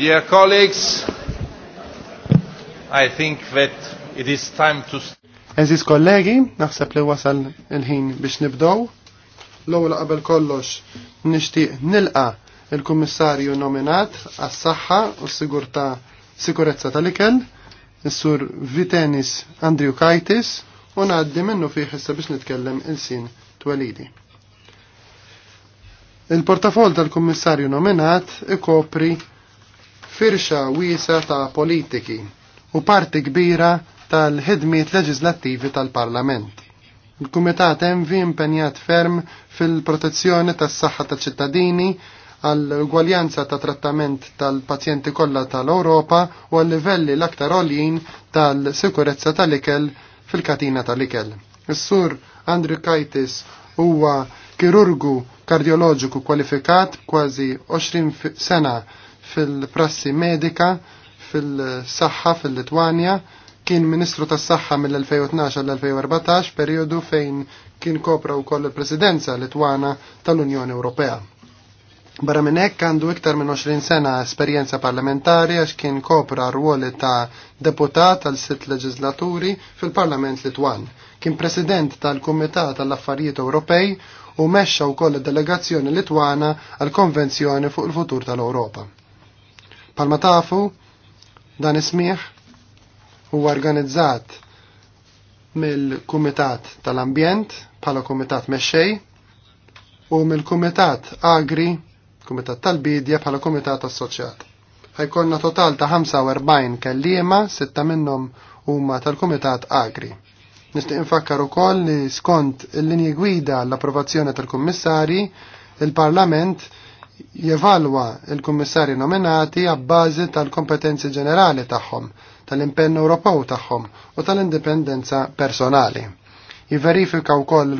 Dear colleagues, I think that it is time to... Eżis kollegi, naħseb li wasal il-ħin biex nibdow. L-ewwel qabel kollox nixtieq nilqa il-kummissarju nominat għas-saħħa u s-sigurtà sikurezza tal-ikel, is-sur Vitenis Andriu Kajtis, u ngħaddi minnu fih issa biex nitkellem il-sin twelidi. Il-portafol tal-kummissarju nominat ikopri firxa wiesa ta' politiki u parti kbira tal-ħidmiet leġislattivi tal-Parlament. Il-Kumitat Envi impenjat ferm fil-protezzjoni tas-saħħa tal-ċittadini, għall ugwaljanza ta' trattament tal-pazjenti kollha tal-Ewropa u għall-livelli l-aktar għoljin tal-sikurezza tal-ikel fil-katina tal-ikel. Is-sur Andrew Kaitis huwa kirurgu kardjoloġiku kwalifikat kważi 20 sena fil-prassi medika fil-saħħa fil-Litwanja, kien Ministru tas-Saħħa mill-2012 l-2014, periodu fejn kien kopra wkoll il-Presidenza Litwana tal-Unjoni Ewropea. Barra minn hekk għandu iktar minn 20 sena esperjenza parlamentari għax kien kopra rwoli ta' deputat għal sitt leġislaturi fil-Parlament Litwan. Kien President tal-Kumitat tal-Affarijiet Ewropej u mexxa wkoll id-delegazzjoni Litwana għal-Konvenzjoni fuq il-Futur tal-Ewropa. Palma tafu, dan ismiħ huwa organizzat mill-Kumitat tal-Ambjent bħala Kumitat Mexxej u mill-Kumitat Agri, Kumitat tal-Bidja bħala Kumitat Assoċjat. Ħajkonna total ta' 45 kelliema, sitta minnhom huma tal-Kumitat Agri. Nistaq infakkar ukoll li skont il-linji gwida l-approvazzjoni tal-Kummissari, il-Parlament il parlament jevalwa il-kummissari nominati għabbażi tal-kompetenzi ġenerali tagħhom, tal-impenn Ewropew tagħhom u tal-indipendenza personali. Jiverifika wkoll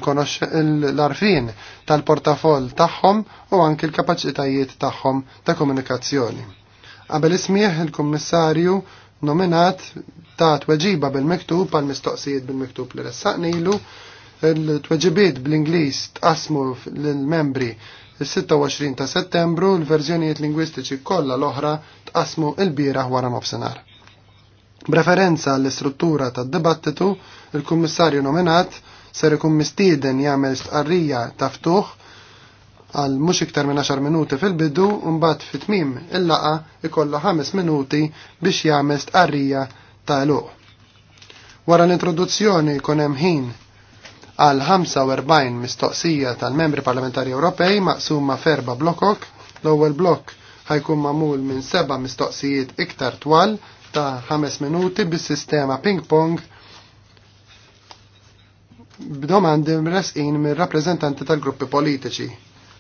l-arfin tal-portafoll tagħhom u anki l-kapaċitajiet tagħhom ta' komunikazzjoni. Qabel ismieħ il-kummissarju nominat ta' tweġiba bil-miktub għal mistoqsijiet bil-miktub li ressaqnilu, il-tweġibiet bl-Ingliż tqasmu l-membri Is-26 ta' Settembru l-verżjonijiet lingwistiċi kollha l-oħra tqasmu l-bieraħ wara mofsinhar. Preferenza l-istruttura tad-dibattitu, il-kummissarju nominat ser ikun mistieden jagħmel stqarrija ta' ftuħ għal mhux iktar minn 10 minuti fil-bidu u mbagħad fit-tmiem il-laqa ikollha 5 minuti biex jagħmel stqarrija ta' eluq. Wara l-introduzzjoni jkun hemm ħin għal 45 mistoqsija tal-membri parlamentari Ewropej maqsuma ferba blokok. L-ewwel blok ħajkun mamul minn seba' mistoqsijiet iktar twal ta' 5 minuti bis-sistema ping-pong b'domandi mresqin minn rappreżentanti tal-gruppi politiċi.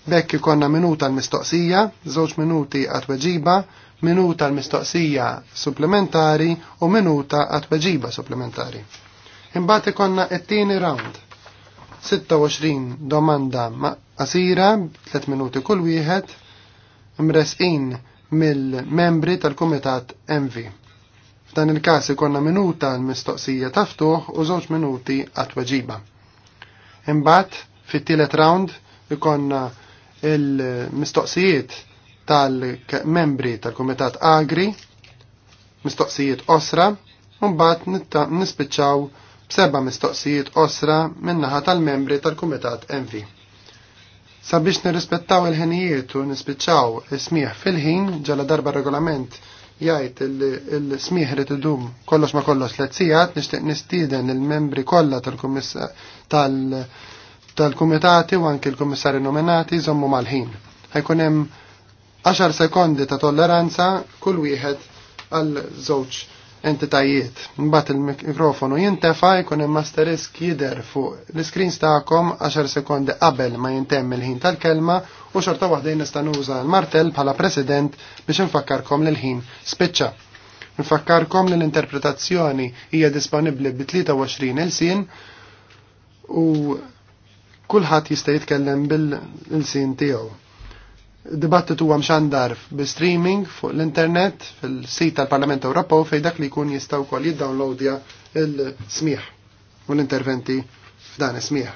Bekk ikonna minuta l-mistoqsija, żewġ minuti għat-weġiba, minuta l-mistoqsija supplementari u minuta għat-weġiba supplementari. Imbagħad ikonna t-tieni round 26 domanda qasira 3 minuti kull wieħed mresqin mill-membri tal-Kumitat MV. F'dan il-każ ikonna minuta l-mistoqsija taftuħ u żewġ minuti għat-tweġiba. Imbagħad fit-tielet round ikonna il-mistoqsijiet tal-membri tal-Kumitat Agri, mistoqsijiet osra, mbagħad nispiċċaw b'seba' mistoqsijiet osra min-naħa tal-membri tal-Kumitat MV. Sabiex nirrispettaw il-ħinijiet u nispiċċaw is-smieħ fil-ħin ġala darba regolament jgħid il-smieħ rid idum kollox ma kollox lezzijat sigħat nixtieq nistieden il-membri kollha tal-kumitati u anke l-kummissarji nominati żommu mal-ħin. Ħajkun hemm 10 sekondi ta' tolleranza kull wieħed għal żewġ entitajiet. Mbagħad il-mikrofonu jintefa' jkun hemm masterisk jidher fuq l-iskrin tagħkom 10 sekondi qabel ma jintemm il-ħin tal-kelma u xorta waħda nista' nuża l martel bħala president biex infakkarkom l ħin spiċċa. Nfakkarkom li l-interpretazzjoni hija disponibbli bi 23 il-sin u kulħadd jista' jitkellem bil-sin tiegħu dibattitu għam xandar bi-streaming fuq l-internet fil-sit tal-Parlament Ewropa u dak li jkun jistaw kol jiddownloadja il-smiħ u l-interventi f'dan smiħ.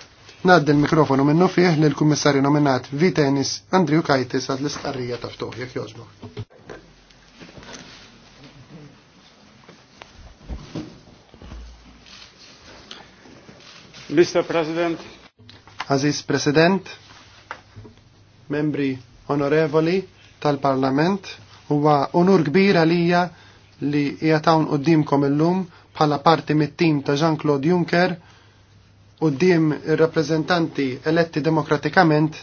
Nad l-mikrofonu minnu fih l-Kummissarju nominat Vitenis Andriu Kajtis għad l istarrija ta' ftuħ jek jozbu. Mr. President. Aziz President, membri onorevoli tal-Parlament, huwa unur kbir għalija li jgħatawn qoddimkom illum bħala parti mit-tim ta' Jean-Claude Juncker qoddim ir-rappreżentanti eletti demokratikament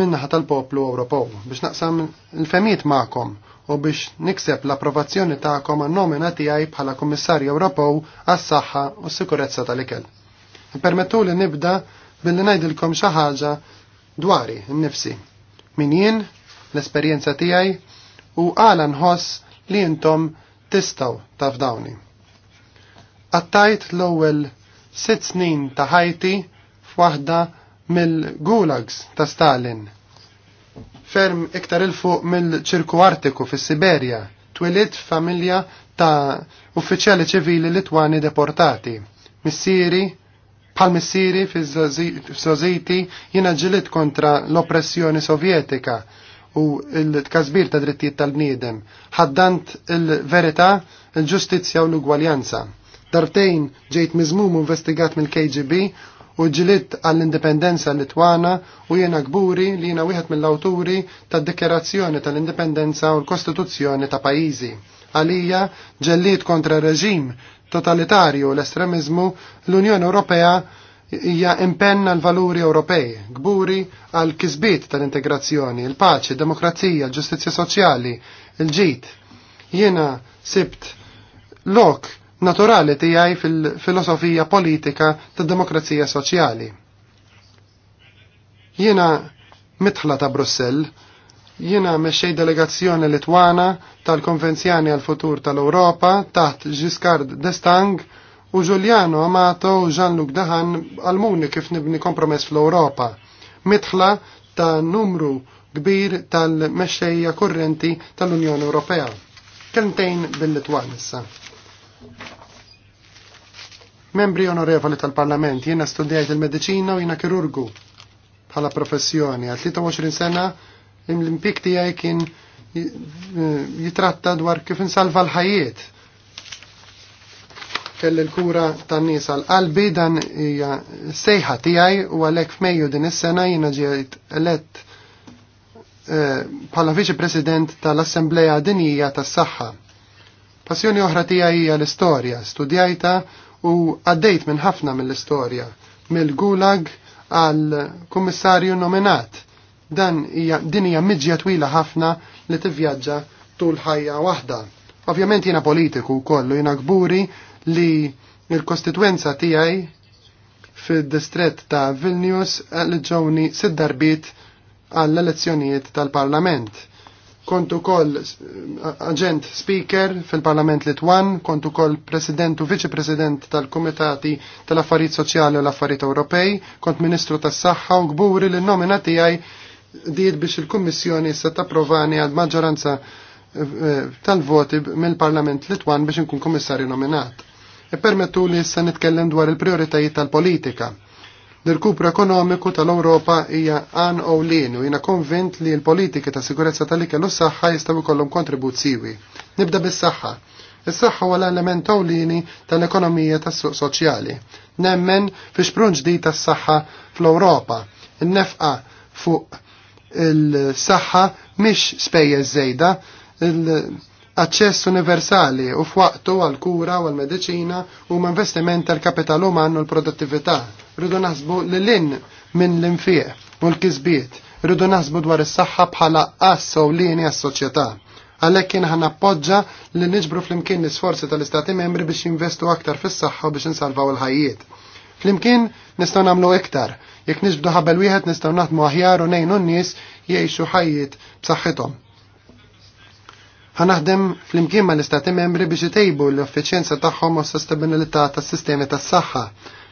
minnaħa tal-poplu Ewropew biex naqsam il-femiet ma'kom u biex nikseb l-approvazzjoni ta'kom għan nomina tiegħi bħala Kummissarju Ewropew għas-saħħa u s-sikurezza tal-ikel. Permettu li nibda billi ngħidilkom xi ħaġa n-nifsi min jien, l-esperjenza tiegħi u għala nħoss li intom tistaw tafdawni. Għattajt Attajt l-ewwel sitt snin ta' ħajti f'waħda mill-gulags ta' Stalin. Ferm iktar il fuq mill-ċirku artiku fis siberja twilit familja ta' uffiċjali ċivili Litwani deportati, missieri Bħal missieri Sożiti jiena ġilit kontra l-oppressjoni sovjetika u l-tkazbir ta' drittijiet tal-bniedem, ħaddant il-verità, il-ġustizzja u l-ugwaljanza. Dartejn ġejt miżmum investigat mill-KGB u ġilit għall-indipendenza Litwana u jena gburi li jena wieħed mill-awturi tad dikjerazzjoni tal-indipendenza u l-Kostituzzjoni ta' pajizi. Għalija ġelliet kontra reġim totalitarju l-estremizmu, l-Unjoni Ewropea hija impenna l valuri Ewropej, gburi għal kisbiet tal-integrazzjoni, il-paċi, demokrazija, l-ġustizzja soċjali, il-ġit. Jiena sibt lok naturali tiegħi fil-filosofija politika tad-demokrazija soċjali. Jiena mitħla ta' Brussell, Jiena mexxej delegazzjoni Litwana tal-Konvenzjani għal futur tal-Ewropa taħt Giscard d'Estang u Giuliano Amato u Jean-Luc Dahan għalmuni kif nibni kompromess fl-Ewropa. Mitħla ta' numru kbir tal-mexxejja kurrenti tal-Unjoni Ewropea. Kentejn bil-Litwan issa. Membri onorevoli tal-Parlament, jiena studjajt il-medicina u jiena kirurgu bħala professjoni. Għal 23 sena l-impik tiegħi kien eh, jitratta dwar kif insalva l-ħajiet. Kelli l-kura tan-nies l qalbi dan hija sejħa tiegħi u għalhekk f'Mejju din is-sena jiena ġiet elett eh, bħala viċi president tal-Assembleja Dinija tas-Saħħa. Passjoni oħra tiegħi hija l-istorja, studjajta u għaddejt minn ħafna mill-istorja, mill-gulag għal kummissarju nominat Dan hija din hija miġja twila ħafna li tivvjaġġa tul ħajja waħda. Ovvjament jiena politiku kollu jiena kburi li l-kostituenza tiegħi fid-distrett ta' Vilnius ġewni sid darbit għall-elezzjonijiet tal-Parlament. Kontu kol eh, agent speaker fil-Parlament Litwan, kontu kol president u viċi-president tal-Komitati tal-Affarijiet Soċjali u l-Affarijiet Ewropej, kont Ministru tas saħħa u gburi l nomina tiegħi diet biex il-Kummissjoni se tapprovani għal maġġoranza eh, tal-voti mill-Parlament Litwan biex inkun kummissarju nominat. E permettu li issa nitkellem dwar il-prioritajiet tal-politika. l rkupru ekonomiku tal-Ewropa hija għan u lin u jiena konvint li l-politika ta' sigurezza tal-ikel l s-saħħa jistgħu jkollhom kontribut siwi. Nibda bis-saħħa. Is-saħħa huwa l-element ewlieni tal-ekonomija tas-suq soċjali. Nemmen fi xprun ġdid tas-saħħa fl-Ewropa. In-nefqa fuq il-saħħa mhix spejjeż żejda, l-aċċess universali u f'waqtu għal-kura u għal-medicina u investiment tal-kapital uman u l-produttività. Rridu naħsbu l-lin minn l-infieq u l-kisbiet. Rridu naħsbu dwar is-saħħa bħala qass u lini għas-soċjetà għalhekk kien ħan appoġġa li niġbru flimkien l-isforzi tal-Istati membri biex jinvestu aktar fis-saħħa biex insalvaw il-ħajjiet. Flimkien nistgħu nagħmlu iktar Jekk nisbdu ħabel wieħed nistgħu naħdmu aħjar u ngħinu n-nies jgħixu ħajjiet b'saħħithom. Ħanaħdem flimkien mal istati membri biex itejbu l-effiċjenza tagħhom u s-sostenibilità tas-sistemi tas-saħħa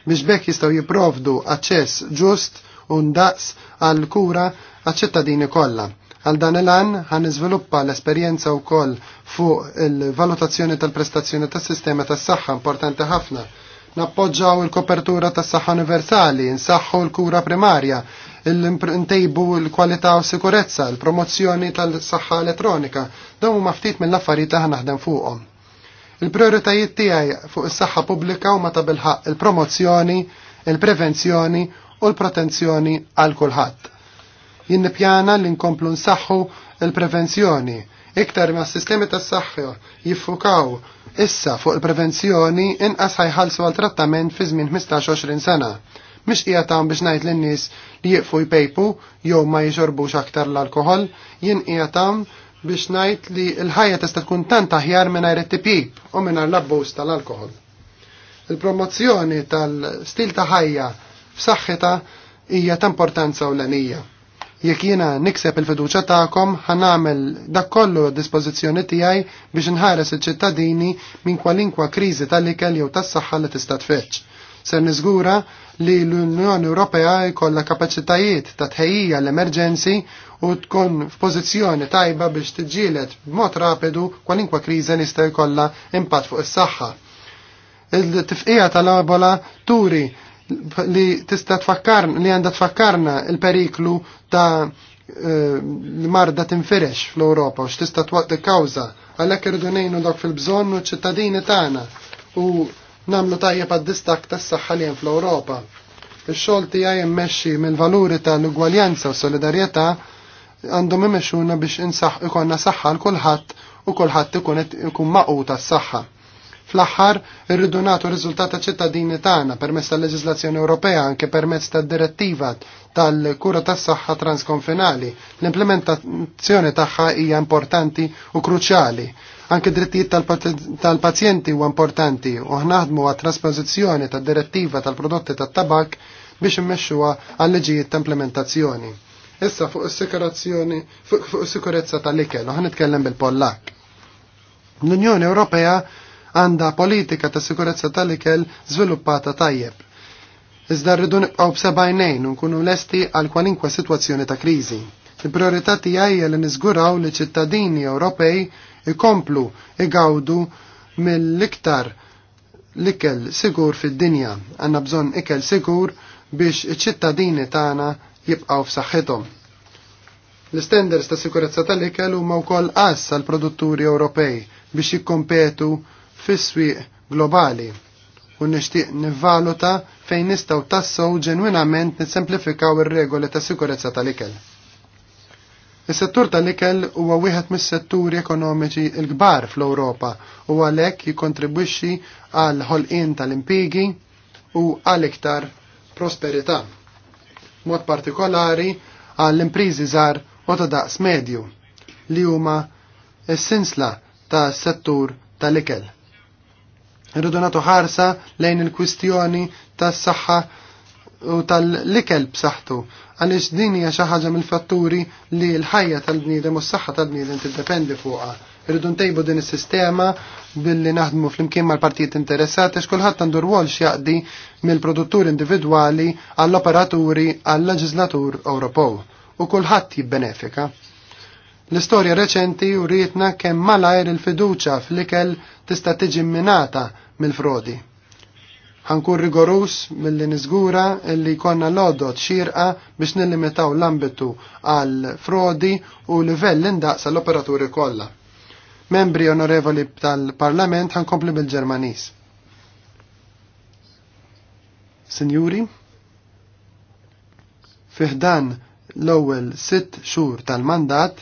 biex bekk jistgħu jipprovdu aċċess ġust u ndaqs għall kura għaċ-ċittadini kollha. Għal dan il-għan għan izviluppa l-esperienza u koll fuq il-valutazzjoni tal-prestazzjoni tas sistema tas saħħa importanti ħafna Nappoġġaw il-kopertura tas saħħa universali, nsaħħu l-kura primarja, l imprintejbu l-kwalità u sikurezza, l-promozzjoni tal-saħħa elettronika, dawn huma ftit mill-affarijiet li naħdem fuqhom. Il-prioritajiet tiegħi fuq is-saħħa pubblika huma ta' bilħaq il-promozzjoni, il-prevenzjoni u l protenzjoni għal kulħadd. Jien nippjana li nkomplu nsaħħu il-prevenzjoni, iktar ma' sistemi tas saħħa jiffukaw Issa fuq il-prevenzjoni inqas ħajħalsu għal trattament fi żmien 15-20 sena. Mish qiegħed tagħmel biex ngħid lin-nies li jieqfu jpejpu jew ma jixorbux aktar l-alkoħol, jien qija tagħmel biex ngħid li l-ħajja tista' tkun tant aħjar mingħajr it-tipib u mingħajr l-abbuż tal alkohol Il-promozzjoni tal-stil ta' ħajja f'saħħitha hija ta' importanza ewlenija. Jekk jiena nikseb il-fiduċa tagħkom, ħanamel dak kollu dispożizzjoni tiegħi biex inħares il ċittadini minn kwalinkwa kriżi tal-ikel jew tas-saħħa li tista' tfeċċ. Ser niżgura li l-Unjoni Ewropea jkollha kapaċitajiet ta' tħejjija l-emerġenzi u tkun f'pożizzjoni tajba biex tiġġieled b'mod rapidu kwalinkwa kriża nista' jkollha impatt fuq is-saħħa. Il-tifqija tal-ebola turi li tista tfakkarna li għandha tfakkarna il-periklu ta' eh, l-marda tinferex fl-Europa u x'tista t kawża għalhekk għalek irdunajnu dok fil-bżonn u ċittadini tagħna u nagħmlu tajjeb għad-distak tas-saħħa li hemm fl-Ewropa. Ix-xogħol tiegħi mmexxi mill-valuri tal-ugwaljanza u solidarjetà għandhom imexxuna biex insaħ ikonna saħħa l kulħadd u kulħadd ikun ikun maqu tas-saħħa. Fl-aħħar irridu nagħtu ta' ċittadini tagħna permezz tal-leġiżlazzjoni Ewropea anke permezz tad-direttiva tal-kura tas-saħħa transkonfinali. L-implementazzjoni tagħha hija importanti u kruċjali. Anke drittijiet tal-pazjenti huwa importanti u ħnaħdmu għat trasposizzjoni tad-direttiva tal-prodotti tat-tabak biex immexxuha għal liġijiet ta' implementazzjoni. Issa fuq is-sikurazzjoni fuq is-sikurezza tal-ikel u ħanitkellem bil-Pollak. L-Unjoni Ewropea għandha politika ta' sikurezza tal-ikel żviluppata tajjeb. Iżda rridu nibqgħu b'sebgħinejn u nkunu lesti għal kwalinkwa sitwazzjoni ta' kriżi. Il-priorità tiegħi li niżguraw li ċittadini Ewropej ikomplu igawdu mill-iktar l-ikel sigur fid-dinja. Għandna bżonn ikel sigur biex iċ-ċittadini tagħna jibqgħu f'saħħithom. L-standards ta' sikurezza tal-ikel huma wkoll qass għall produtturi Ewropej biex jikkompetu fis-swieq globali u nixtieq nivvaluta fejn nistgħu tassew ġenwinament nissemplifikaw ir-regoli ta' sikurezza tal-ikel. Is-settur tal-ikel huwa wieħed mis-setturi ekonomiċi l-kbar fl-Ewropa u għalhekk jikkontribwixxi għal ħolqien tal-impigi u għal iktar prosperità. Mod partikolari għall impriżi żgħar u ta' daqs medju li huma s-sinsla ta' settur tal-ikel Irridu nagħtu ħarsa lejn il-kwistjoni tas-saħħa u tal-likel b'saħħtu għaliex din hija xi ħaġa mill-fatturi li l-ħajja tal-bniedem u s-saħħa tal-bniedem tiddependi fuqha. Irridu ntejbu din is-sistema billi naħdmu flimkien mal-partijiet interessati x'kulħadd għandu rwol x'jaqdi mill-produttur individwali għall-operaturi għall-leġislatur Ewropew u kulħadd jibbenefika. L-istorja reċenti u rietna kemm malajr il-fiduċa fl-ikel tista' tiġi minata mill-frodi. Ħankun rigorus mill-li niżgura li jkollna l-odot xirqa biex nillimitaw l-ambitu għal frodi u livell indaqsa l-operaturi kollha. Membri onorevoli tal-Parlament ħankompli bil-Ġermanis. Sinjuri, fiħdan l-ewwel sitt xhur tal-mandat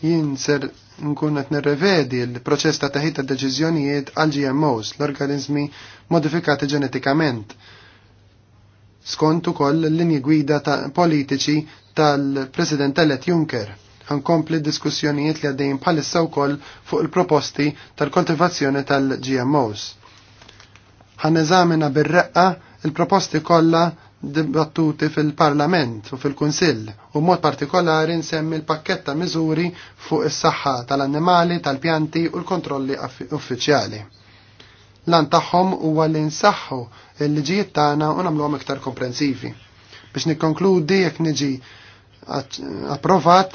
jien ser nkun qed nirrevedi l-proċess ta' taħid ta' deċiżjonijiet għal GMOs, l-organizmi modifikati ġenetikament. Skont ukoll l-linji gwida ta' politiċi tal-President Elet Juncker. għankompli diskussjonijiet li għaddejjin bħalissa wkoll fuq il-proposti tal-koltivazzjoni tal-GMOs. eżamina bir-reqqa il-proposti kollha dibattuti fil-Parlament u fil-Kunsill u mod partikolari nsemmi l-pakketta miżuri fuq is-saħħa tal-annimali, tal-pjanti u l-kontrolli uffiċjali. Lan tagħhom huwa li nsaħħu l-liġijiet tagħna u nagħmluhom iktar komprensivi. Biex nikkonkludi jekk niġi approvat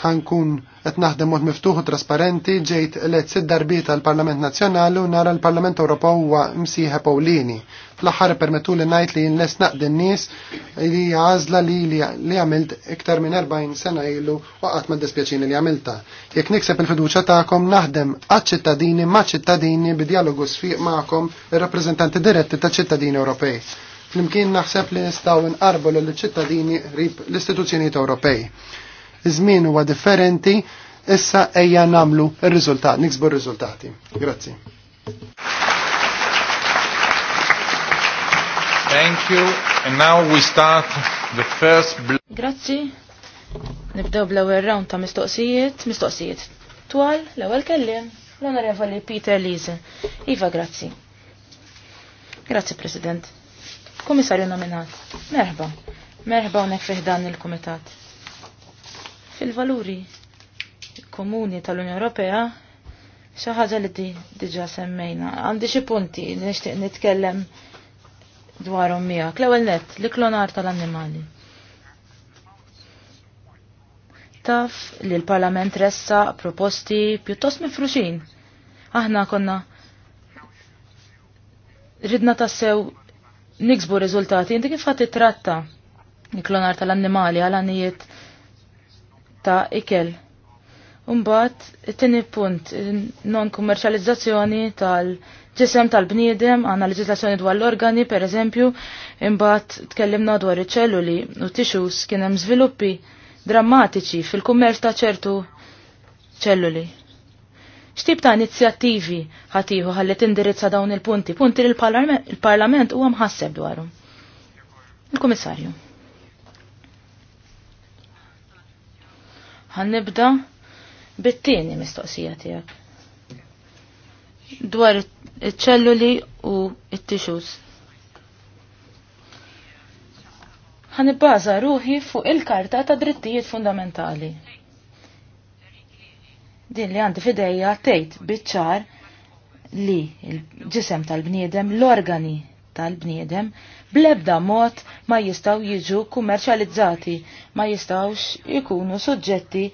ħankun qed naħdem mod miftuħ u trasparenti ġejt elett sid darbiet tal-Parlament Nazzjonali u nara l-Parlament Ewropew huwa msieħeb Paulini Fl-aħħar permettu li ngħid li nles naqden nies li għażla li li għamilt iktar minn 40 sena ilu waqgħat ma dispjaċini li għamilta. Jekk nikseb il-fiduċja tagħkom naħdem għaċ-ċittadini ma' ċittadini bidjalogu sfiq ma'kom il rappreżentanti diretti ta' ċittadini Ewropej. Flimkien naħseb li nistgħu nqarbu li ċittadini rib l-istituzzjonijiet Ewropej. Iż-żmien huwa differenti, issa ejja namlu il-riżultat, niksbu il-riżultati. Grazzi. Thank you. And now we start the first Grazzi. Nibdew bl-ewwel round ta' mistoqsijiet, mistoqsijiet. Twal, l-ewwel kellim, l-Onorevoli Peter Lise. Iva, grazzi. Grazzi, President. Kummissarju nominat. Merħba. Merħba unek dan il-Kumitat. Fil-valuri komuni tal-Unjoni Ewropea xi ħaġa li diġà semmejna. Għandi xi punti nixtieq nitkellem dwarhom miegħek. L-ewwel nett, li klonar tal-annimali. Taf li l-Parlament ressa proposti pjuttost mifruxin. Aħna konna ridna tassew niksbu riżultati. Inti kif ħadd titratta l-klonar tal-annimali għal anijiet ta' ikel. Umbat, it-tieni punt, non-kummerċjalizzazzjoni tal-annimali tisem tal-bniedem, għanna leġislazzjoni dwar l-organi, per eżempju, imbat tkellimna dwar iċ-ċelluli u tixus kien hemm żviluppi drammatiċi fil-kummerċ ta' ċertu ċelluli. X'tib ta' inizjattivi ħatiħu ħalli tindirizza dawn il-punti, punti li l-Parlament huwa mħasseb dwarhom. Il-Kummissarju. Ħannibda bit-tieni mistoqsija tiegħek dwar iċ-ċelluli u it-tixus. Ħanibbaża ruħi fuq il-Karta ta' Drittijiet Fundamentali. Din li għandi fidejja tgħid biċ-ċar li l-ġisem tal-bniedem l-organi tal-bniedem blebda mod ma jistaw jiġu kummerċalizzati, ma jistawx ikunu suġġetti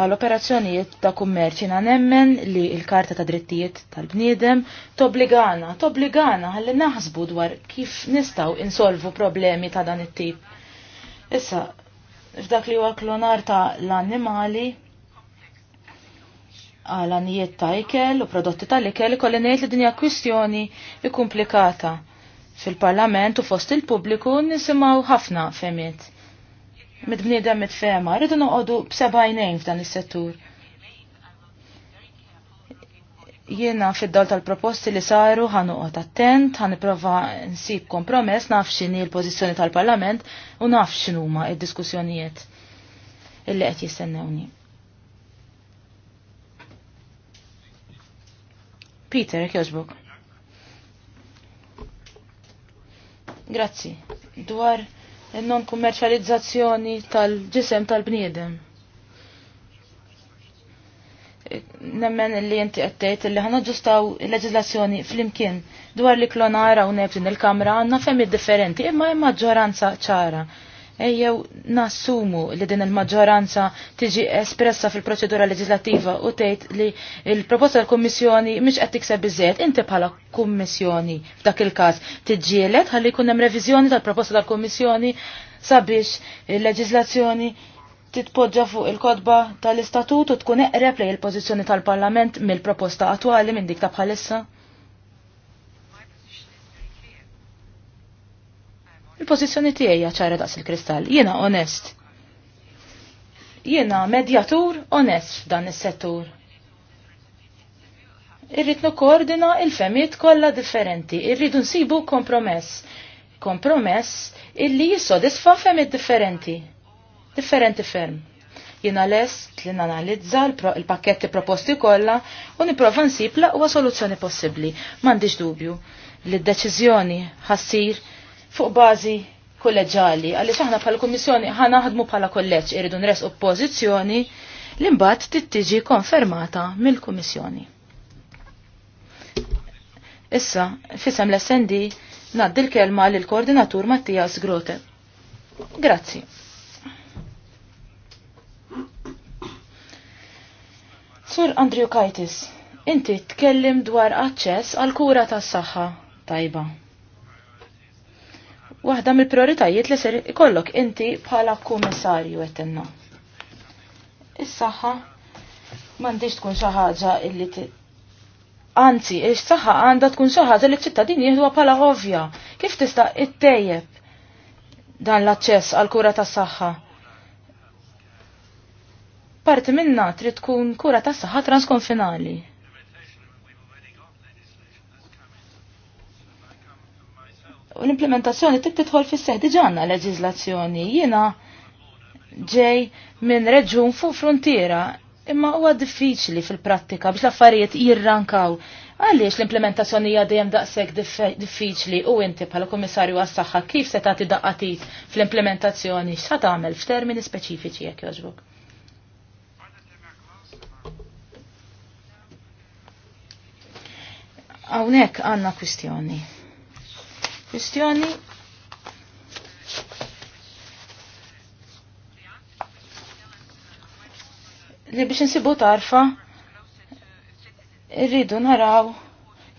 għal operazzjonijiet ta' kummerċin nemmen li il-Karta ta' Drittijiet tal-Bniedem tobligana, tobligana għalli naħsbu dwar kif nistaw insolvu problemi ta' dan it-tip. Issa, f'dak li huwa klonar ta' l-annimali, għal anijiet ta' ikel u prodotti tal-ikel, kolli li dinja kwistjoni komplikata fil-parlament u fost il-pubbliku nisimaw ħafna femiet. Mid-bniedem mit-fema, rridu noqogħdu b'sebajnejn f'dan is-settur. Jiena fid dol tal-proposti li saru ħan attent, ħan nipprova nsib kompromess, naf x'inhi l-pożizzjoni tal-Parlament u naf x'inhuma id-diskussjonijiet illi qed jistennewni. Peter, kjoġbuk. Grazzi. Dwar non kummerċjalizzazzjoni tal-ġisem tal-bniedem. Nemmen li jinti għattejt li ħana ġustaw leġizlazzjoni fl-imkien dwar li klonara u nefsin il-kamra għanna femmi differenti imma imma ġoranza ċara ejjew nassumu li din il-maġġoranza tiġi espressa fil-proċedura leġislattiva u tgħid li l-proposta tal-Kummissjoni mhix qed tikseb biżejjed inti bħala Kummissjoni f'dak il-każ tiġġieled ħalli jkun hemm reviżjoni tal-proposta tal-Kummissjoni sabiex il-leġislazzjoni titpoġġa fuq il-kodba tal-istatut u tkun eqreb lej il-pożizzjoni tal-Parlament mill-proposta attwali minn dik ta' bħalissa? Il-pozizjoni tiegħi ċara daqs il-kristall. Jiena onest. Jiena medjatur onest f'dan is-settur. Irrid koordina il-femiet kollha differenti, irridu nsibu kompromess. Kompromess illi jissodisfa femiet differenti. Differenti ferm Jiena lest li nanalizza l-pakketti proposti kollha u niprofa nsib laqwa soluzzjoni possibbli. M'għandix dubju li d-deċiżjoni ħassir fuq bażi kolleġali, għaliex aħna bħala kummissjoni ħanaħdmu bħala kolleġġ irridu nres oppożizzjoni li mbagħad tittiġi konfermata mill-Kummissjoni. Issa, fissam l-SND naddi l-kelma l-koordinatur Mattias Grote. Grazzi. Sur Andrew Kaitis, inti tkellim dwar aċċess għal kura tas saħħa tajba waħda mill-prioritajiet li ser ikollok inti bħala kummissarju għettenna. Is-saħħa m'għandix tkun xi ħaġa illi Anzi, is-saħħa għandha tkun xi ħaġa li ċ-ċittadini jieħduha bħala ovvja. Kif tista' ittejjeb dan l-aċċess għal kura tas-saħħa? Parti minna trid tkun kura tas-saħħa transkonfinali. u l-implementazzjoni trid titħol fis-seħ diġanna leġizlazzjoni. Jiena ġej minn reġun fuq frontiera imma huwa diffiċli fil-prattika biex l-affarijiet jirrankaw. Għaliex l-implementazzjoni hija dejjem daqshekk diffiċli u inti bħala kummissarju għas-saħħa kif se tagħti daqqatit fl-implementazzjoni x'ħa tagħmel f'termini speċifiċi jekk jogħġbok. Hawnhekk għandna kwistjoni kwestjoni. Li biex insibu tarfa, irridu naraw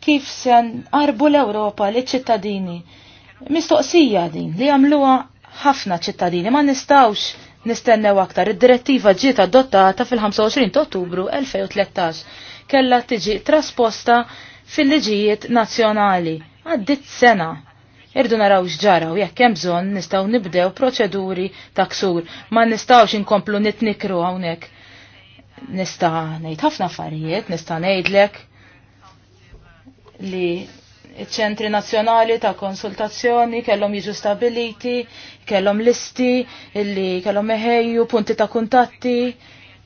kif se arbu l-Ewropa li ċittadini. Mistoqsija din li għamluwa ħafna ċittadini ma nistawx nistennew aktar. Id-direttiva ġiet adottata fil-25 Ottubru 2013 kellha tiġi trasposta fil-liġijiet nazzjonali. Għaddit sena irdu naraw x'ġara u jekk hemm bżonn nistgħu nibdew proċeduri ta' ksur. Ma nistgħux inkomplu nitnikru hawnhekk. Nista' ngħid ħafna affarijiet, nista' ngħidlek li ċentri nazzjonali ta' konsultazzjoni kellhom jiġu stabiliti, kellhom listi illi kellhom meħejju punti ta' kuntatti,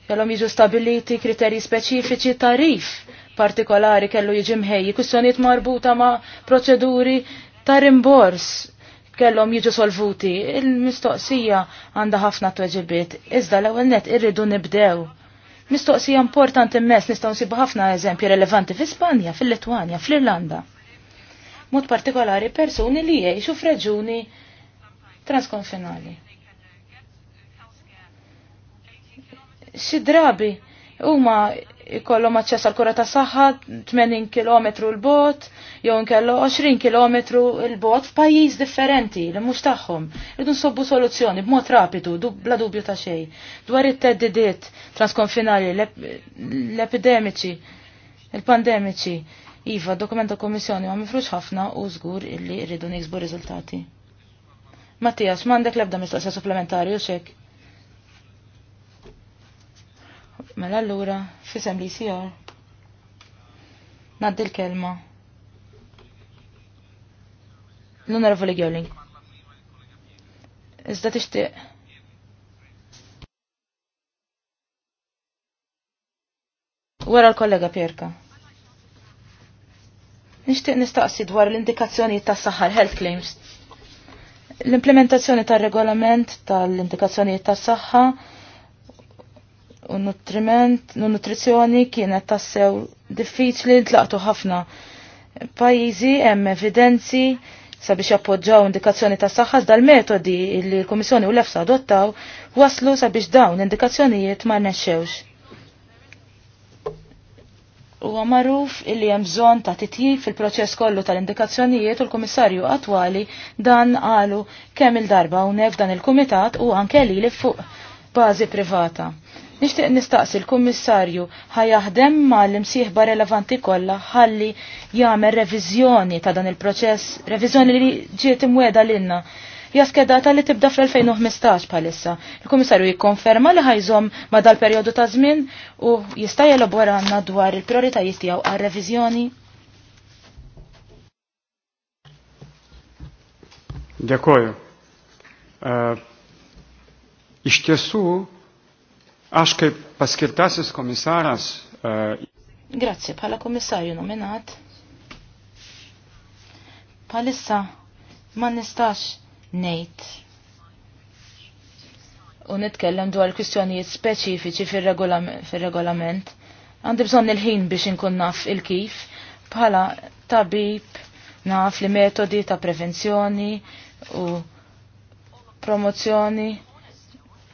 kellhom jiġu stabiliti kriterji speċifiċi tarif partikolari kellu jiġi mħejji, kussjoniet marbuta ma' proċeduri ta' rimbors kellhom jiġu solvuti. Il-mistoqsija għandha ħafna tweġibiet, iżda l-ewwel net irridu nibdew. Mistoqsija importanti mess nistgħu nsibu ħafna eżempji relevanti fi Spanja, fil-Litwanja, fl-Irlanda. Mod partikolari persuni li jgħixu f'reġuni transkonfinali. Xi drabi huma ikollhom aċċess għal kura ta' saħħa 80 km l-bot, jew nkellu 20 km l-bot f'pajjiż differenti li mhux tagħhom. Irdu nsobbu soluzzjoni b'mod rapidu, bla dubju ta' xejn. Dwar it-teddidiet transkonfinali, l-epidemiċi, il-pandemiċi. Iva, dokumenta kommissjoni ma mifrux ħafna u żgur illi rridu niksbu riżultati. Mattias, m'għandek l-ebda mistaqsija supplementari u xek? Mela allura, fisem li sijar. Naddi l-kelma. L-onorevoli Gerling. Iżda tixtieq. Wara l-kollega Pierka. Nixtieq nistaqsi dwar l-indikazzjonijiet tas-saħħa health claims. L-implementazzjoni tar-regolament tal-indikazzjonijiet tas-saħħa u nutriment, u nutrizzjoni kienet tassew diffiċli tlaqtu ħafna. Pajjiżi hemm evidenzi sabiex jappoġġaw indikazzjoni ta' saħħas dal-metodi li l-Komissjoni u l-EFSA adottaw waslu sabiex dawn indikazzjonijiet ma rnexxewx. Huwa magħruf illi hemm bżonn ta' titjib fil-proċess kollu tal-indikazzjonijiet u l-Kummissarju attwali dan qalu kemm il-darba hawnhekk f'dan il-Kumitat u anke li fuq bażi privata. Nixtieq nistaqsi l-Kummissarju ħajaħdem mal imsieħ relevanti kollha ħalli jagħmel reviżjoni ta' dan il-proċess, reviżjoni li ġiet imweda lilna. Ja skedata li tibda fl-2015 bħalissa. Il-Kummissarju jikkonferma li ħajżom ma dal-perjodu ta' żmien u jista' jelaboranna dwar il-prioritajiet tiegħu għar-reviżjoni. Dekoju. Iš tiesų, Aš kaip paskirtasis komisaras. Uh, Grazie, pala komissarju nominat. Palissa ma nistax nejt. U nitkellem dwar kwistjonijiet speċifiċi fil-regolament. Għandi bżonn il-ħin biex inkun naf il-kif. Bħala tabib naf li metodi ta' prevenzjoni u promozzjoni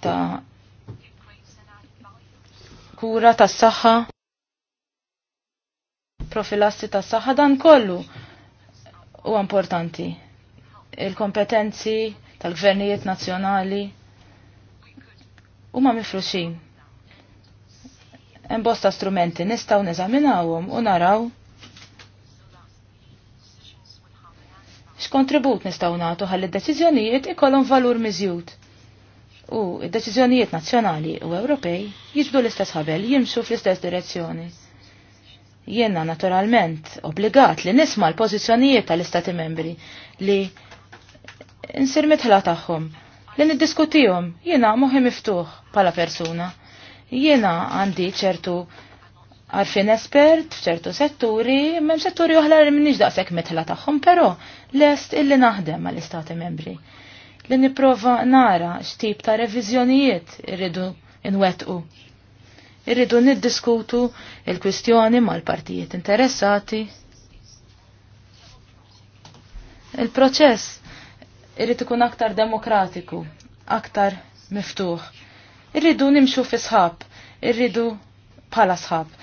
ta' kura tas-saħħa, profilassi tas-saħħa dan kollu huwa importanti. Il-kompetenzi tal-gvernijiet nazzjonali huma mifruxin. Hemm bosta strumenti nistgħu neżaminawhom u naraw x'kontribut nistgħu nagħtu ħalli d-deċiżjonijiet ikollhom valur miżjud u d deċiżjonijiet nazzjonali u Ewropej jiġdu l-istess ħabel, jimxu fl-istess direzzjoni. Jiena naturalment obbligat li nisma l-pożizzjonijiet tal-Istati membri li insir mitħla tagħhom li niddiskutihom jiena moħi miftuħ bħala persuna. Jiena għandi ċertu għarfin espert f'ċertu setturi, m'hemm setturi oħra li m'nix daqshekk mitħla tagħhom, però lest illi naħdem għall-Istati membri li niprofa nara x'tip ta' reviżjonijiet irridu nwettqu. Irridu niddiskutu il-kwistjoni mal-partijiet interessati. Il-proċess irrid ikun aktar demokratiku, aktar miftuħ. Irridu nimxu fi sħab, irridu bħala sħab,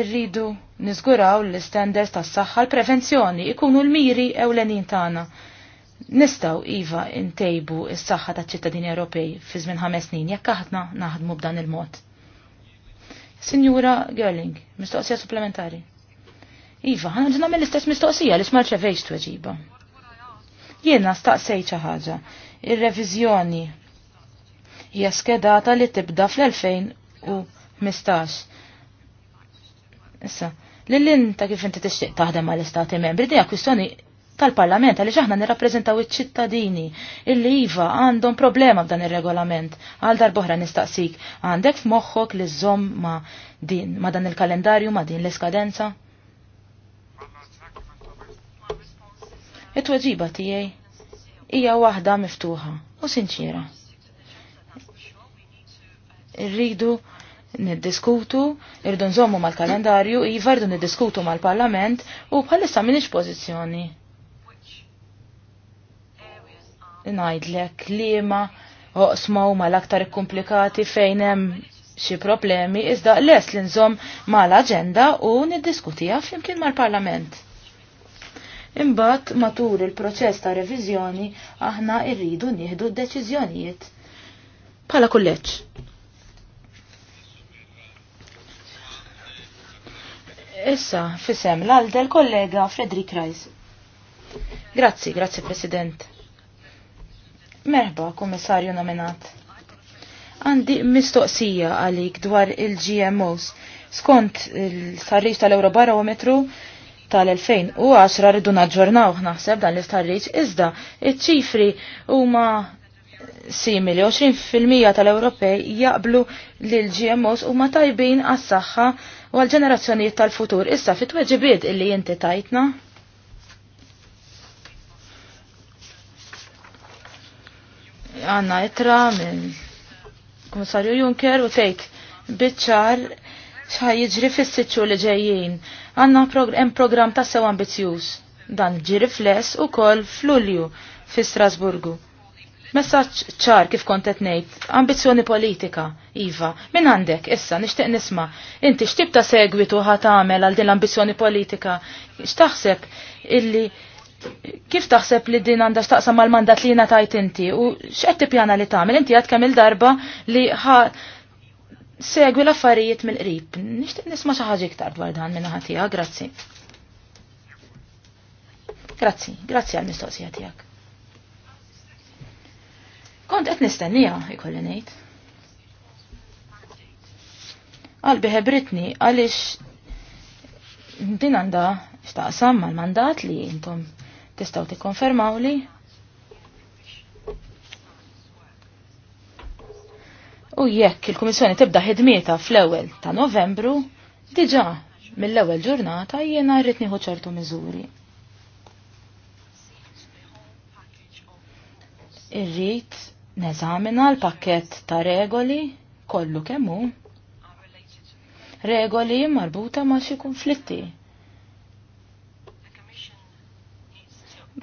irridu niżguraw l-standards tas-saħħa l-prevenzjoni ikunu l-miri ewlenin tagħna. Nistaw iva intejbu s-saħħa ta' ċittadini Ewropej fi żmien ħames snin jekk aħna naħdmu b'dan il-mod. Sinjura Gerling, mistoqsija supplementari. Iva, ħana ġuna mill-istess mistoqsija li smar ċevejx tweġiba. Jiena staqsej xi ħaġa. Ir-reviżjoni hija skedata li tibda fl-2015. Issa, l-lin ta' kif inti tixtieq taħdem mal istati membri dija kwistjoni tal-Parlament għaliex aħna nirrappreżentaw iċ-ċittadini illi iva għandhom problema b'dan ir-regolament għal darboħra nistaqsik għandek f'moħħok li zom ma din ma dan il-kalendarju ma din l-iskadenza? It-tweġiba tiegħi hija waħda miftuħa u sinċira. Irridu niddiskutu, irdu nżommu mal-kalendarju, iva irdu niddiskutu mal-parlament u bħalissa minix pożizzjoni ngħidlek liema oqsma huma l-aktar komplikati fejn hemm xi problemi iżda les li nżomm mal-aġenda u niddiskutija flimkien mal-Parlament. Imbagħad matul il-proċess ta' reviżjoni aħna rridu nieħdu d-deċiżjonijiet bħala kulleċ. Issa, fisem l-għaldel kollega Fredrik Rajs. Grazzi, grazzi President. Merħba, kummissarju nominat. Għandi mistoqsija għalik dwar il-GMOs. Skont il-sarriċ tal-Eurobarometru tal-2010 rridu naġġornaw naħseb dan l-istarriċ iżda iċ-ċifri huma simili 20% tal-Ewropej jaqblu li l-GMOs huma tajbin għas-saħħa u għal-ġenerazzjonijiet tal-futur. Issa fit-tweġibiet illi inti tajtna għanna itra minn Komissarju Juncker u tgħid biċċar x'ħaj jiġri fissiċu li ġejjin. Għandna hemm program ta' sew ambizzjuż. Dan ġi rifless ukoll f'Lulju fi Strasburgu. Messaċ ċar kif kont qed ngħid, ambizzjoni politika, iva, minn għandek issa nixtieq nisma' inti x'tib ta' segwitu ħat tagħmel għal din l-ambizzjoni politika, x'taħseb illi kif taħseb li din għandha x'taqsam mal-mandat li jiena tajt inti u x'qed tippjana li tagħmel inti għad kemm il-darba li ħa segwi l-affarijiet mill-qrib. Nixtieq nisma' xi ħaġa iktar dwar dan minn ħatija, grazzi. Grazzi, grazzi għall-mistoqsija tiegħek. Kont qed nistennija ikolli ngħid. Qalbi ħebritni għaliex din għandha x'taqsam mal-mandat li intom Tistaw tikkonfermaw li? U jekk il-Kummissjoni tibda ħidmieta fl-ewwel ta' Novembru, diġà mill-ewwel ġurnata jiena rrid nieħu ċertu miżuri. Irrid neżamina l-pakkett ta' regoli kollu kemm hu regoli marbuta ma' xi konflitti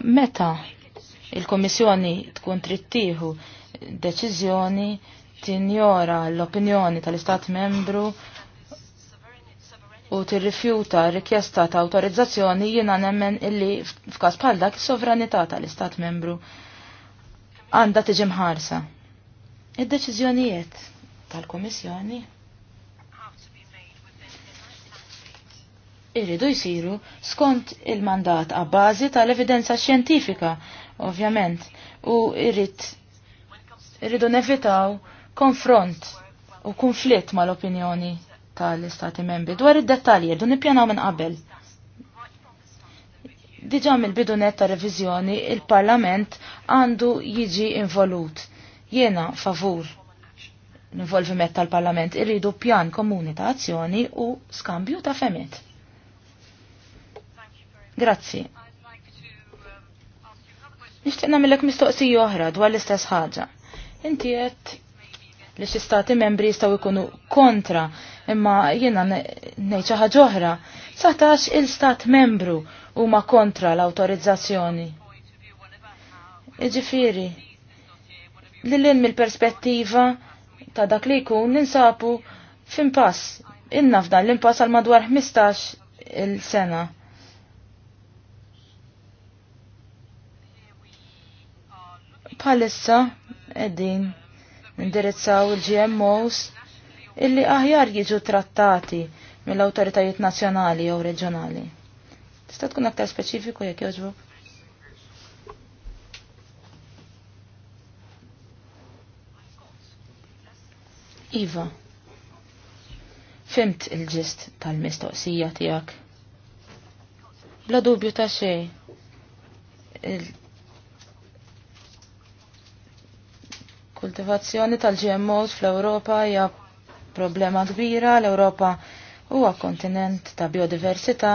Meta il-Komissjoni tkun trittieħu deċiżjoni tinjora l-opinjoni tal-Istat membru u tirrifjuta rikjesta ta' autorizzazzjoni jiena nemmen illi f'każ bħal dak sovranità tal-Istat membru għandha tiġi mħarsa. Id-deċiżjonijiet tal-Komissjoni irridu jisiru skont il-mandat għabbażi tal-evidenza xjentifika, ovvjament, u irrid irridu nevitaw konfront u konflitt mal-opinjoni tal-istati membri dwar id-dettalji irridu nippjanaw minn qabel. Diġa mill-bidunet ta' reviżjoni il-Parlament għandu jiġi involut. Jena favur l-involviment tal-Parlament irridu pjan komuni ta' azzjoni u skambju ta' femet. Grazzi. Nishtiq namillek mistoqsija oħra dwar l-istess ħaġa. Inti qed li xi stati membri jistgħu jkunu kontra, imma jiena ngħid xi ħaġa oħra. Satax il-stat membru huma kontra l-awtorizzazzjoni. Iġifieri, li l mill-perspettiva ta' dak li jkun ninsabu f'impass. Inna f'dan l-impass għal madwar 15 il-sena. bħalissa qegħdin indirizzaw il-GMOs illi aħjar jiġu trattati mill-awtoritajiet nazzjonali jew reġjonali. Tista' tkun aktar speċifiku jekk jogħġbok? Iva, fimt il-ġist tal-mistoqsija tijak. Bla dubju ta' xej, Kultivazzjoni tal-GMOs fl-Ewropa hija problema kbira, l-Ewropa huwa kontinent ta' biodiversità,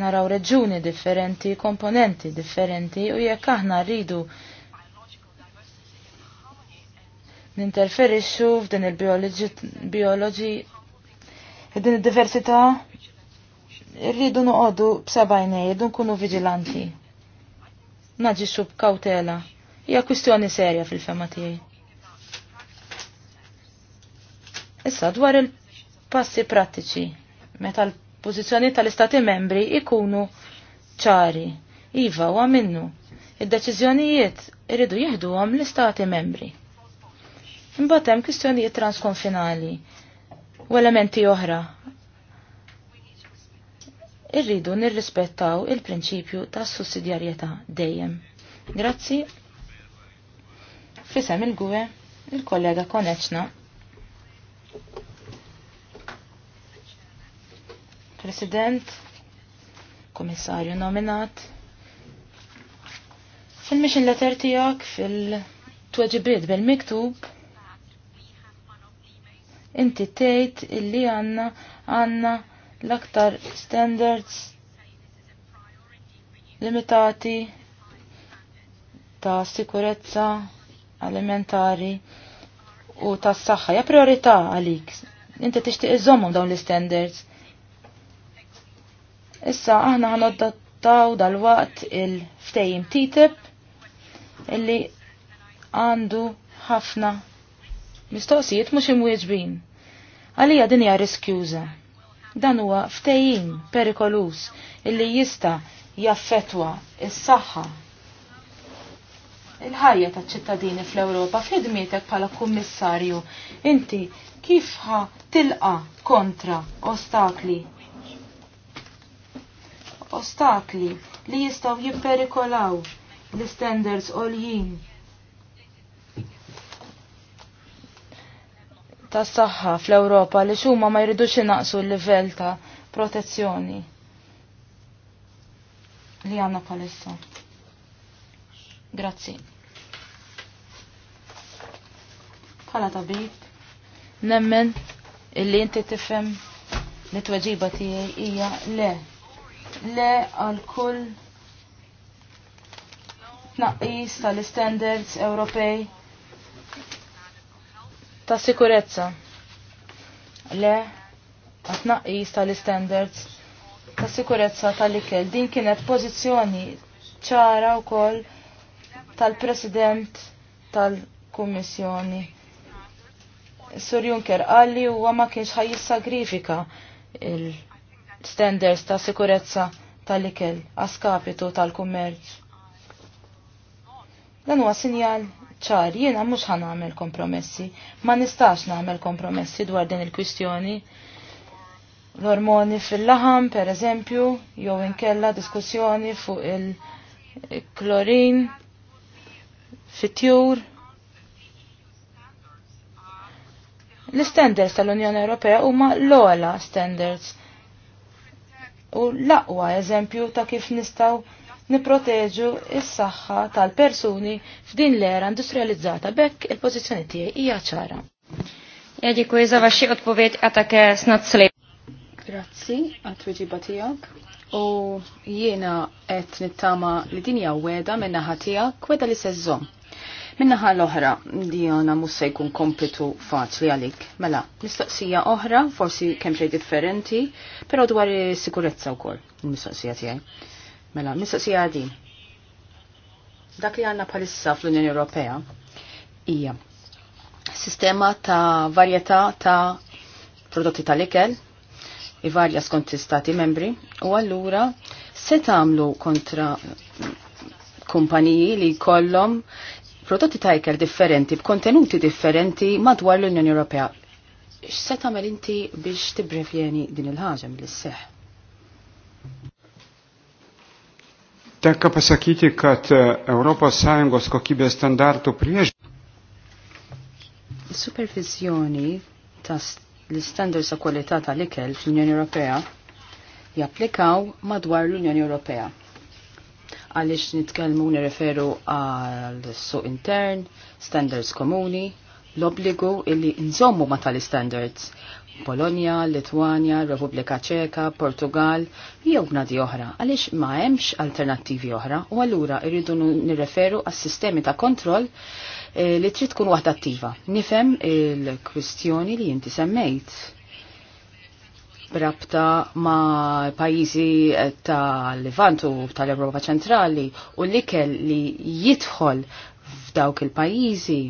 naraw reġuni differenti, komponenti differenti u jekk aħna rridu ninterferixxu f'din il-bioloġi din id-diversità rridu noqogħdu b'sebajnej, rridu nkunu viġilanti. Naġixxu b'kawtela. Hija kwistjoni serja fil-fema tiegħi. Issa dwar il-passi prattiċi meta l pozizjoni tal-Istati membri ikunu ċari. Iva u minnu. Id-deċiżjonijiet irridu jieħduhom l-Istati membri. Imbagħad hemm kwistjonijiet transkonfinali u elementi oħra irridu nirrispettaw il-prinċipju tas sussidjarjetà dejjem. Grazzi. Fisem il-gwe, il-kollega koneċna. President, komissarju nominat. Fil-mission letter tijak, fil-tweġibiet bil-miktub, inti tgħid illi għanna għanna l-aktar standards limitati ta' sikurezza alimentari u tas-saħħa hija priorità għalik. Inti tixtieq iżommhom dawn l-standards. Issa aħna ħanodattaw dal-waqt il-ftejim TTIP illi għandu ħafna mistoqsijiet mhux imwieġbin. Għalija din hija riskjuża. Dan huwa ftejim perikolus illi jista' jaffetwa is-saħħa il-ħajja ta' ċittadini fl-Ewropa fidmietek bħala kummissarju. Inti kif ħa tilqa kontra ostakli? Ostakli li jistaw jipperikolaw l-standards oljin ta' saħħa fl-Ewropa li xuma ma jridux inaqsu l-livell ta' protezzjoni li għanna palissa. Grazie. bħala tabib nemmen illi inti tifhem li tweġiba tiegħi hija le. Le għal kull tnaqqis tal-standards Ewropej ta' sikurezza. Le għal tal-standards ta' sikurezza tal-ikel. Din kienet pożizzjoni ċara wkoll tal-President tal-Kummissjoni Sur Juncker għalli huwa ma kienx ħajjissagrifika il-standards ta' sikurezza tal-ikel għaskapitu tal-kummerċ. Dan huwa sinjal ċar, jiena mhux ħan nagħmel kompromessi, ma nistax nagħmel kompromessi dwar din il-kwistjoni. L-ormoni fil-laħam, per eżempju, jew inkella diskussjoni fuq il-klorin fit-tjur L-standards tal-Unjoni Ewropea huma l-ola standards u l-aqwa eżempju ta' kif nistaw niproteġu is-saħħa tal-persuni f'din l-era industrializzata bekk il-pożizzjoni tiegħi hija ċara. Grazzi għat weġiba tijak. U jiena qed nittama li din hija weda minna ħatijak kweda li sezzom. Minnaħa l-oħra li għana mussa jkun kompitu faċli għalik. Mela, mistoqsija oħra, forsi kemm differenti, pero dwar sikurezza u koll, mistoqsija tijaj. Mela, mistoqsija għadi. Dak li għanna palissa fl-Unjoni Ewropea hija sistema ta' varjetà ta' prodotti tal-ikel, ivarja skont istati membri, u allura se tagħmlu kontra kumpaniji li kollom prodotti ta' differenti, b'kontenuti differenti madwar l-Unjoni Ewropea. X'se tagħmel inti biex tibbrevjeni din il-ħaġa mill-seħ? Tenka kat eh, Europa Europos Sąjungos kokybės standardu priex. Supervizjoni ta l-standards ta' kwalità tal-ikel fl-Unjoni Ewropea japplikaw madwar l-Unjoni Ewropea għaliex nitkellmu nireferu għal suq intern, standards komuni, l-obbligu illi nżommu ma tal-standards. Polonia, Litwanja, Repubblika Ċeka, Portugal, jew nadi oħra, għaliex ma hemmx alternattivi oħra u allura irridu nireferu għas sistemi ta' kontroll eh, li trid tkun waħda attiva. Nifhem il-kwistjoni li inti semmejt rabta ma pajizi eh, tal-Levant u tal-Europa ċentrali u l-ikel li jidħol f'dawk il-pajizi.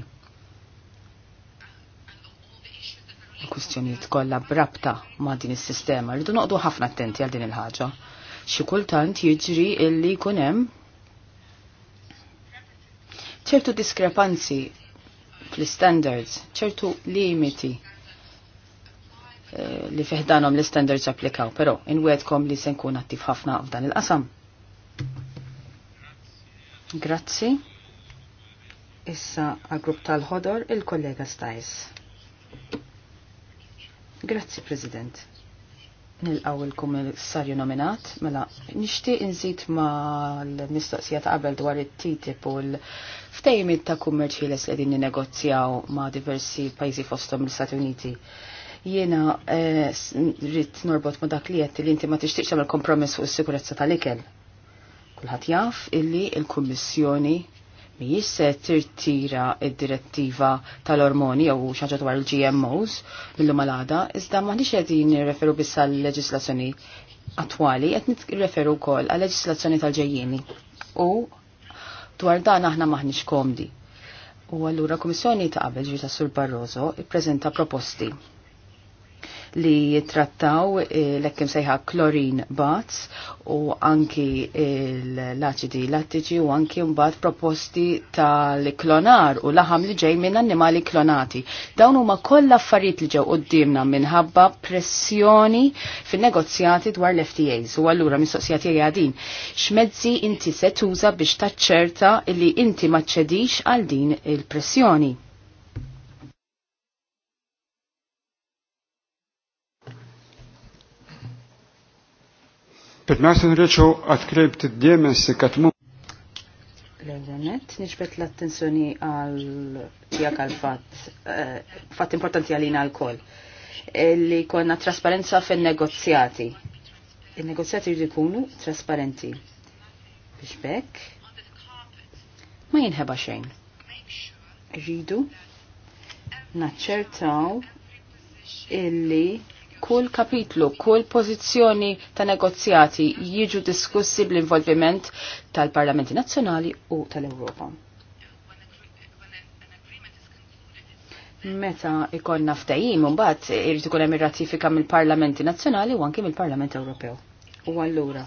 Kustjoniet kollha brabta ma din is-sistema rridu noqdu ħafna attenti għal din il-ħaġa. Xi kultant jiġri illi jkun hemm ċertu diskrepanzi fl-standards, ċertu limiti li fiħdanom l-standards applikaw, pero inwedkom li se nkun attiv ħafna f'dan il-qasam. Grazzi. Issa għal-grupp tal-ħodor il-kollega Stajs. Grazzi, President. Nilqaw il-kummissarju nominat, mela nixtieq inżid ma l-mistoqsija ta' qabel dwar it-TTIP u l-ftejmit ta' kummerċi li qegħdin negozjaw ma' diversi pajjiżi fosthom l-Stati Uniti Jiena eh, rrit norbot ma dak li jett li inti ma tixtieqx tagħmel kompromis fuq is-sikurezza tal-ikel. Kulħadd jaf illi l-Kummissjoni mi jisse tirtira id-direttiva tal-ormoni jew xaġa dwar il-GMOs millu malada, iżda maħniex qegħdin nirreferu biss l leġislazzjoni attwali, qed referu wkoll għal-leġislazzjoni tal-ġejjieni. U dwar dan aħna maħniex komdi. U għallura Komissjoni ta' qabel ġita Sur Barroso ippreżenta proposti li jittrattaw eh, l-ekkim sejħa klorin bats u anki eh, l-aċidi lattiċi u anki mbagħad proposti tal-klonar u laħam li ġej minn annimali klonati. Dawn huma kollha affarijiet li ġew qudiemna minħabba pressjoni fin-negozjati dwar l-FTAs u allura mistoqsija tiegħi għadin. X'mezzi inti se tuża biex taċċerta li inti ma ċedix għal din il-pressjoni? Pirmiausia, norėčiau L-għonet, nixbet l-attenzjoni għal tijak għal fat, eh, fat importanti għalina għal kol, eh, li konna trasparenza fin negozjati. Il-negozjati jridu jkunu trasparenti. Bixbek, ma jinħeba xejn. Rridu naċċertaw illi kull kapitlu, kull pożizzjoni ta' negozjati jiġu diskussi bl-involviment tal-Parlamenti Nazzjonali u tal-Ewropa. Meta ikonna ftajim, mbagħad irid ikun hemm ratifika mill-Parlamenti Nazzjonali u anke mill-Parlament Ewropew. U allura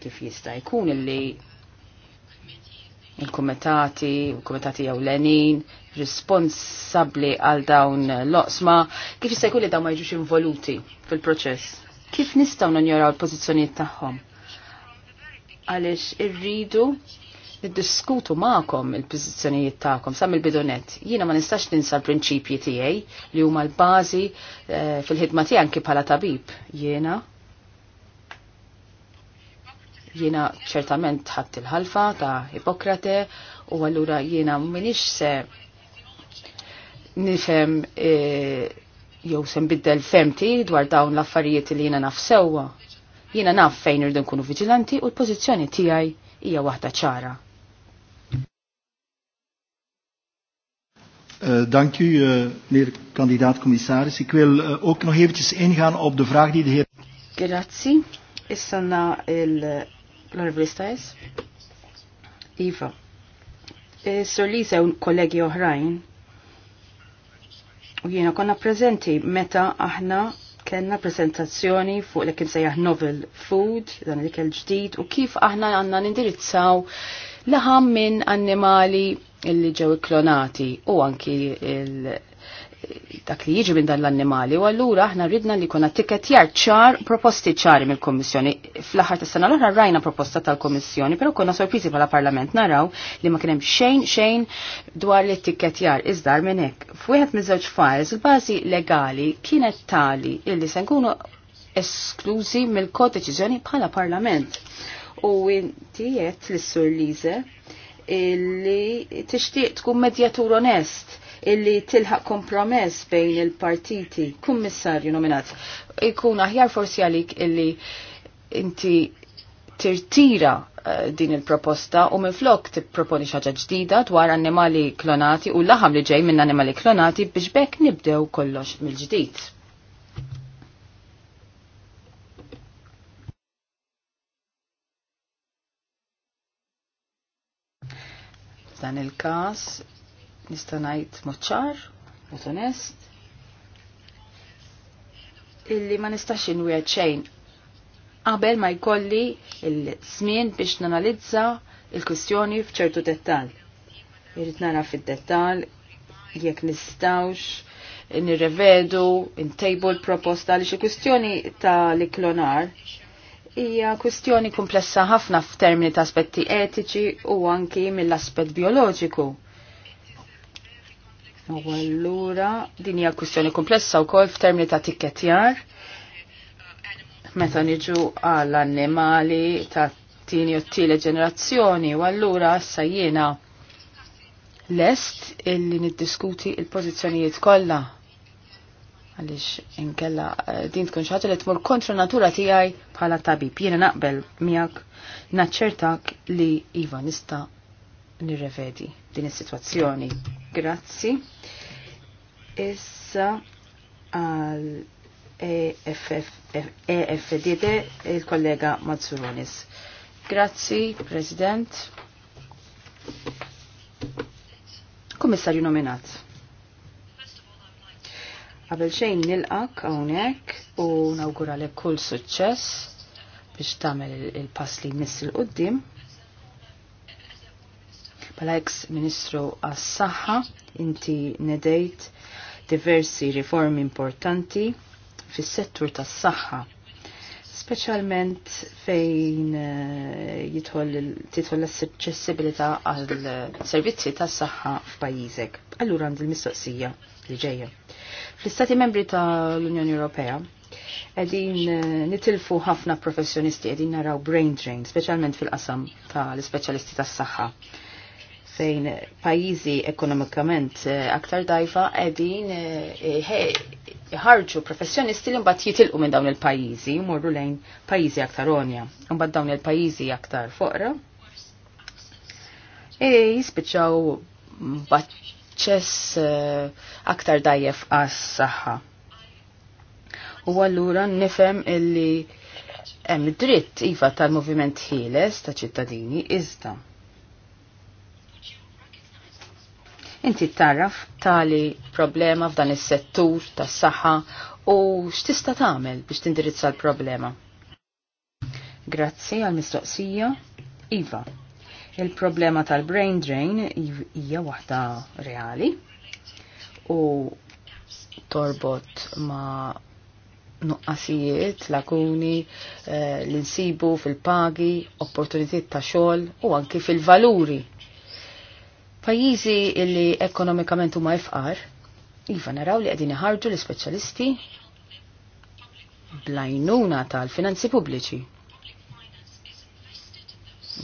kif jista' jkun illi il kumitati il jew lenin, responsabli għal dawn l-oqsma, kif jista' jkun li dawn ma jiġux involuti fil-proċess? Kif nistgħu nonjoraw l-pożizzjonijiet tagħhom? Għaliex irridu niddiskutu ma'kom il-pożizzjonijiet tagħkom sa mill-bidonet. Jiena ma nistax ninsa l-prinċipji tiegħi li huma l-bażi eh, fil-ħidma tiegħi anki bħala tabib. Jiena Jiena ċertament ħadd il-ħalfa ta' Hipokrate u allura jiena minix se nifhem e, jew se nbiddel femti dwar dawn l-affarijiet li jiena naf sewwa. Jiena naf fejn irdu nkunu viġilanti u l-pożizzjoni tiegħi hija waħda ċara. Uh, dank u, uh, meneer kandidaat-commissaris. Ik wil uh, ook nog eventjes ingaan op de vraag die de heer... Grazie. Is sanna er il l-Onorevoli Iva. E, Sir Lisa u kollegi oħrajn. U jiena konna prezenti meta aħna kellna prezentazzjoni fuq li kien sejjaħ novel food, dan li kell ġdid, u kif aħna għanna nindirizzaw laħam minn annimali illi ġew klonati u anki il- dak li jiġi minn dan l-annimali u allura aħna ridna li kuna tikketjar ċar proposti ċari mill-Kommissjoni. Fl-aħħar tas-sena l-oħra rajna proposta tal-Kommissjoni, però konna sorpriżi bħala Parlament naraw li ma kien hemm xejn xejn dwar li tikketjar iżdar minn hekk. F'wieħed minn żewġ files il-bażi legali kienet tali illi se nkunu esklużi mill-kodeċiżjoni bħala Parlament. U inti qed lis-Sur Lize illi tixtieq tkun medjatur onest illi tilħaq kompromess bejn il-partiti, kummissarju nominat, ikun aħjar forsi għalik illi inti tirtira eh, din il-proposta u minn flok tipproponi xaġa ġdida dwar annimali klonati u laħam li ġej minn annimali klonati biex bekk nibdew kollox mill-ġdid. Dan il-kas nista' ngħid moċċar, mod onest, illi ma nistax inwiegħed xejn qabel ma jkolli il-żmien biex nanalizza il-kwistjoni f'ċertu dettal. Irrid nara fid-dettal jekk nistawx nirrevedu, intejbu l-proposta li xi kwistjoni ta' li klonar hija kwistjoni komplessa ħafna f'termini ta' aspetti etiċi u anki mill-aspett bioloġiku. U allura din hija kwistjoni komplessa wkoll f'termini ta' tikketjar meta niġu għall annimali ta' tini u t-tile ġenerazzjoni u allura issa jiena lest illi niddiskuti il-pożizzjonijiet kollha għaliex inkella eh, din tkun xi ħaġa li tmur kontra natura tiegħi bħala tabib. Jiena naqbel miegħek naċċertak li iva nista' nirrevedi din is-sitwazzjoni. Grazzi. Issa għal EFDD e il-kollega Mazzuronis. Grazzi, President. Komissarju nominat. Qabel xejn nilqak hawnhekk u nawguralek kull suċċess biex tagħmel il-pass li jmiss il Pala ex ministru għas-saħħa, inti nedejt diversi riformi importanti fis-settur tas-saħħa. Speċjalment fejn eh, jidħol titħol l-aċċessibilità għal servizzi tas-saħħa f'pajjiżek. Allura għandi l-mistoqsija li ġejja. Fl-Istati membri tal-Unjoni Ewropea edin eh, nitilfu ħafna professjonisti edin naraw brain drain, speċjalment fil-qasam tal-speċjalisti tas-saħħa fejn pajizi ekonomikament eh, aktar dajfa edin eh, eh, ħarġu professjonisti li mbagħad jitilqu minn dawn il-pajjiżi, jmorru lejn pajjiżi aktar onja. Mbagħad dawn il-pajjiżi aktar foqra. E jispiċċaw baċċess aktar dajjef għas-saħħa. U allura nifhem illi hemm dritt iva tal-moviment ħieles ta' ċittadini iżda Inti tarraf tali problema f'dan is-settur tas-saħħa u x'tista' tagħmel biex tindirizza l-problema. Grazzi għal-mistoqsija. Iva, il-problema tal-brain drain hija waħda reali u torbot ma' nuqqasijiet, lakuni, eh, l-insibu fil-pagi, opportunitiet ta' xogħol u anki fil-valuri Pajjiżi illi ekonomikament huma ifqar, iva naraw li qegħdin iħarġu l-ispeċjalisti blajnuna tal-finanzi pubbliċi.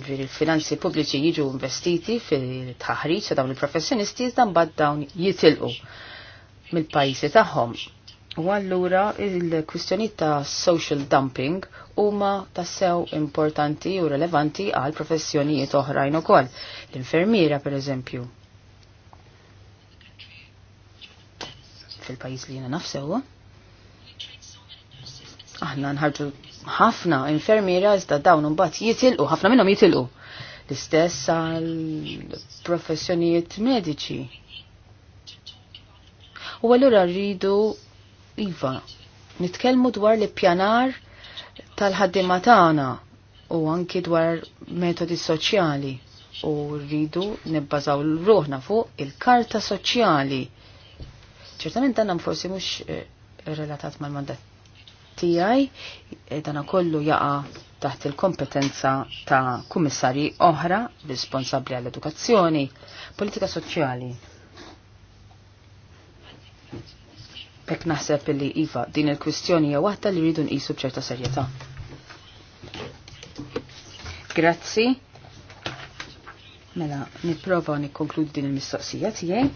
Ġiri l-finanzi pubbliċi jiġu investiti fil-taħriġ ta' dawn il-professjonisti iżda mbagħad dawn jitilqu mill-pajjiżi tagħhom U allura il-kwistjoni ta' social dumping huma tassew importanti u relevanti għal professjonijiet oħrajn ukoll. L-infermiera pereżempju. Fil-pajjiż li jiena nafsew. Aħna nħarġu ħafna infermiera iżda dawn imbagħad jitilqu, ħafna minnhom jitilqu. L-istess għal professjonijiet mediċi. U allura rridu Iva, nitkellmu dwar li pjanar tal-ħaddima tagħna u anki dwar metodi soċjali u rridu nibbażaw ruħna fuq il-karta soċjali. Ċertament dan forsi mhux eh, relatat mal-mandat tiegħi, eh, dan kollu jaqa' taħt il-kompetenza ta' kummissarji oħra responsabbli għall-edukazzjoni, politika soċjali. Hekk naħseb li Iva din il-kwistjoni hija waħda li rridu nqisu b'ċerta serjetà. Grazzi. Mela, nipprova nikkonkludi din il-mistoqsija tiegħi.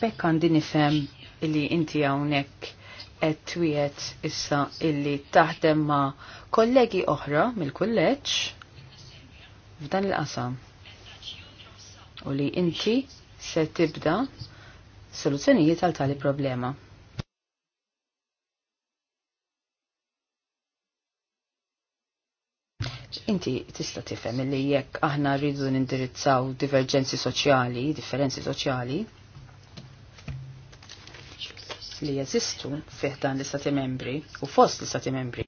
Bekk għandi nifhem illi inti hawnhekk qed twiet issa illi taħdem ma' kollegi oħra mill-kulleġġ f'dan il-qasam. U li inti se tibda soluzzjonijiet għal tali problema. Inti tista' tifhem li jekk aħna rridu nindirizzaw divergenzi soċjali, differenzi soċjali li jeżistu fih dan l-istati membri u fost l-istati membri.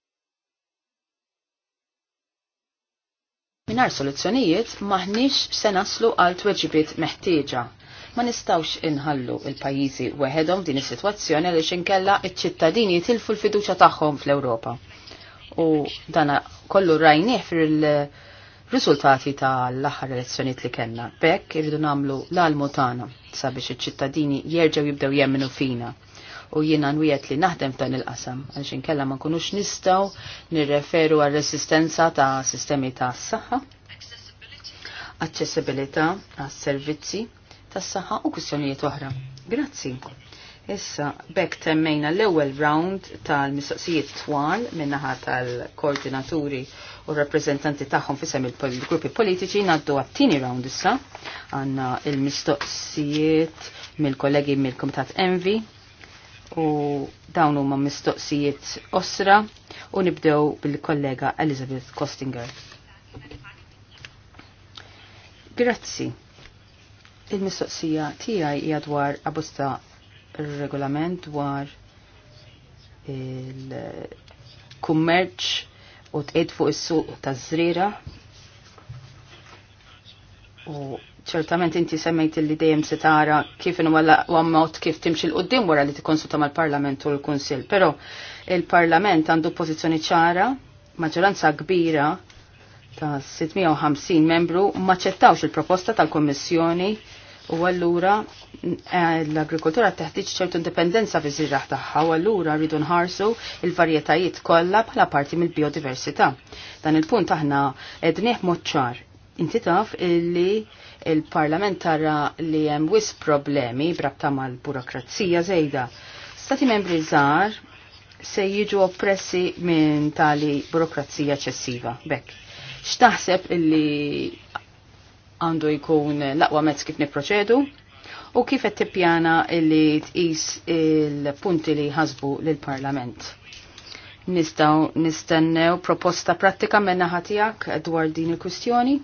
Minar soluzzjonijiet maħniex se naslu għal tweġibiet meħtieġa Ma nistawx inħallu il-pajjiżi weħedhom din is-sitwazzjoni għaliex inkella iċ-ċittadini jitilfu l-fiduċja tagħhom fl-Ewropa. U dana kollu rajnieh fil-riżultati tal-aħħar elezzjonijiet li kellna. Bekk irridu nagħmlu l-almu tagħna sabiex iċ-ċittadini jerġgħu jibdew jemminu fina u jiena nwiet li naħdem f'dan il-qasam, għaliex inkella ma nkunux nistaw nirreferu għal resistenza ta' sistemi ta' s-saħħa, accessibilità għas servizzi tas-saħħa u kwistjonijiet oħra. Grazzi. Issa, bekk temmejna l-ewwel round tal-mistoqsijiet twal minnaħa tal-koordinaturi u rappreżentanti tagħhom fisem il-gruppi politiċi ngħaddu għat-tieni round issa għandna il-mistoqsijiet mill-kollegi mill-Kumitat Envi u dawn huma mistoqsijiet osra u nibdew bil-kollega Elizabeth Kostinger. Grazzi. Il-mistoqsija tiegħi hija dwar abusta regolament dwar il-kummerċ u tqiet fuq is-suq taż-żriera u ċertament inti semmejt li dejjem se tara kif inwella u ammot kif timxi l qoddim wara li tikkonsulta mal-Parlament u l-Kunsill. Però il-Parlament għandu pożizzjoni ċara, maġġoranza kbira ta' 650 membru maċċettawx il-proposta tal-Kommissjoni U allura eh, l-agrikoltura teħtieġ ċertu indipendenza fi żirraħ tagħha u allura rridu nħarsu il-varjetajiet kollha bħala parti mill-biodiversità. Dan il-punt aħna qegħdin mod ċar. Inti taf illi il-Parlament tara li hemm wis problemi brabta mal-burokrazija żejda. Stati membri żgħar se jiġu oppressi minn tali burokrazija eċessiva. Bekk xtaħseb illi għandu jkun l-aqwa mezz kif niproċedu u kif qed tippjana li tqis il-punti li jħasbu lill-Parlament. Nistgħu nistennew proposta prattika minn naħa tiegħek dwar din il-kwistjoni.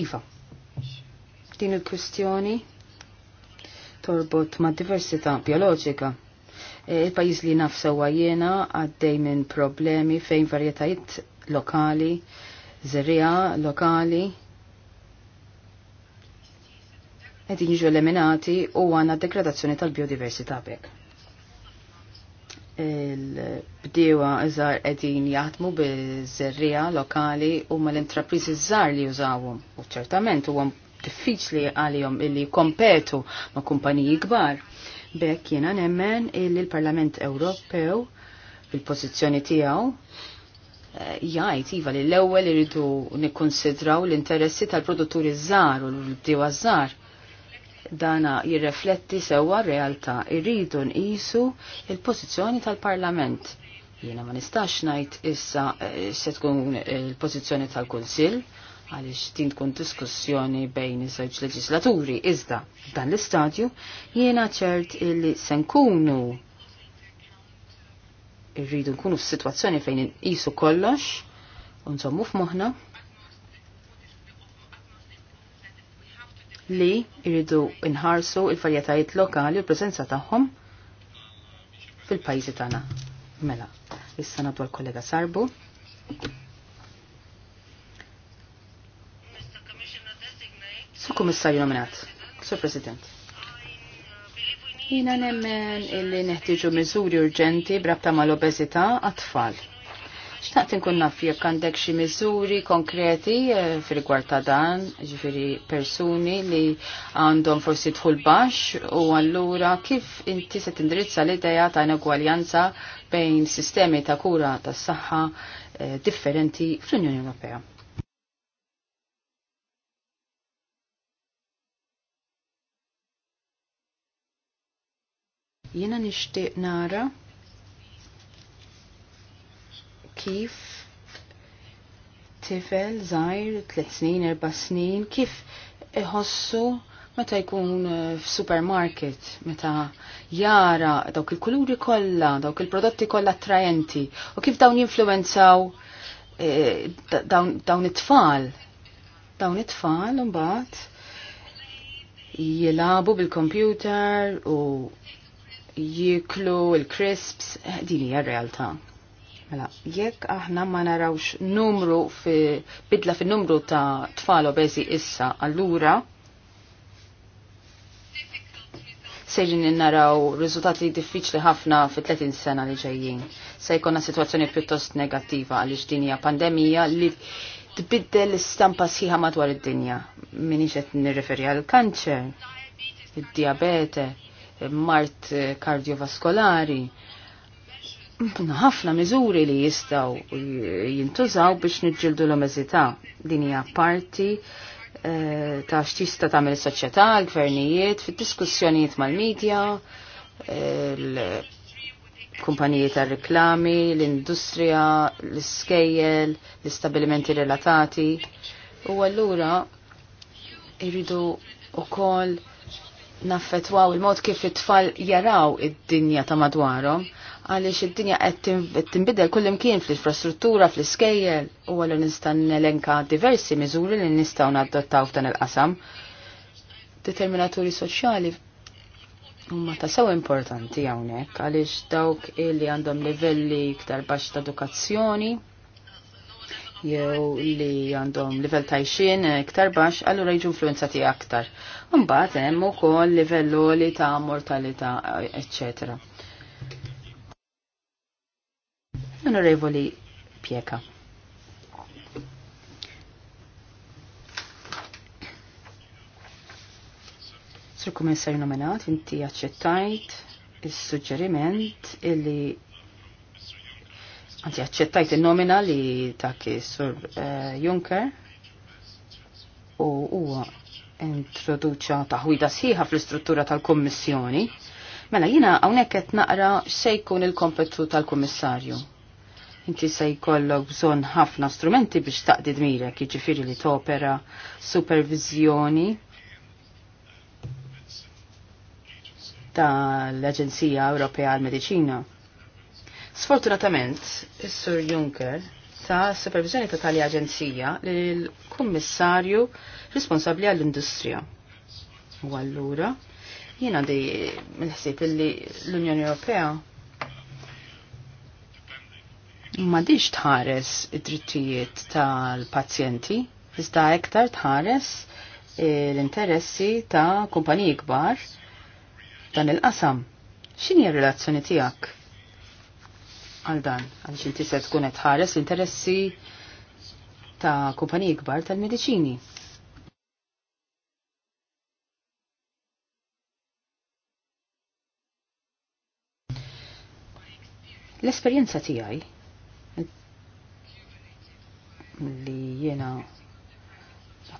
Iva, din il-kwistjoni torbot ma' diversità bioloġika il e, pajiz li nafsewa jena għaddej minn problemi fejn varjetajiet lokali, zerrija lokali, edin jiġu eliminati u għanna degradazzjoni tal-biodiversità bek. Il-bdiewa iżar edin jaħdmu bil-żerrija lokali u mal-intrapriżi żgħar li jużawhom. U ċertament huwa diffiċli għalihom illi kompetu ma' kumpaniji kbar Bekk jiena nemmen illi l-Parlament Ewropew fil-pożizzjoni tiegħu eh, jgħid iva li l-ewwel iridu nikkonsidraw l-interessi tal-produtturi żgħar u l-bdiewa żgħar. Dana jirrefletti sewwa r-realtà irridu nqisu il-pożizzjoni tal-Parlament. Jiena ma nistax ngħid issa eh, se tkun il-pożizzjoni tal-Kunsill għaliex din tkun diskussjoni bejn iż-żewġ leġislaturi. Iżda, dan l-istadju jiena ċert illi se nkunu irridu nkunu f'sitwazzjoni fejn inqisu kollox u nżommu f'moħħna li irridu nħarsu il farjetajiet lokali u l-preżenza tagħhom fil-pajjiżi tagħna. Mela, issa nagħtu kollega Sarbu. Sur Kummissarju nominat, Sur President. Jina nemmen illi neħtieġu miżuri urġenti brabta mal l għat-tfal. Xtaqt inkun naf jekk għandek xi miżuri konkreti eh, fil-rigward ta' dan, ġifieri persuni li għandhom forsi dħul baxx u allura kif inti se tindrizza l-idea ta' inegwaljanza bejn sistemi ta' kura tas-saħħa eh, differenti fl-Unjoni Ewropea. Jiena nixtieq nara kif tifel żgħir tliet snin, erba' snin, kif iħossu meta jkun eh, f'supermarket, meta jara dawk il-kuluri kollha, dawk il-prodotti kollha attrajenti, u kif dawn jinfluwenzaw eh, dawn it-tfal, dawn it-tfal mbagħad jilabu bil-computer u jiklu il-crisps, din hija realtà. Mela, jekk aħna ma narawx numru fi bidla fin numru ta' tfal obesi issa, allura sejrin naraw riżultati diffiċli ħafna fi 30 sena li ġejjin. Se jkollna sitwazzjoni pjuttost negattiva għaliex din hija pandemija li tbiddel l-istampa sħiħa madwar id-dinja. Minix qed nirreferi għal kanċer, id-diabete, mart kardiovaskolari. ħafna miżuri li jistaw jintużaw biex nġildu l-omezita. Din hija parti eh, ta' x'tista tagħmel is-soċjetà, l-gvernijiet, fid-diskussjonijiet mal-medja, eh, kumpaniji ta' reklami, l-industrija, l-iskejjel, l-istabilimenti relatati. U allura irridu u koll naffetwaw il-mod kif it-tfal jaraw id-dinja ta' madwarhom għaliex id-dinja qed tinbidel kull imkien fl-infrastruttura, fl-iskejjel u għallu nista' nelenka diversi miżuri li nistgħu nadottaw f'dan il-qasam. Determinaturi soċjali huma ta' sew importanti hawnhekk għaliex dawk illi għandhom livelli iktar baxx ta' edukazzjoni jew li għandhom livell ta' iktar baxx, allura jiġu influenzati aktar. Mbagħad hemm ukoll livell li ta' mortalità, eċċetera. Onorevoli Pieka. Sur kummissarju nominat, inti aċċettajt is-suġġeriment illi Għanzi, għacċettajt il-nomina li ta' sur eh, Juncker u huwa introduċa taħwida sħiħa fl-istruttura tal-Kommissjoni. Mela jina hawnhekk qed naqra se jkun il-kompetu tal-Kummissarju. Inti se jkollok bżonn ħafna strumenti biex taqdid mirek, jiġifieri li topera, supervizjoni tal-Aġenzija Ewropea għal-Mediċina Sfortunatament, is-Sur Juncker ta' supervizjoni ta' tali aġenzija l-Kummissarju responsabli għall-Industrija. U allura, jiena di minħsib li l-Unjoni Ewropea ma diġ tħares id-drittijiet tal-pazjenti, iżda iktar tħares l-interessi ta' kumpaniji kbar dan il-qasam. X'inhi r-relazzjoni tiegħek għal dan, għaliex xinti se tkun qed ħares l-interessi ta' kumpaniji kbar tal-mediċini. L-esperjenza tiegħi li jiena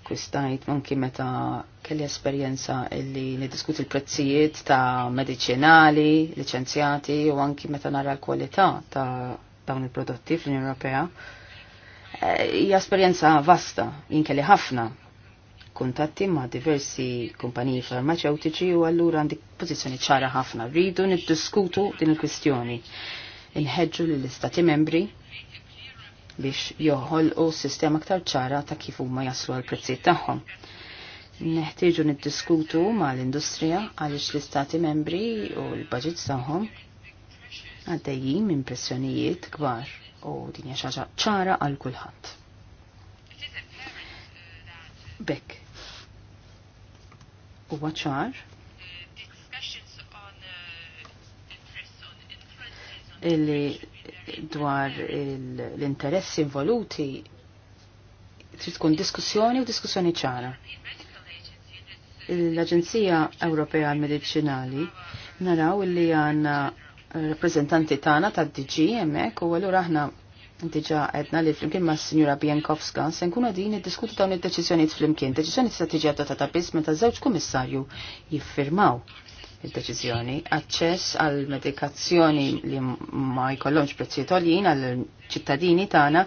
akkwistajt anki meta kelli esperjenza illi niddiskuti l-prezzijiet ta' medicinali, licenzjati u anki meta nara l-kwalità ta' dawn il-prodotti fl-Unjoni Ewropea. Eh, hija esperjenza vasta, jinkelli ħafna kuntatti ma' diversi kumpaniji farmaceutiċi u allura għandi pożizzjoni ċara ħafna. Rridu niddiskutu din il-kwistjoni. Inħedġu lill-istati membri biex joħolqu sistema aktar ċara ta' kif huma jaslu għal prezzijiet tagħhom. Neħtieġu niddiskutu mal-industrija għaliex l-istati membri u l-budget tagħhom għaddejjin minn pressjonijiet kbar u din hija xaġa ċara għal kulħadd. Bekk. Huwa ċar illi dwar l-interessi involuti trid tkun diskussjoni u diskussjoni ċara. L-Aġenzija Ewropea Medicinali naraw li għanna rappresentanti tagħna tad-DG hemmhekk u allura aħna diġa għedna li flimkien ma' s-Sinjura Bienkowska se nkunu din id-diskutu dawn id deċiżjonijiet flimkien. Deċizjoni strategija ta' ta' biss meta żewġ kummissarju jiffirmaw il deċiżjoni Aċċess għal medikazzjoni li ma jkollhomx prezzijiet għoljin għal ċittadini tagħna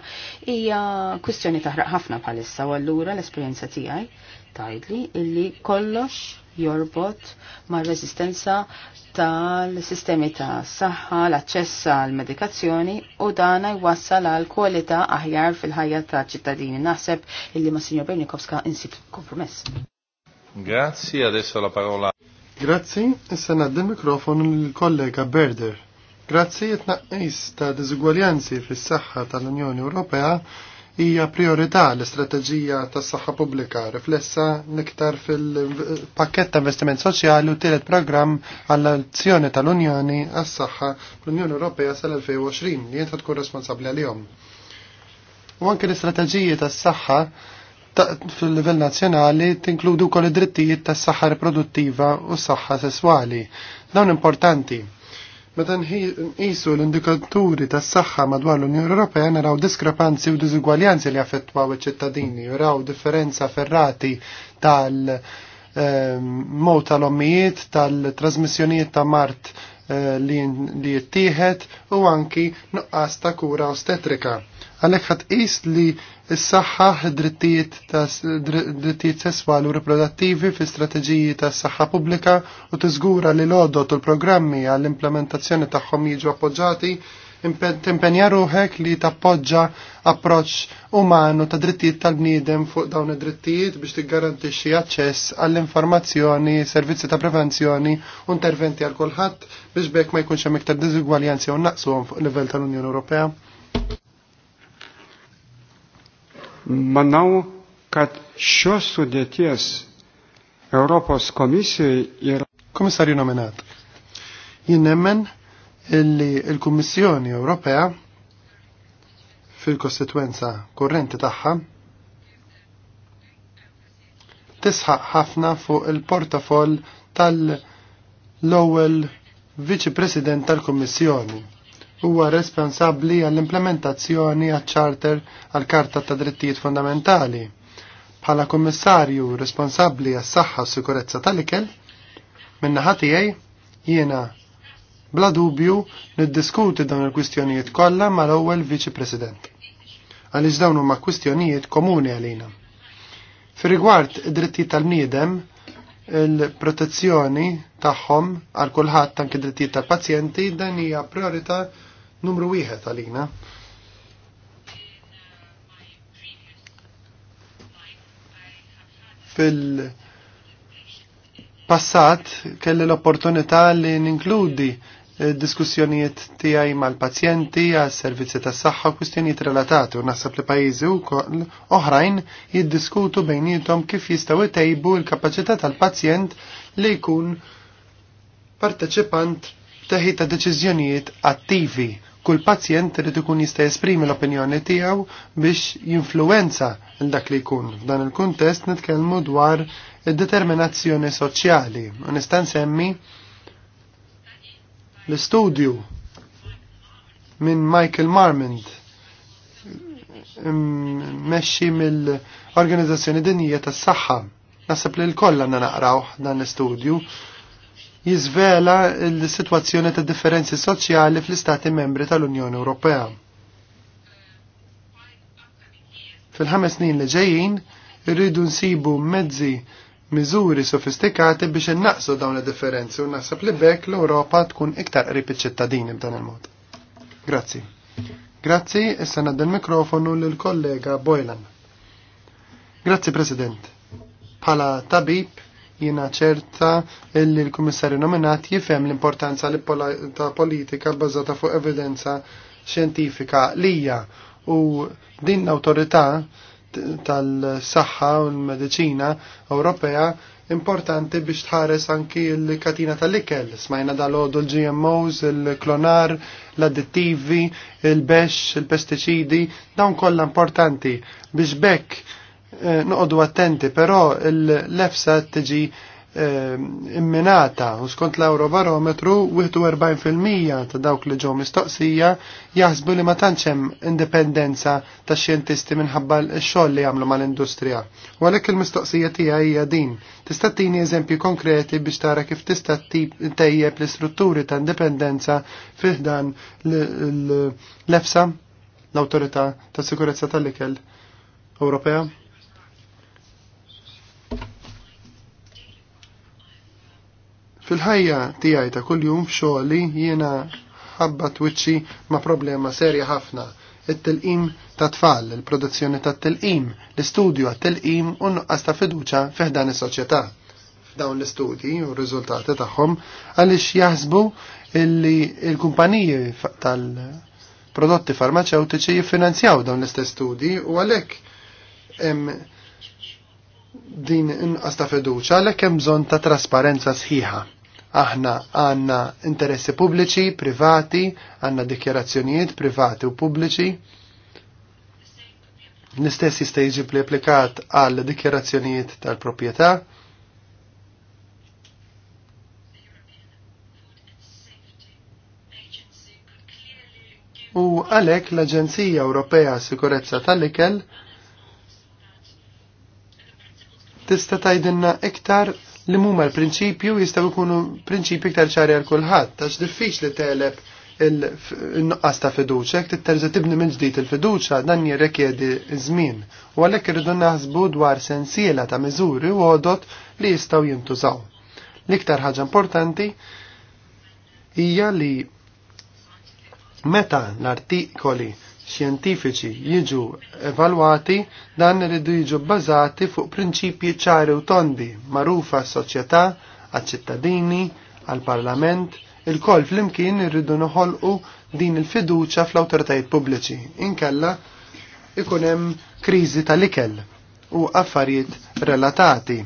hija kwistjoni taħraq ħafna bħalissa u allura l-esperjenza tiegħi tajdli illi kollox jorbot ma' reżistenza tal-sistemi ta' saħħa, l-aċċess għal medikazzjoni u dana jwassal għal kwalità aħjar fil-ħajja ta' ċittadini. Naħseb illi ma' Sinjor Bernikowska insib kompromess. Grazie, adesso la parola. Grazzi, issa naddi mikrofon l-kollega Berder. Grazzi it ta' diżugwaljanzi fis-saħħa tal-Unjoni Ewropea hija priorità l-istrateġija tas saħħa pubblika riflessa l-iktar fil-pakket ta' investiment soċjali u tielet programm għall-azzjoni tal-Unjoni għas saħħa l-Unjoni Ewropea sal-2020 li jenta tkun responsabbli għalihom. U anke l-istrateġiji tas saħħa fil-livell nazzjonali tinkludi wkoll id-drittijiet tas-saħħa riproduttiva u s-saħħa sesswali. Dawn importanti. Meta nqisu l-indikaturi tas-saħħa madwar l-Unjoni Ewropea naraw diskrepanzi u diżugwaljanzi li affettwaw iċ-ċittadini, raw differenza ferrati tal- ehm, mod tal-ommijiet, tal-trasmissjonijiet ta' mart eh, li jittieħed u anki nuqqas ta' kura ostetrika għalhekk ħadd is li s saxħa drittijiet sesswali u riprodattivi fi strateġiji tas-saħħa pubblika u tiżgura li l-għodot u l-programmi għall-implementazzjoni tagħhom jiġu appoġġati timpenja ruħek li tappoġġa approċċ umanu ta' drittijiet tal-bniedem fuq dawn id-drittijiet biex tiggarantixxi aċċess għall-informazzjoni, servizzi ta' prevenzjoni u interventi għal kulħadd biex bekk ma jkunx hemm iktar diżugwaljanzi u naqsuhom fuq livell tal-Unjoni Ewropea. Manau, kad šios sudėties Europos komisijai yra. Komisarju nominat. Jien nemmen illi il-Kummissjoni Ewropea fil-kostituenza kurrenti tagħha tisħaq ħafna fuq il-portafoll tal-ewwel Viċi President tal-Kummissjoni huwa responsabbli għall-implementazzjoni għal charter għall-Karta ta' Drittijiet Fundamentali. Bħala kummissarju responsabbli għas-saħħa u sikurezza tal-ikel, minna tiegħi jiena bla dubju niddiskuti dawn il-kwistjonijiet kollha mal-ewwel Viċi President. Għaliex dawn huma kwistjonijiet komuni għalina. Fir-rigward id-drittijiet tal niedem il-protezzjoni tagħhom għal kulħadd anke drittijiet tal-pazjenti dan hija priorità numru wieħed għalina. Fil-passat kelli l-opportunità li ninkludi eh, diskussjonijiet tiegħi mal-pazjenti għas servizzi tas saħħa u kwistjonijiet relatati u naħseb li pajjiżi wkoll oħrajn jiddiskutu bejniethom kif jistgħu jtejbu l-kapaċità tal-pazjent li jkun parteċipant teħi ta' deċiżjonijiet attivi Kull pazjent irid ikun jista' jesprimi l-opinjoni tiegħu biex jinfluwenza l dak li jkun. F'dan il-kuntest nitkellmu dwar id-determinazzjoni soċjali. U nista' nsemmi l-istudju minn Michael Marmond meċi mill-Organizzazzjoni Dinjija tas saħħa Nasab li l kollha naqraw dan l-istudju jizvela l-situazzjoni ta' differenzi soċjali fl-Istati membri tal-Unjoni Ewropea. Fil-ħames snin li ġejjin, irridu nsibu mezzi miżuri sofistikati biex innaqsu dawn il-differenzi u naħseb li bekk l-Ewropa tkun iktar qrib iċ-ċittadini b'dan il-mod. Grazzi. Grazzi, issa nadda l mikrofonu lill kollega Boylan. Grazzi, President. Pala tabib, Jiena ċerta illi l-Kummissarju nominat jifhem l-importanza li ta' politika bbażata fuq evidenza xjentifika lija u din l-awtorità tal-saħħa u l-medicina Ewropea importanti biex tħares anki l-katina tal-ikel. Smajna dal-ħodu l-GMOs, il-klonar, l-additivi, il-bex, il-pesticidi, dawn kollha importanti biex bekk Eh, noqogħdu attenti, però l-lefsa tiġi eh, imminata u skont l-Eurobarometru 41% ta' dawk li ġew mistoqsija jaħsbu li ma tantx hemm indipendenza tax xjentisti minħabba x-xogħol li jagħmlu mal-industrija. U għalhekk il-mistoqsija tiegħi hija din. Tista' tini eżempji konkreti biex tara kif tista' tejjeb l-istrutturi ta' indipendenza fiħdan l-EFSA, l-Awtorità tas Sikurezza tal-Ikel Ewropea? Fil-ħajja tiegħi ta' kuljum f'xogħli jiena ħabba twiċċi ma' problema serja ħafna it-tilqim ta' tfal, il-produzzjoni ta' tilqim, l-istudju għat tilqim u nuqqas ta' fiduċa fiħdan is-soċjetà. Dawn l-istudji u r-riżultati tagħhom għaliex jaħsbu illi l-kumpaniji tal-prodotti farmaceutiċi jiffinanzjaw dawn l-istess studji u għalhekk hemm din inqas ta' fiduċa għalhekk hemm bżonn ta' trasparenza sħiħa Aħna għanna interessi pubbliċi, privati, għanna dikjarazzjonijiet privati u pubbliċi. L-istess jista' jiġi applikat għal dikjarazzjonijiet tal-proprjetà. U għalhekk l-Aġenzija Ewropea Sikurezza tal-Ikel tista' tgħidilna iktar li mumma l-prinċipju jistaw ikunu prinċipju iktar ċari għal kulħadd għax diffiċ li teleb il-nuqqas ta' fiduċa, jek titterza tibni minn ġdid il-fiduċa, dan jirrekjedi żmien. U għalhekk irridu naħsbu dwar sensiela ta' miżuri u għodot li jistgħu jintużaw. L-iktar ħaġa importanti hija li meta l-artikoli xjentifiċi jiġu evalwati dan iridu jiġu bbażati fuq prinċipji ċari u tondi magħrufa s-soċjetà, għaċ-ċittadini, għall-Parlament, il-koll flimkien irridu noħolqu din il-fiduċa fl-awtoritajiet pubbliċi. Inkella ikun hemm kriżi tal-ikel u affarijiet relatati.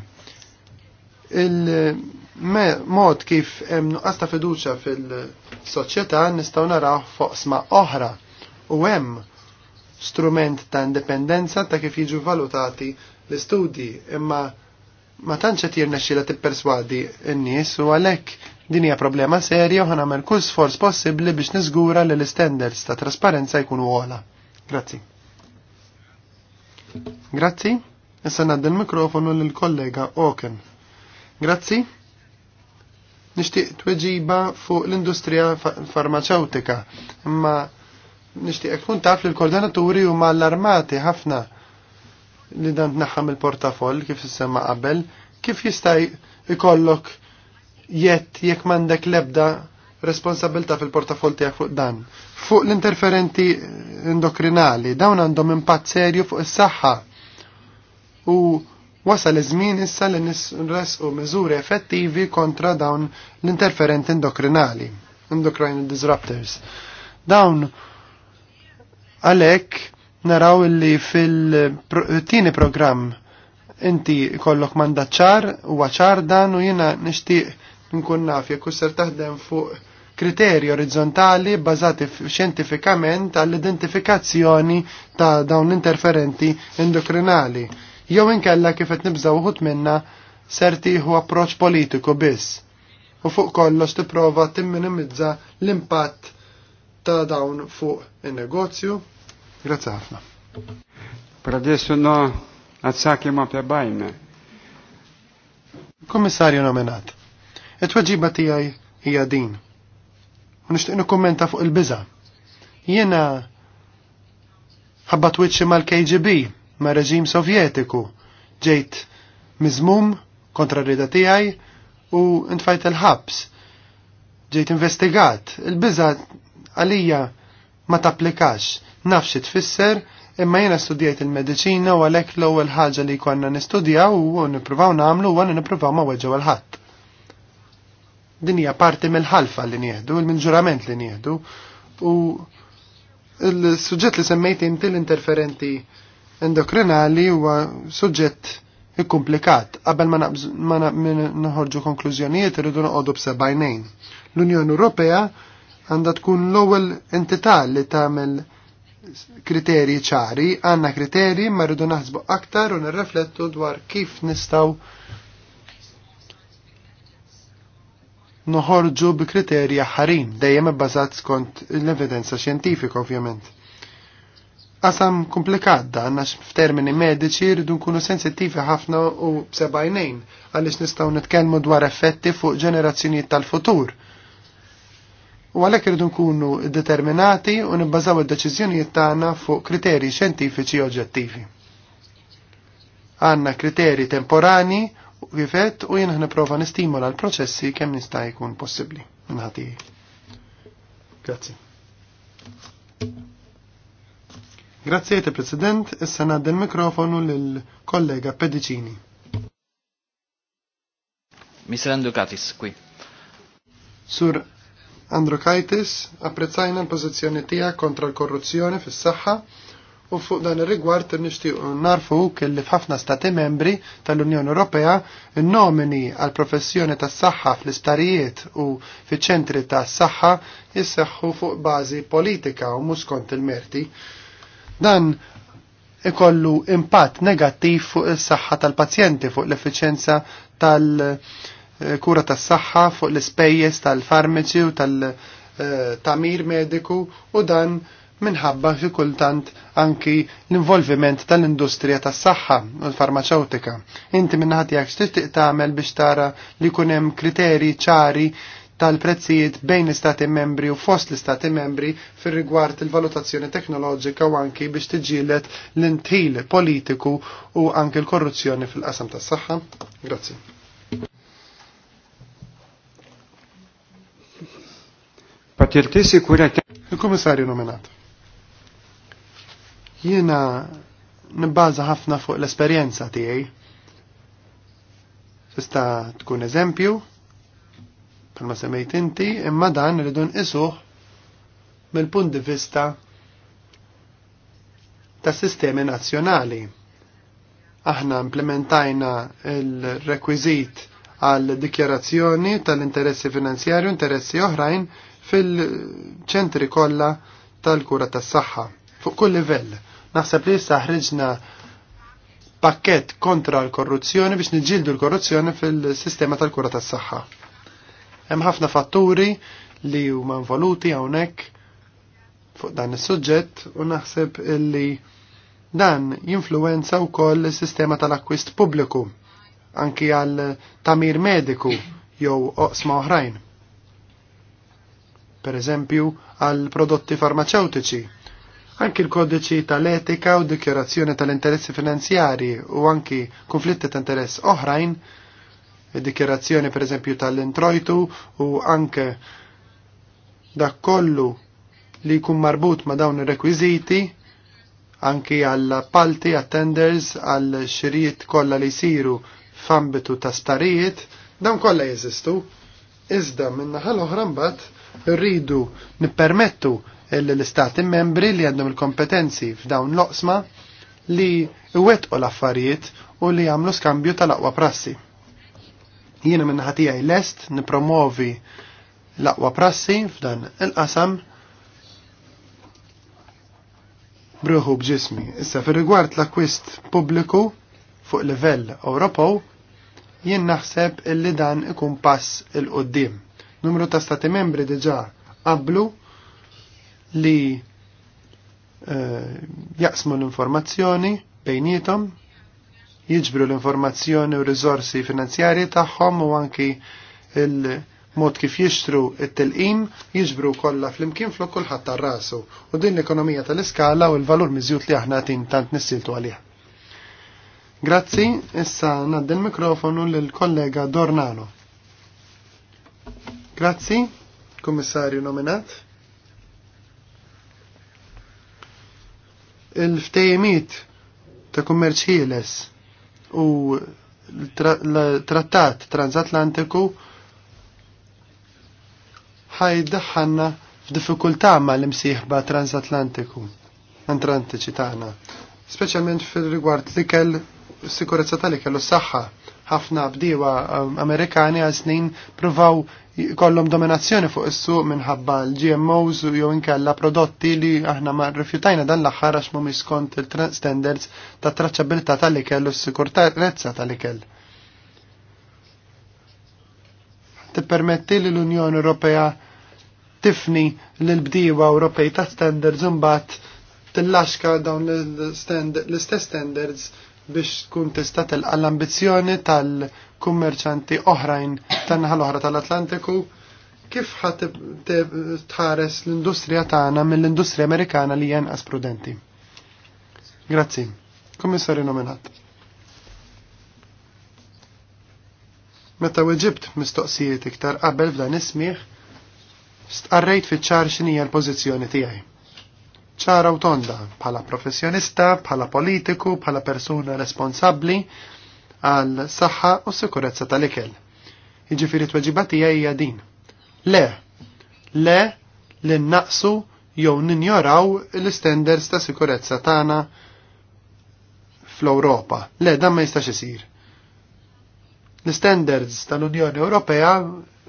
Il-mod kif hemm nuqqas ta' fiduċa fil-soċjetà nistgħu naraw foqsma oħra u hemm strument ta' indipendenza ta' kif jiġu valutati l-istudji imma ma tantx qed jirnexxila tipperswadi n-nies u għalhekk din hija problema serja u ħanamel kull sforz possibbli biex niżgura li l istandards ta' trasparenza jkunu ogħla. Grazzi. Grazzi. Issa naddi l-mikrofonu lill-kollega Oken. Grazzi. Nixtieq tweġiba fuq l-industrija farmaceutika, imma nixtieq kun taf li l-koordinaturi huma allarmati ħafna li dan tnaħħam il-portafoll kif semma' qabel, kif jista' ikollok jett jekk m'għandek lebda responsabilta fil-portafol tiegħek fuq dan. Fuq l-interferenti endokrinali, dawn għandhom impatt serju fuq is-saħħa. U wasal iż-żmien issa li u miżuri effettivi kontra dawn l-interferenti endokrinali, endocrine disruptors. Dawn Għalhekk naraw li fil-tieni programm inti kollok mandat ċar u ċar dan u jiena nixtieq nkun naf jekk ser taħdem fuq kriterji orizzontali bbażati xjentifikament għall-identifikazzjoni ta' dawn interferenti endokrinali. Jew inkella kif qed uħut minna ser tieħu approċċ politiku biss. U fuq kollox tipprova timminimizza l-impatt ta' dawn fuq in-negozju, Grazie ħafna. adesso no azzakima pe bajme. Kommissarju nominat, it-tweġiba tijaj hija din. U nishtiq nikkummenta fuq il-biża. Jiena ħabbat wiċċi mal-KGB, ma' reġim sovjetiku, ġejt miżmum kontra rida tiegħi u intfajt il-ħabs. Ġejt investigat, il-biża għalija ma applikax Nafx tfisser, imma jena studijajt il-medicina u għalek l-ewwel ħaġa li konna nistudjaw u nippruvaw nagħmlu u għanna nippruvaw ma weġġa' għal-ħadd. Din hija parti mill-ħalfa li nieħdu, il ġurament li nieħdu u il-suġġett li semmejt inti l-interferenti endokrinali huwa suġġett il-komplikat, qabel ma naħorġu konklużjonijiet irridu noqogħdu b'sebajnejn. L-Unjoni Ewropea għandha tkun l-ewwel entità li tagħmel kriteri ċari, għanna kriteri ma rridu naħsbu aktar u nirreflettu dwar kif nistaw noħorġu bi kriteri ħarin, dejjem bbażat skont l-evidenza xjentifika ovvjament. Qasam komplikat dan għax f'termini mediċi rridu nkunu sensittivi ħafna u b'sebajnejn għaliex nistgħu nitkellmu dwar effetti fuq ġenerazzjonijiet tal-futur U għalhekk irridu nkunu determinati u nibbażaw id-deċiżjonijiet tagħna fuq kriterji xjentifiċi oġġettivi. Għanna kriterji temporani kifet u jien nipprova nistimola l-proċessi kemm nista' jkun possibbli minħati. Grazzi. Grazzi te President, issa nadda il-mikrofonu lill-kollega Pedicini. mis Andukatis, Sur Androkaitis apprezzajna l-pożizzjoni tiegħek kontra l-korruzzjoni fis-saħħa u fuq dan ir-rigward nixtiequ narfu kelli f'ħafna stati membri tal-Unjoni Ewropea n-nomini għal professjoni tas-saħħa fl istarijiet u fiċ-ċentri tas-saħħa jisseħħu fuq bażi politika u mhux kont il-merti. Dan ikollu impatt negattiv fuq is-saħħa tal-pazjenti fuq l-effiċenza tal-, -pazjenti, fuq l effiċenza tal Eh, kura tas-saħħa fuq l-ispejjeż tal-farmaċi u tal-tamir eh, mediku u dan minħabba fi kultant anki l-involviment tal-industrija tas-saħħa u l-farmaceutika. Inti minnaħat jekk x'tixtieq tagħmel biex tara li jkun hemm kriterji ċari tal-prezzijiet bejn l-istati membri u fost l-istati membri fir rigward il-valutazzjoni teknoloġika u anki biex tiġilet l-intil politiku u anki l-korruzzjoni fil-qasam tas saħħa Grazzi. Il-Kumissarju kurią... nominat. Jiena nibbaza ħafna fuq l-esperjenza tiegħi. Tista' tkun eżempju, bħalma semmejt inti, imma dan rridu nqisuh mill-punt di vista ta' sistemi nazzjonali. Aħna implementajna il-rekwizit għal dikjarazzjoni tal-interessi finanzjarju, interessi oħrajn, fil-ċentri kollha tal-kura tas-saħħa fuq kull livell. Naħseb li issa ħriġna pakket kontra l-korruzzjoni biex niġġieldu l-korruzzjoni fil-sistema tal-kura tas-saħħa. Hemm ħafna fatturi li huma involuti hawnhekk fuq dan is-suġġett u naħseb illi dan jinfluwenza wkoll is-sistema tal-akkwist pubbliku anki għal tamir mediku jew oqsma oħrajn per eżempju għal prodotti farmaceutiċi. Anki l-kodiċi tal-etika u dikjerazzjoni tal-interessi finanzjari u anki konflitti ta' interess oħrajn, dikjerazzjoni per eżempju tal-introjtu u anke dak kollu li jkun marbut ma' dawn ir-rekwiżiti anki għall palti għal tenders għal xirijiet kollha li jsiru f'ambitu ta' starijiet, dawn kollha jeżistu. Iżda minna ħal oħra mbagħad Rridu nippermettu l-istati membri li għandhom il-kompetenzi f'dawn l-oqsma li iwettqu l-affarijiet u li għamlu skambju tal-aqwa prassi. Jiena minn ħatijaj lest nipromovi l-aqwa prassi f'dan il-qasam bruħu bġismi. Issa fir rigward l-akwist pubbliku fuq livell Ewropew jien naħseb illi dan ikun pass il-qoddim. Numru ta' stati membri diġà qablu li eh, jaqsmu l-informazzjoni bejnietom, jiġbru l-informazzjoni u rizorsi finanzjarji tagħhom u anki il-mod kif jixtru it-telqim jiġbru kollha flimkien flok kulħadd tar-rasu u din l-ekonomija tal-iskala u l-valur miżjut li aħna tin tant nissiltu għalih. Grazzi, issa ngħaddi l-mikrofonu lill kollega Dornano. Grazzi, kummissarju nominat. Il-ftejmiet ta' kummerċ ħieles u l-trattat transatlantiku ħajdaħħanna f'diffikultà ma' l-imsieħba transatlantiku, antrantiċi tagħna, speċjalment fil-rigward li kell sikurezza tal-ikel u s-saħħa ħafna bdiewa um, Amerikani għal snin provaw kollom dominazzjoni fuq is-suq minħabba l-GMOs jew inkella prodotti li aħna ma rrifjutajna dan l-aħħar għax mhumiex skont il-standards ta' traċċabilità tal-ikel u s sikurtarezza tal-ikel. Tippermetti li l-Unjoni Ewropea tifni l-bdiewa Ewropej ta' standards imbagħad tillaxka dawn l-istess standards biex tkun tista' telqa l-ambizzjoni tal-kummerċanti oħrajn tan-naħa l-oħra tal-Atlantiku kif ħat tħares l-industrija tagħna mill-industrija Amerikana li jenqas prudenti. Grazzi. Kummissarju nominat. Meta weġibt mistoqsijiet iktar qabel f'dan ismieħ, stqarrejt fiċ-ċar x'inhija l-pożizzjoni tiegħi ċara u tonda bħala professjonista, bħala politiku, bħala persuna responsabbli għal saħħa u sikurezza tal-ikel. Jiġifieri tweġiba tiegħi hija din. Le, le li naqsu jew ninjoraw l-standards ta' sikurezza tagħna fl-Ewropa. Le, dan ma jistax isir. L-standards tal-Unjoni Ewropea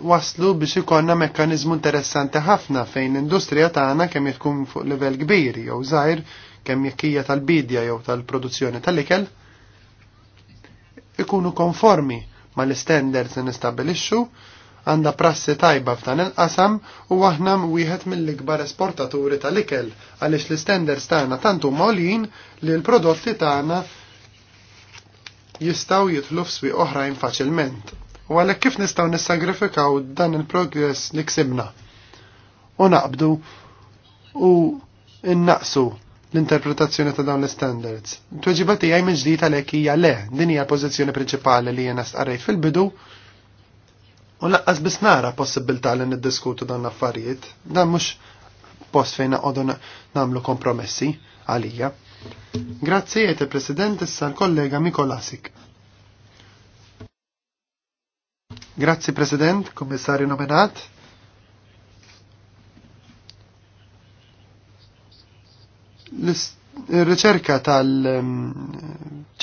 waslu biex ikonna mekkanizmu interessanti ħafna fejn l-industrija tagħna kemm jekk fuq livell kbir jew żgħir kemm jekk hija tal-bidja jew tal-produzzjoni tal-ikel ikunu konformi mal-standards li nistabilixxu għandha prassi tajba f'dan il-qasam u aħna wieħed mill-ikbar esportaturi tal-ikel għaliex l-standards tagħna tant huma għolin li l-prodotti tagħna jistgħu jitlu f'swieq oħrajn faċilment u għalhekk kif nistgħu nissagrifikaw dan il-progress li ksibna u naqbdu u innaqsu l-interpretazzjoni ta' dawn l-standards. Tweġiba tiegħi minn ġdid għalhekk hija le, din hija l-pożizzjoni prinċipali li jiena stqarrejt fil-bidu u laqqas biss nara possibilità li niddiskutu dawn l-affarijiet, dan mhux post fejn naqogħdu nagħmlu kompromessi għalija. Grazzi, President, issa l-kollega Mikolasik. Grazzi President, Kommissarju nominat. il riċerka tal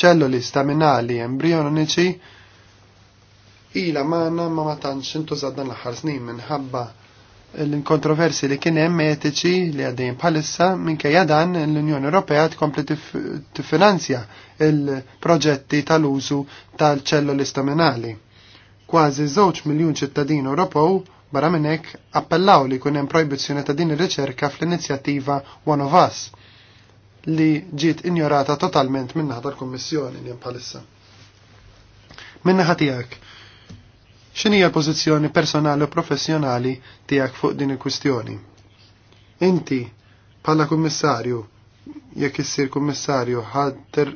ċelloli staminali embrioniċi ila maħna ma ma tantx intużad dan l-aħħar snin minħabba l-kontroversi li kien hemm etiċi li għaddejn bħalissa minkejja dan l-Unjoni Ewropea tkompli tiffinanzja il-proġetti tal-użu tal-ċelluli staminali Kważi żewġ miljun ċittadin Ewropew barra minn hekk appellaw li jkun hemm projbizzjoni ta' din ir-riċerka fl-inizjattiva One of Us li ġiet injorata totalment minn naħa tal-Kummissjoni li bħalissa. Minn naħa tiegħek, x'inhi l-pożizzjoni personali u professjonali tiegħek fuq din il-kwistjoni? Inti bħala kummissarju jekk issir kummissarju ħadd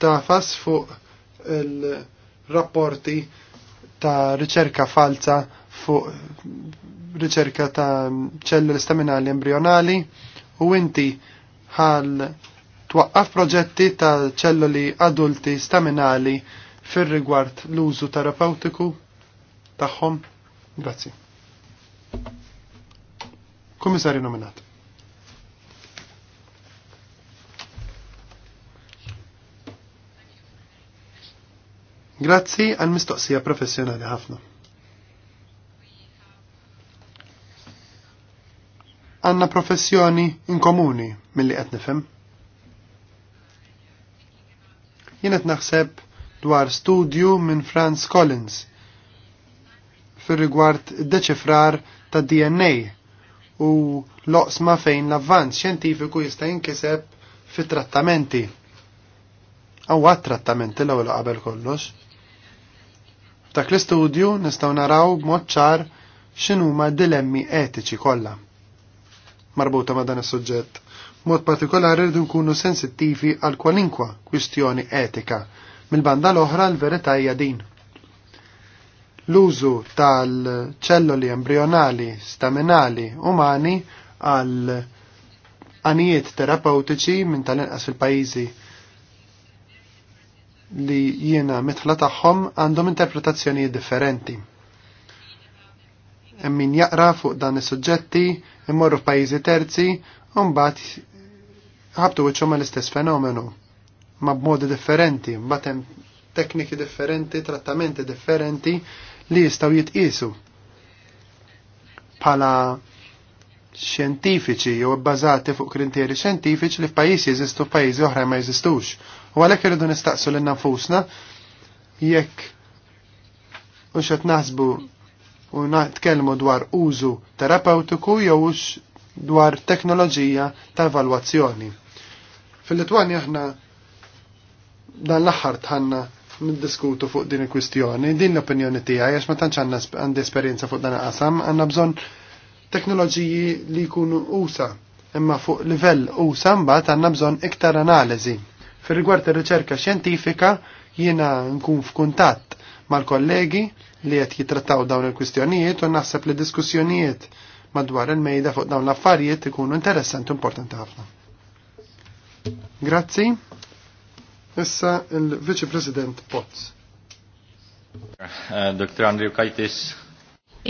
tafas fuq il-rapporti ta' riċerka falsa fuq riċerka ta' ċelluli staminali embrionali u inti ħal twaqqaf proġetti ta' ċelluli adulti staminali fir-rigward l-użu terapeutiku tagħhom. Grazzi. Komissarju nominat. Grazzi għal mistoqsija professjonali ħafna. Għanna professjoni inkomuni mill-li qed nifhem. Jien qed naħseb dwar studju minn Franz Collins fir-rigward deċifrar ta' DNA u loqsma fejn l-avvanz xjentifiku jista' jinkiseb fit-trattamenti. Għaw għat trattamenti l-ewwel qabel kollox Dak l-istudju nistgħu naraw b'mod ċar x'inhuma dilemmi etiċi kollha marbuta ma' dan is-suġġett. Mod partikolari rridu nkunu sensittivi għal kwalinkwa kwistjoni etika. Mill-banda l-oħra l-verità hija din. L-użu tal-ċelloli embrionali, staminali, umani għal anijiet terapeutiċi minn tal-inqas fil-pajjiżi li jiena mitħla tagħhom għandhom interpretazzjoni differenti. Hemm min jaqra fuq dan is-suġġetti, immorru f'pajjiżi terzi, u mbagħad ħabtu wiċċhom l-istess fenomenu ma b'modi differenti, mbagħad hemm tekniki differenti, trattamenti differenti li jistgħu jitqisu bħala xjentifiċi jew bbażati fuq kriterji xjentifiċi li f'pajjiż jeżistu f'pajjiżi oħra ma jeżistux. U għalek irridu nistaqsu lil nfusna jekk u xed naħsbu u nitkellmu dwar użu terapeutiku jew dwar teknoloġija ta' evalwazzjoni. fil litwani aħna dan l-aħħar tħanna niddiskutu fuq din il-kwistjoni, din l-opinjoni tiegħi għax ma tantx għandna għandi esperjenza fuq dan il-qasam, għandna bżonn teknoloġiji li jkunu usa, imma fuq livell usa mbagħad għandna bżonn iktar analiżi Fir rigward ir-riċerka xjentifika jiena nkun f'kuntatt mal-kollegi li qed jitrattaw dawn il-kwistjonijiet u naħseb li diskussjonijiet madwar il-mejda fuq dawn l-affarijiet ikunu interessanti u importanti ħafna. Grazzi. Issa il-Viċi President Potts. Eh, Dr. Andrew Kajtis.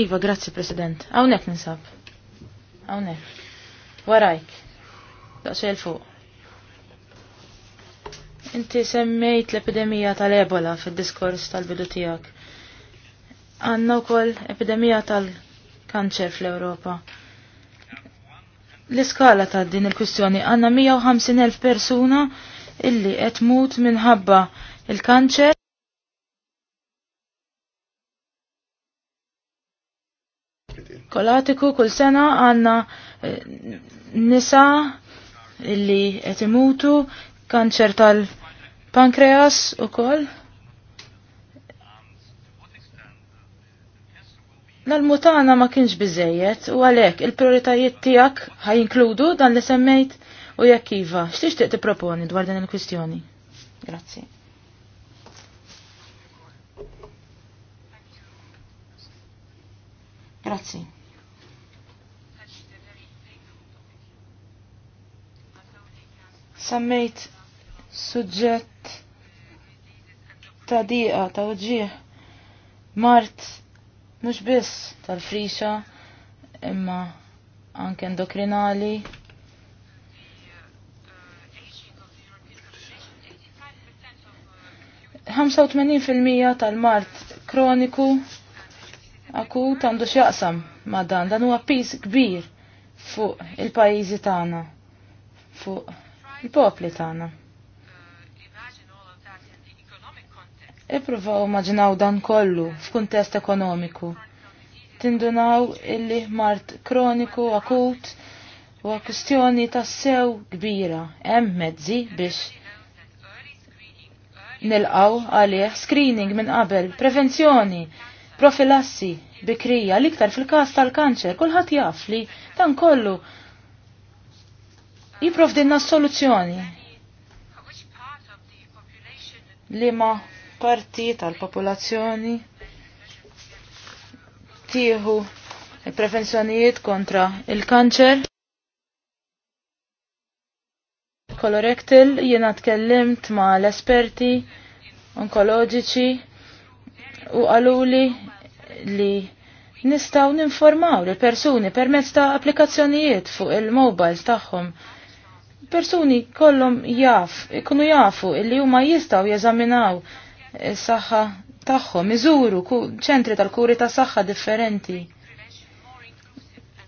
Iva, grazzi President. Hawnhekk ninsab. Hawnhekk. Warajk. Daqsxejn fuq. Inti semmejt l-epidemija tal-ebola fil-diskors tal-bidu tijak. Għanna u koll epidemija tal-kanċer fl-Europa. L-iskala ta' din il-kwistjoni għanna 150.000 persuna illi qed mut minħabba il-kanċer. Kolatiku kull sena għanna eh, nisa illi qed imutu kanċer tal-kanċer pankreas u koll. nal mutana ma kienx bizzejiet u għalek il-prioritajiet tijak ħajinkludu dan li semmejt u jekk iva. X'tixtieq tipproponi dwar dan il-kwistjoni? Grazzi. Grazzi. Semmejt suġġett ta' diqa ta' uġieħ mart mhux biss tal-frixa imma anke endokrinali ħamsa fil-mija tal-mart kroniku akut għandu x'jaqsam ma' dan dan huwa pis kbir fuq il-pajjiżi tagħna fuq il-popli tagħna. Ipruvaw maġinaw dan kollu f'kuntest ekonomiku. Tindunaw illi mart kroniku akut u kwistjoni ta' sew kbira hemm mezzi biex nilqaw għalih screening minn qabel, prevenzjoni, profilassi, bikrija, liktar fil-kas tal-kanċer, kulħadd jaf li dan kollu jiprofdinna soluzzjoni li ma parti tal-popolazzjoni tieħu prevenzjonijiet kontra il-kanċer. Kolorektil jiena tkellimt ma l-esperti onkoloġiċi u għaluli li nistaw ninformaw li persuni permezz ta' applikazzjonijiet fuq il-mobile tagħhom persuni kollom jaf, ikunu jafu illi huma jistaw jeżaminaw saħħa tagħhom, iżuru ċentri tal-kuri ta' saħħa differenti.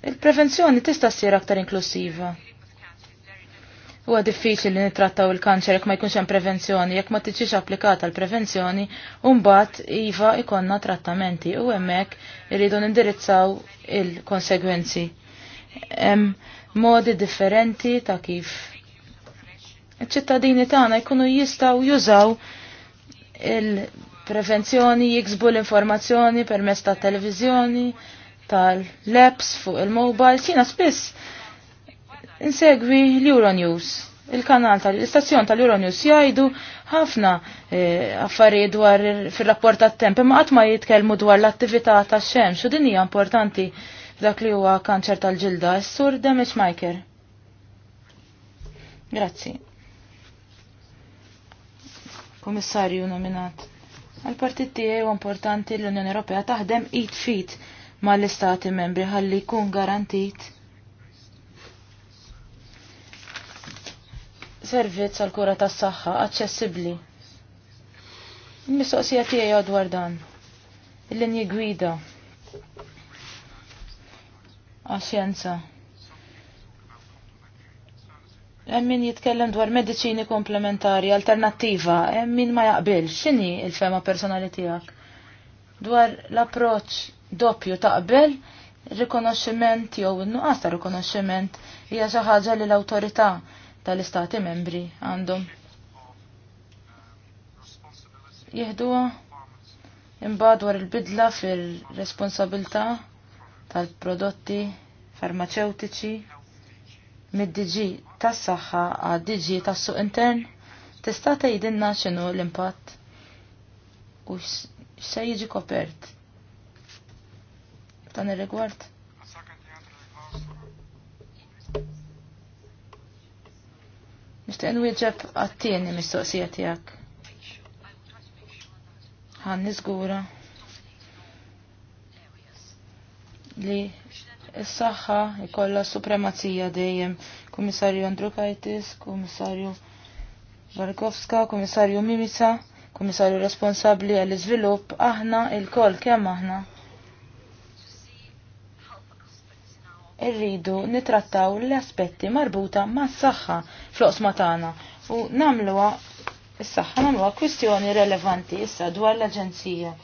Il-prevenzjoni tista' ssir aktar inklusiva. Huwa diffiċli li nittrattaw il-kanċer jekk ma jkunx hemm prevenzjoni, jekk ma tiġix applikata l-prevenzjoni, u mbagħad iva ikonna trattamenti u hemmhekk irridu nindirizzaw il-konsegwenzi. Hemm modi differenti ta' kif iċ-ċittadini tagħna jkunu jistgħu jużaw il-prevenzjoni jiksbu l-informazzjoni permezz ta' televizjoni, tal-labs fuq il-mobile, sina spiss insegwi l-Euronews, il-kanal tal-istazzjon tal-Euronews jgħidu ħafna eh, affarijiet dwar fil-rapport għat temp imma qatt ma jitkellmu dwar l-attività tax-xemx u din hija importanti dak li huwa kanċer tal-ġilda, s-sur Damage Maker. Grazzi komissarju nominat. Għal-partit tiegħi importanti l-Unjoni Ewropea taħdem id fit mal-istati membri ħalli jkun garantit servizz għal kura tas saħħa aċċessibbli. Il-mistoqsija tiegħi dwar dan. Il-linji gwida għax-xjenza Hemm min jitkellem dwar mediċini komplementari, alternattiva, hemm min ma jaqbil, x'inhi l-fema personali tiegħek? Dwar l-approċċ doppju taqbel, rikonoxximent jew in-nuqqas ta' rikonoxximent hija xi ħaġa li l-awtorità tal-istati membri għandhom. Jihduwa imbagħad dwar il-bidla fir-responsabilità tal-prodotti farmaceutiċi mid-DG tas-saħħa għad DG tas-suq intern tista' tgħidilna x'inhu l-impatt u x'se jiġi kopert. Dan ir-rigward. Nixtieq nwieġeb għat-tieni mistoqsija tiegħek. Ħanni żgura li Is-saħħa jkollha supremazija dejjem. Kummissarju Andrukaitis, Kummissarju Barkowska, Kummissarju Mimica, Kummissarju responsabbli għall-iżvilupp, aħna il-koll kemm aħna. Irridu nitrattaw l-aspetti marbuta mas-saħħa fl-oqsma tagħna u nagħmluha is-saħħa nagħmluha kwistjoni relevanti issa dwar l-Aġenzija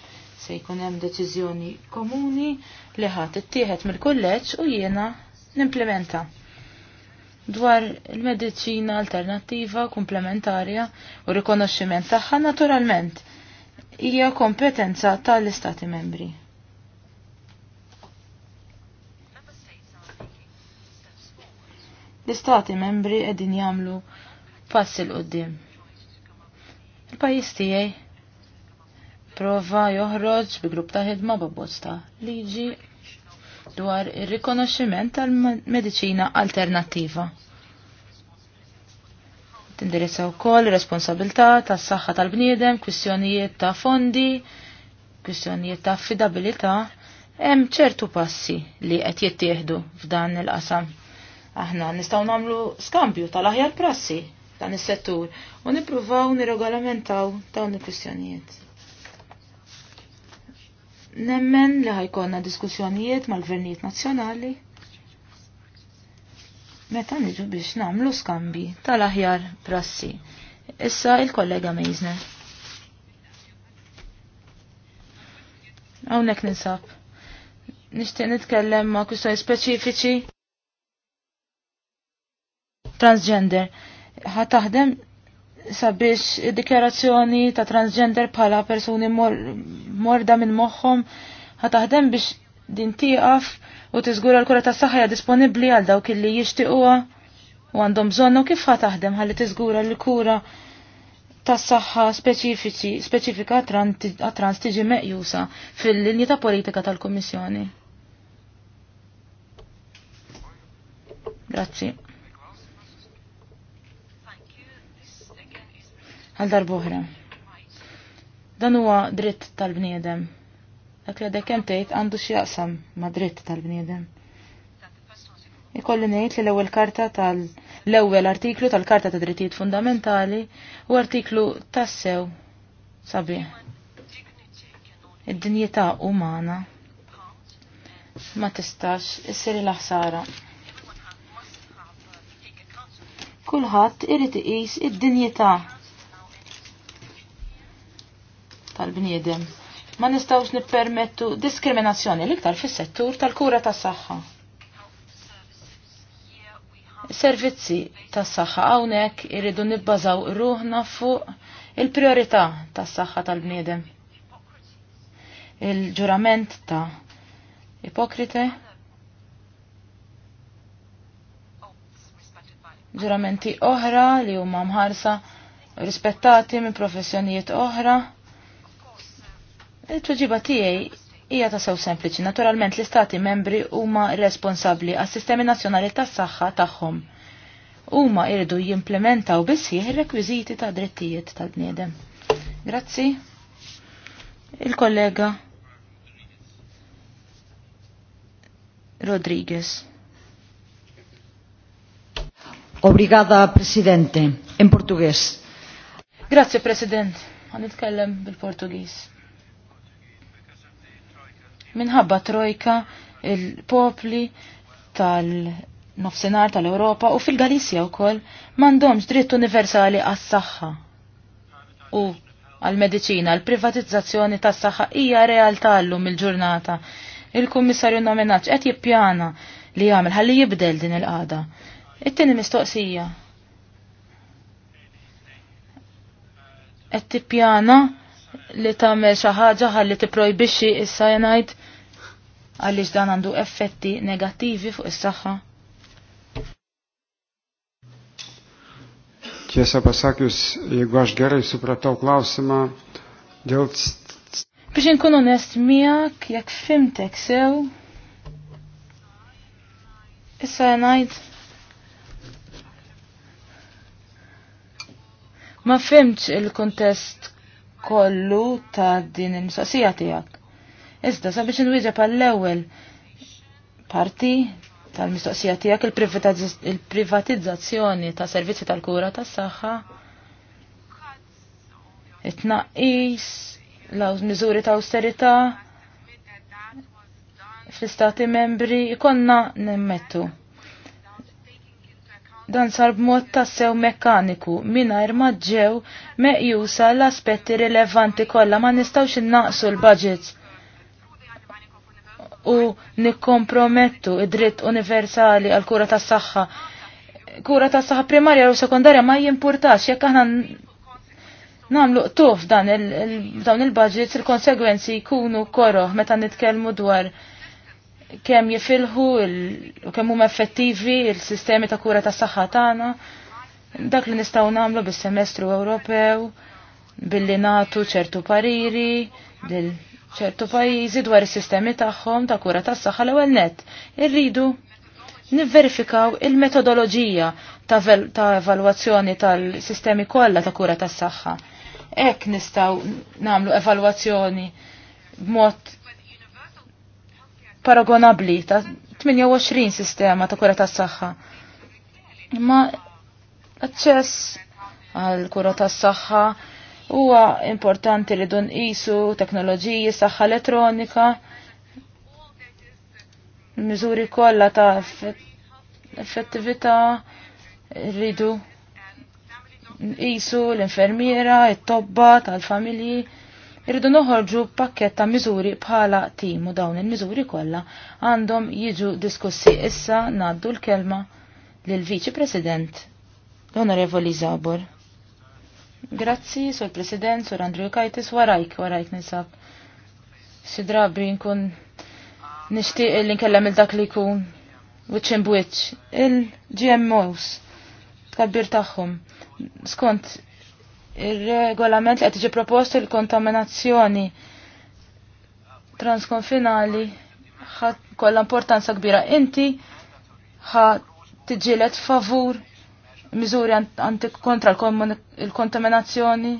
se jkun hemm deċiżjoni komuni li ħadd ittieħed mill-kulleġġ u jiena nimplementa. Dwar il-mediċina alternattiva komplementarja u rikonoxximent tagħha naturalment hija kompetenza tal-Istati membri. L-Istati membri qegħdin jagħmlu passi l qudiem Il-pajjiż tiegħi jipprova joħroġ bi grupp ta' ħidma b'bosta liġi dwar ir-rikonoxximent tal-mediċina alternattiva. Tindirizza wkoll responsabilità tas-saħħa tal-bniedem, kwistjonijiet ta' fondi, kwistjonijiet ta' affidabilità, hemm ċertu passi li qed jittieħdu f'dan il-qasam. Aħna nistgħu nagħmlu skambju tal-aħjar prassi dan is-settur u nippruvaw nirregolamentaw dawn il-kwistjonijiet. Nemmen li ħajkonna diskussjonijiet mal-gvernijiet nazzjonali meta nġu biex namlu skambi tal-aħjar prassi. Issa il-kollega Mejzner. Hawnhekk ninsab. Nixtieq nitkellem ma' kwistjoni speċifiċi. Transgender. Ħataħdem sabiex id-dikjarazzjoni ta' transgender bħala persuni mor morda minn moħħom taħdem biex din tieqaf u tiżgura l-kura ta' saħħa disponibbli għal dawk illi jixtiequha u għandhom bżonn u kif taħdem ħalli tiżgura l-kura tas saħħa speċifiċi speċifika għat-trans tiġi meqjusa fil-linji ta' politika tal-Kummissjoni. Grazzi. għal darbohra. Dan huwa dritt tal-bniedem. Dak li dek tgħid għandu x'jaqsam ma' dritt tal-bniedem. Ikolli ngħid li l-ewwel karta tal l-ewwel artiklu tal-Karta ta' Drittijiet Fundamentali u artiklu tassew sabi. Id-dinjità umana ma tistax issir l-ħsara. Kulħadd irid iqis id-dinjità tal-bniedem. Ma nistawx nippermettu diskriminazzjoni l-iktar fis-settur tal-kura tas-saħħa. Servizzi tas-saħħa hawnhekk irridu nibbażaw ruħna fuq il-priorità tas-saħħa tal-bniedem. Il-ġurament ta' Ipokrite ġuramenti oħra li huma mħarsa rispettati minn professjonijiet oħra Il-tweġiba tiegħi hija ta' sew sempliċi. Naturalment l-istati membri huma responsabbli għas sistemi nazzjonali tas-saħħa tagħhom. Huma jridu jimplementaw bissieħ ir-rekwiżiti ta' drittijiet tal-bniedem. Grazzi. Il-kollega Rodriguez. Obrigada, Presidente, in Portugues. Grazie, President. Għan bil-Portugis minħabba trojka il-popli tal-nofsenar tal-Europa u fil-Galizja u koll mandomx dritt universali għas-saħħa u għal-medicina, l-privatizzazzjoni tas-saħħa hija realtà llum il-ġurnata. Il-kummissarju nominat qed jippjana li jagħmel ħalli jibdel din il-qagħda. It-tieni mistoqsija. Qed tippjana li tagħmel xi ħaġa ħalli tipprojbixxi is-cyanide għaliex dan għandu effetti negattivi fuq is-saħħa. Kiesa Basakius jgħax aš supra taw klausimą Biex nkun onest miegħek, jekk fimtek sew. Issa ngħid. Ma fimx il-kontest kollu ta' din il-mistoqsija tiegħek. Iżda sabiex inwieġeb għall-ewwel parti tal-mistoqsija tiegħek il-privatizzazzjoni ta' servizzi tal-kura tas-saħħa it-tnaqqis, l-miżuri ta' austerità fl-istati membri ikonna nemmettu. Dan sar b'mod tassew mekkaniku mingħajr ma ġew meqjusa l-aspetti rilevanti kollha ma nistgħux innaqsu l-budgets u nikkompromettu id-dritt universali għal kura tas saħħa kura tas saħħa primarja u sekundarja ma jimpurtax jekk aħna namlu tuf dan dawn il-budgets il-konsegwenzi jkunu koroħ meta nitkellmu dwar kemm jifilħu u kemm huma effettivi il-sistemi ta' kura tas saħħa tagħna dak li nistgħu nagħmlu bis-semestru Ewropew billi nagħtu ċertu pariri lil ċertu pajjiżi dwar is-sistemi tagħhom ta' kura tas-saħħa l-ewwel nett. Irridu nivverifikaw il-metodoloġija ta', ta evalwazzjoni tal-sistemi kollha ta' kura tas-saħħa. Hekk nistgħu nagħmlu evalwazzjoni b'mod paragonabli ta' 28 sistema ta' kura tas-saħħa. Ma aċċess għal kura tas-saħħa Huwa importanti li dun isu teknoloġiji, saħħa elettronika, miżuri kollha ta' effettività rridu isu l-infermiera, it-tobba tal-familji. Irridu noħorġu pakket ta' miżuri bħala timu dawn il-miżuri kollha għandhom jiġu diskussi issa naddu l-kelma lil viċi President l-Onorevoli Zabor. Grazzi, sur President, sur Andrew Kajtis, warajk, warajk nisab. Si drabi nkun nixtieq li nkellem il-dak li jkun which in which il-GMOs tkabbir tagħhom. Skont ir-regolament li qed tiġi proposto il-kontaminazzjoni transkonfinali ħad kollha importanza kbira. Inti ħa tiġilet favur miżuri kontra l-kontaminazzjoni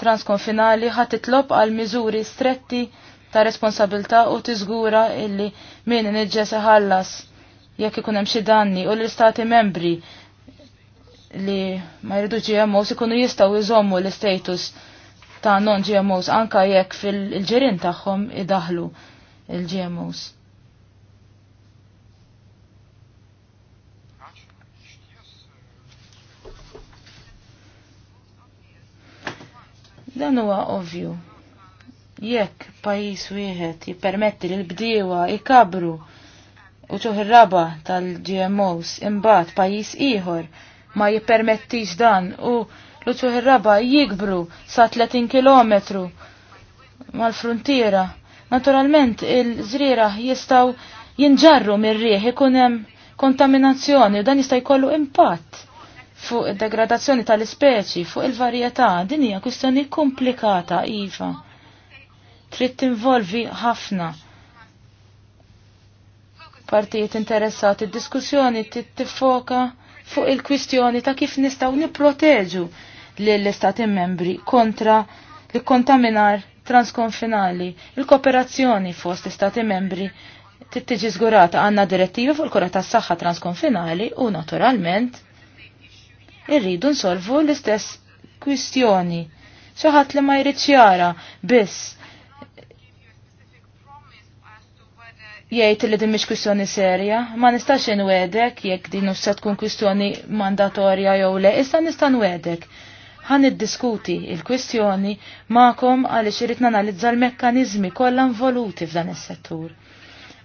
transkonfinali ħat titlob għal miżuri stretti ta' responsabilta u tiżgura illi min nidġes ħallas jekk ikun hemm xi danni u l-istati membri li ma jridu GMOs ikunu jistgħu jżommu l-status ta' non-GMOs anka jekk fil-ġirin tagħhom idaħlu il-GMOs. Dan huwa ovvju. Jekk pajis wieħed jippermetti lil bdiewa ikabru u ċuħ raba tal-GMOs imbagħad pajis ieħor ma jippermettix dan u l ċuħ raba jikbru sa 30 km mal-frontiera. Naturalment il-żriera jistgħu jinġarru mir-rieħ ikun hemm kontaminazzjoni u dan jista' jkollu impatt fuq id-degradazzjoni tal-ispeċi, fuq il-varjetà, din hija kwistjoni komplikata iva. Trid tinvolvi ħafna partijiet interessati, diskussjoni trid tiffoka fuq il-kwistjoni ta' kif nistgħu nipproteġu lill-istati membri kontra l-kontaminar transkonfinali. Il-kooperazzjoni fost istati membri tittiġi żgurata għandna direttiva fuq il-kura tas-saħħa transkonfinali u naturalment irridu nsolvu l-istess kwistjoni. Soħat li ma jrid jara biss jgħid li din mhix kwistjoni serja, ma nistax inwedek jekk din se tkun kwistjoni mandatorja jew le, issa nista' nwedek ħan iddiskuti il-kwistjoni ma'kom għaliex irid nanalizza l-mekkaniżmi kollha involuti f'dan is-settur.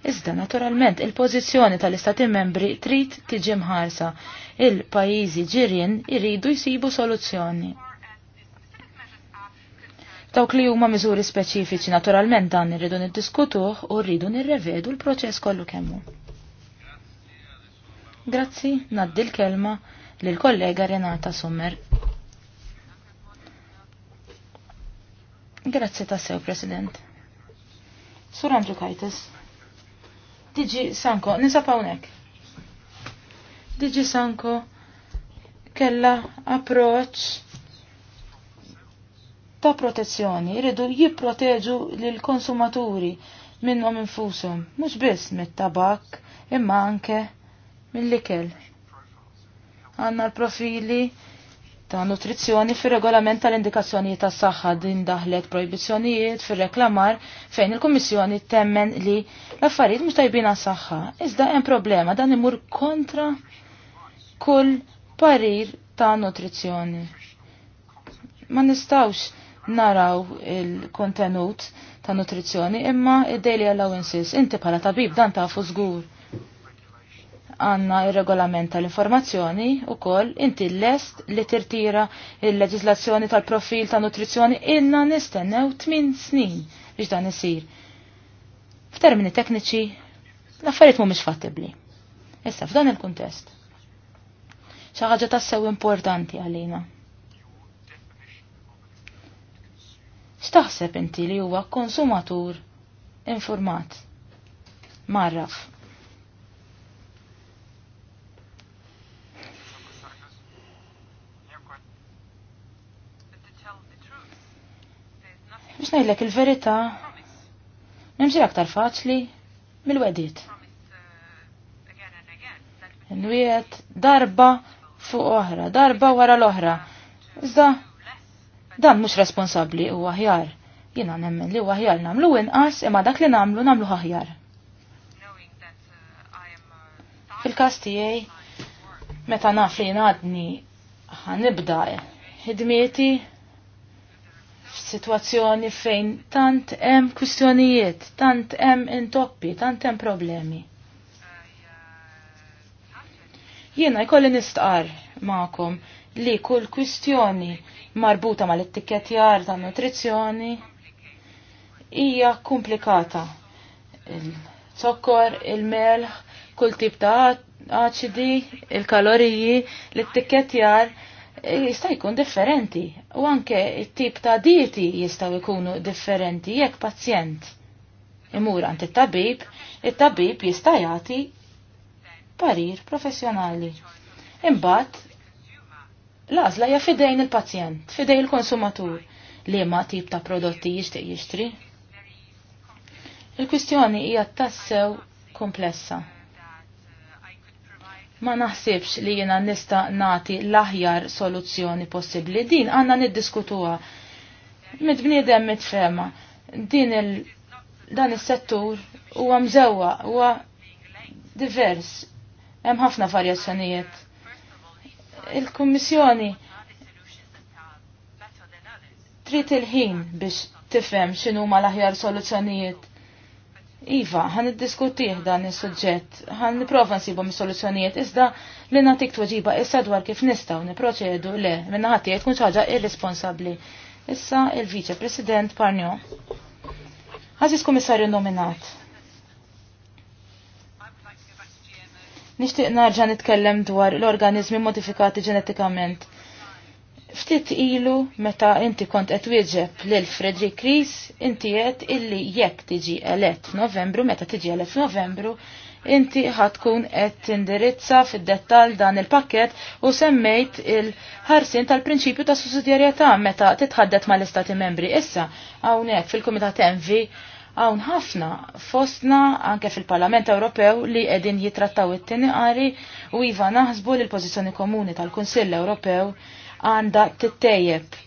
Iżda naturalment il-pożizzjoni tal-Istati membri trid tiġi mħarsa. Il-pajjiżi ġirien iridu jsibu soluzzjoni. Dawk li huma miżuri speċifiċi naturalment dan irridu niddiskutuh u rridu nirrevedu l-proċess kollu kemmu. Grazzi, naddi l-kelma lil kollega Renata Summer. Grazzi tassew, President. Sur Andrew Kajtis. Diġi Sanko, nisab hawnhekk. Diġi Sanko kella approċ ta' protezzjoni, jridu jipproteġu l konsumaturi minnhom infushom, mhux biss mit-tabak imma anke mill-ikel. Għandna l-profili ta' nutrizzjoni fir regolament tal-indikazzjoni ta' saħħa din daħlet proibizzjonijiet fir reklamar fejn il-Kummissjoni temmen li l-affarijiet mhux tajbin saħħa. Iżda hemm problema dan imur kontra kull parir ta' nutrizzjoni. Ma nistawx naraw il-kontenut ta' nutrizzjoni imma id-daily allowances. Inti bħala tabib dan tafu żgur għanna il regolament tal-informazzjoni u koll inti lest li tirtira il-leġislazzjoni tal-profil ta' nutrizzjoni inna nistennew 8 snin biex dan isir. F'termini tekniċi, l-affarijiet mhumiex fattibbli. Issa f'dan il-kuntest. Xi ħaġa tassew importanti għalina. X'taħseb inti li huwa konsumatur informat? Marraf. biex ngħidlek il-verità nimxi aktar faċli mill-wedit. N-wiet darba fuq oħra, darba wara l-oħra. Iżda dan mhux responsabbli huwa aħjar. Jiena nemmen li huwa aħjar nagħmlu inqas imma dak li nagħmlu nagħmlu aħjar. Fil-każ tiegħi meta naf li jingħadni ħanibda ħidmieti situazzjoni fejn tant hemm kwistjonijiet, tant hemm intoppi, tant hemm problemi. Jiena jkolli nistqar magħkom li kull kwistjoni marbuta mal-etikettjar ta' nutrizzjoni hija komplikata. Il-zokkor, il-melħ, kull tip ta' aċidi, il-kaloriji, l-etikettjar jista' jkun differenti u anke it-tip ta' dieti jistgħu jkunu differenti jekk pazjent imur għand it-tabib, it-tabib jista' jagħti parir professjonali. Imbagħad l-għażla hija fidejn il-pazjent, fidejn il-konsumatur li ma tip ta' prodotti jixtieq jixtri. Il-kwistjoni hija tassew komplessa. Ma naħsibx li jena nista nati l-aħjar soluzzjoni possibli. Din għanna niddiskutuha. Mit bniedem mit fema. Din il dan is-settur huwa mżewwa huwa divers. Hemm ħafna varjazzjonijiet. Il-Kummissjoni trid il-ħin biex tifhem x'inhuma ma l-aħjar soluzzjonijiet. Iva, ħan id diskutiħ dan il sujġet ħan niprofa nsibu mis-soluzzjonijiet, iżda li natik tweġiba issa dwar kif nistaw niproċedu le, minna ħati jgħet ħaġa irresponsabli. Issa il vice President Parnjo. Għaziz komissarju nominat. Nishtiq narġa nitkellem dwar l-organizmi modifikati ġenetikament Ftit ilu meta inti kont qed wieġeb lil Frederick Kris, inti qed illi jekk tiġi elett f'Novembru, meta tiġi elett f'Novembru, inti tkun qed tindirizza fid-dettall dan il-pakket u semmejt il-ħarsin tal-prinċipju ta' sussidjarjetà meta titħaddet mal-istati membri. Issa hawnhekk fil-Kumitat Envi hawn ħafna fostna anke fil-Parlament Ewropew li qegħdin jitrattaw it-tieni qari u iva naħsbu l pożizzjoni komuni tal-Kunsill Ewropew għanda tittejjeb,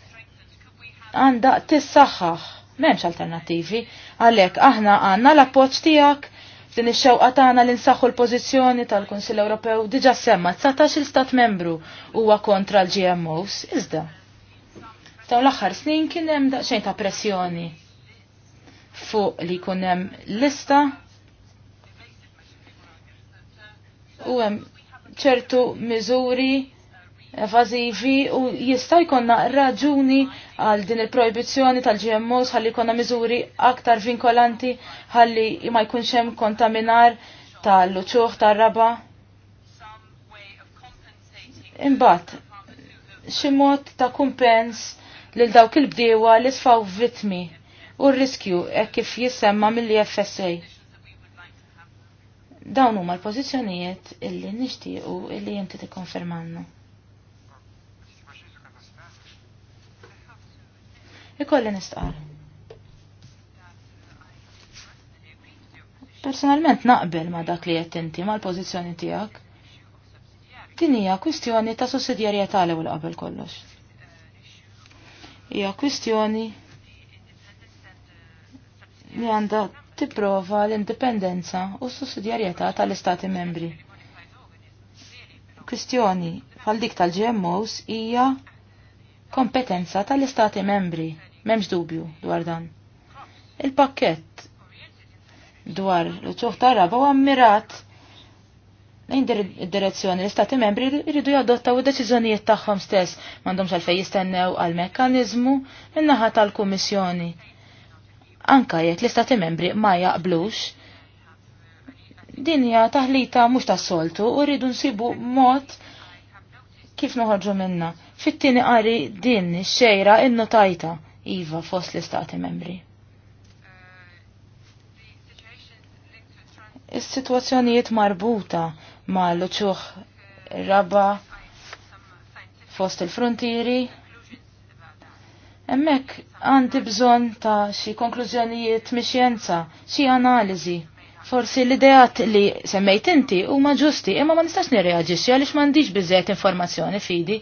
għanda tissaħħaħ, memx alternativi, għalek aħna għanna l-appoċ tijak din ix-xewqa tagħna li nsaħħu l-pożizzjoni tal-Kunsill Ewropew diġà semma 19 stat membru huwa kontra l-GMOs iżda. Dawn l-aħħar snin kien hemm daqsxejn ta' pressjoni fuq li jkun hemm lista u hemm ċertu miżuri evażivi u jista' jkollna raġuni għal din il-proibizzjoni tal-GMOs ħalli jkollna miżuri aktar vinkolanti ħalli ma jkunx hemm kontaminar tal-luċuħ tar-raba. Imbagħad xi mod ta' kumpens lil dawk il-bdiewa li sfaw vitmi u r-riskju hekk kif jissemma mill-FSA. Dawn huma l-pożizzjonijiet illi nixtiequ illi inti tikkonfermanna. Ikolli nistqar. Personalment naqbel ma dak li qed inti mal-pożizzjoni tiegħek. Din hija kwistjoni ta' sussidjarjetà l ewwel qabel kollox. Hija kwistjoni li għandha tipprova l-indipendenza u s-sussidjarjetà tal-Istati membri. Kwistjoni għal dik tal-GMOs hija kompetenza tal-Istati membri Memx dubju dwar dan. Il-pakket dwar l-ċuħ tal-raba u ammirat lejn direzzjoni l-istati membri jridu jadottaw deċiżjonijiet tagħhom stess m'għandhomx għalfejn jistennew għal mekkaniżmu min-naħa tal-Kummissjoni. Anka jekk l-istati membri ma jaqblux, din hija taħlita mhux tas-soltu u rridu nsibu mod kif noħorġu minna. Fit-tieni qari din ix-xejra innotajta. tajta iva fost l-istati membri. Is-sitwazzjonijiet marbuta ma' l-uċuħ raba fost il-frontieri. Emmek għandi bżon ta' xi konklużjonijiet mixjenza, xi analiżi. Forsi l-ideat li semmejt inti huma ġusti, imma ma nistax nirreaġixxi għaliex m'għandix bizzet informazzjoni fidi.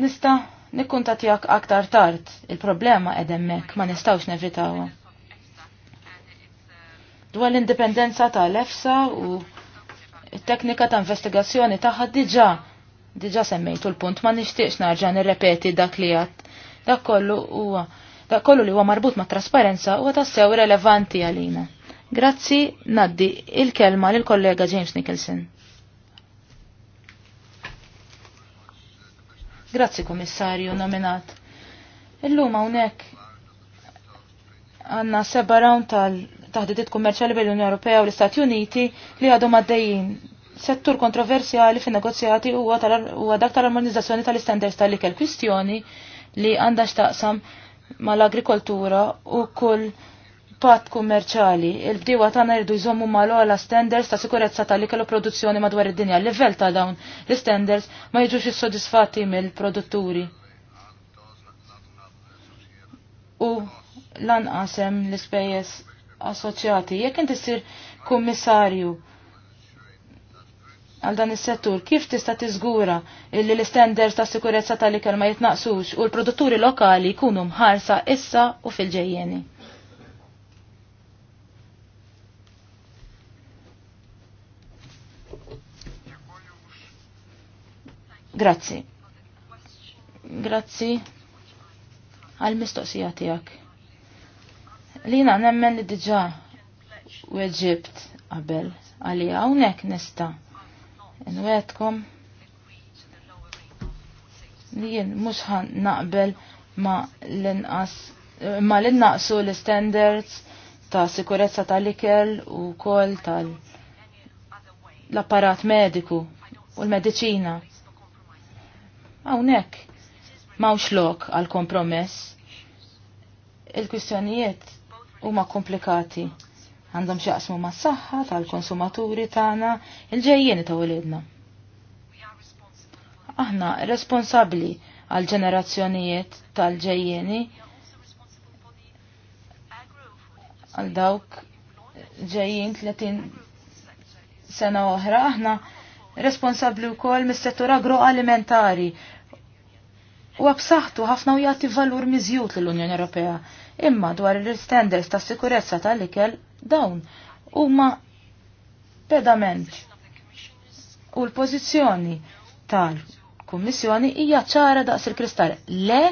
Nista' nikkuntatjak aktar tard. Il-problema edemmek ma nistawx nevitawa. Dwar l-indipendenza tal-EFSA u teknika ta' investigazzjoni taħħa diġa diġa semmejtu l-punt ma nixtieqx narġa' nirrepeti dak li għad. Dak kollu huwa dak kollu li huwa marbut ma' trasparenza huwa tassew relevanti għalina. Grazzi naddi il-kelma lil kollega James Nicholson. Grazzi komissarju nominat. Illum hawnhekk għandna seba' round tal-taħdidiet kummerċjali bejn l-Unjoni Ewropea u l-Istati Uniti li għadhom għaddejjin. Settur kontroversjali fin-negozjati huwa dak tal-armonizzazzjoni tal-istandards tal-ikel kwistjoni li għandha x'taqsam mal-agrikoltura u kull pat kummerċali. il bdiwa tagħna jridu jżommu mal-ogħla standards ta' sikurezza tal-ikel produzzjoni madwar id-dinja. Livell ta' dawn l-standards ma jiġux issodisfatti mill-produtturi. U lanqasem l-ispejjeż assoċjati. Jekk inti sir kummissarju għal dan is-settur, kif tista' tiżgura li l-standards ta' sikurezza tal-ikel ma jitnaqsux u l-produtturi lokali jkunu mħarsa issa u fil-ġejjeni? Grazzi. Grazzi għal-mistoqsija tijak. Lina nemmen li diġa u Eġibt qabel għalija hawnhekk nista. Nwedkom li jien mhux naqbel ma l naqsu l standards ta' sikurezza tal-ikel u kol tal apparat mediku u l-medicina. Hawnhekk mawx lok għal kompromess. Il-kwistjonijiet huma komplikati. Għandhom xaqsmu ma' s-saħħa tal-konsumaturi tagħna il-ġejjeni ta' wiliedna. Aħna responsabbli għal ġenerazzjonijiet tal-ġejjeni għal dawk ġejjin 30 sena oħra aħna responsabli wkoll mis-settur agroalimentari u b'saħħtu ħafna u jagħti valur mizjut lill-Unjoni Ewropea. Imma dwar il-standards ta' sikurezza tal-ikel dawn huma pedament u l-pożizzjoni tal-Kummissjoni hija ċara daqs il-kristall. Le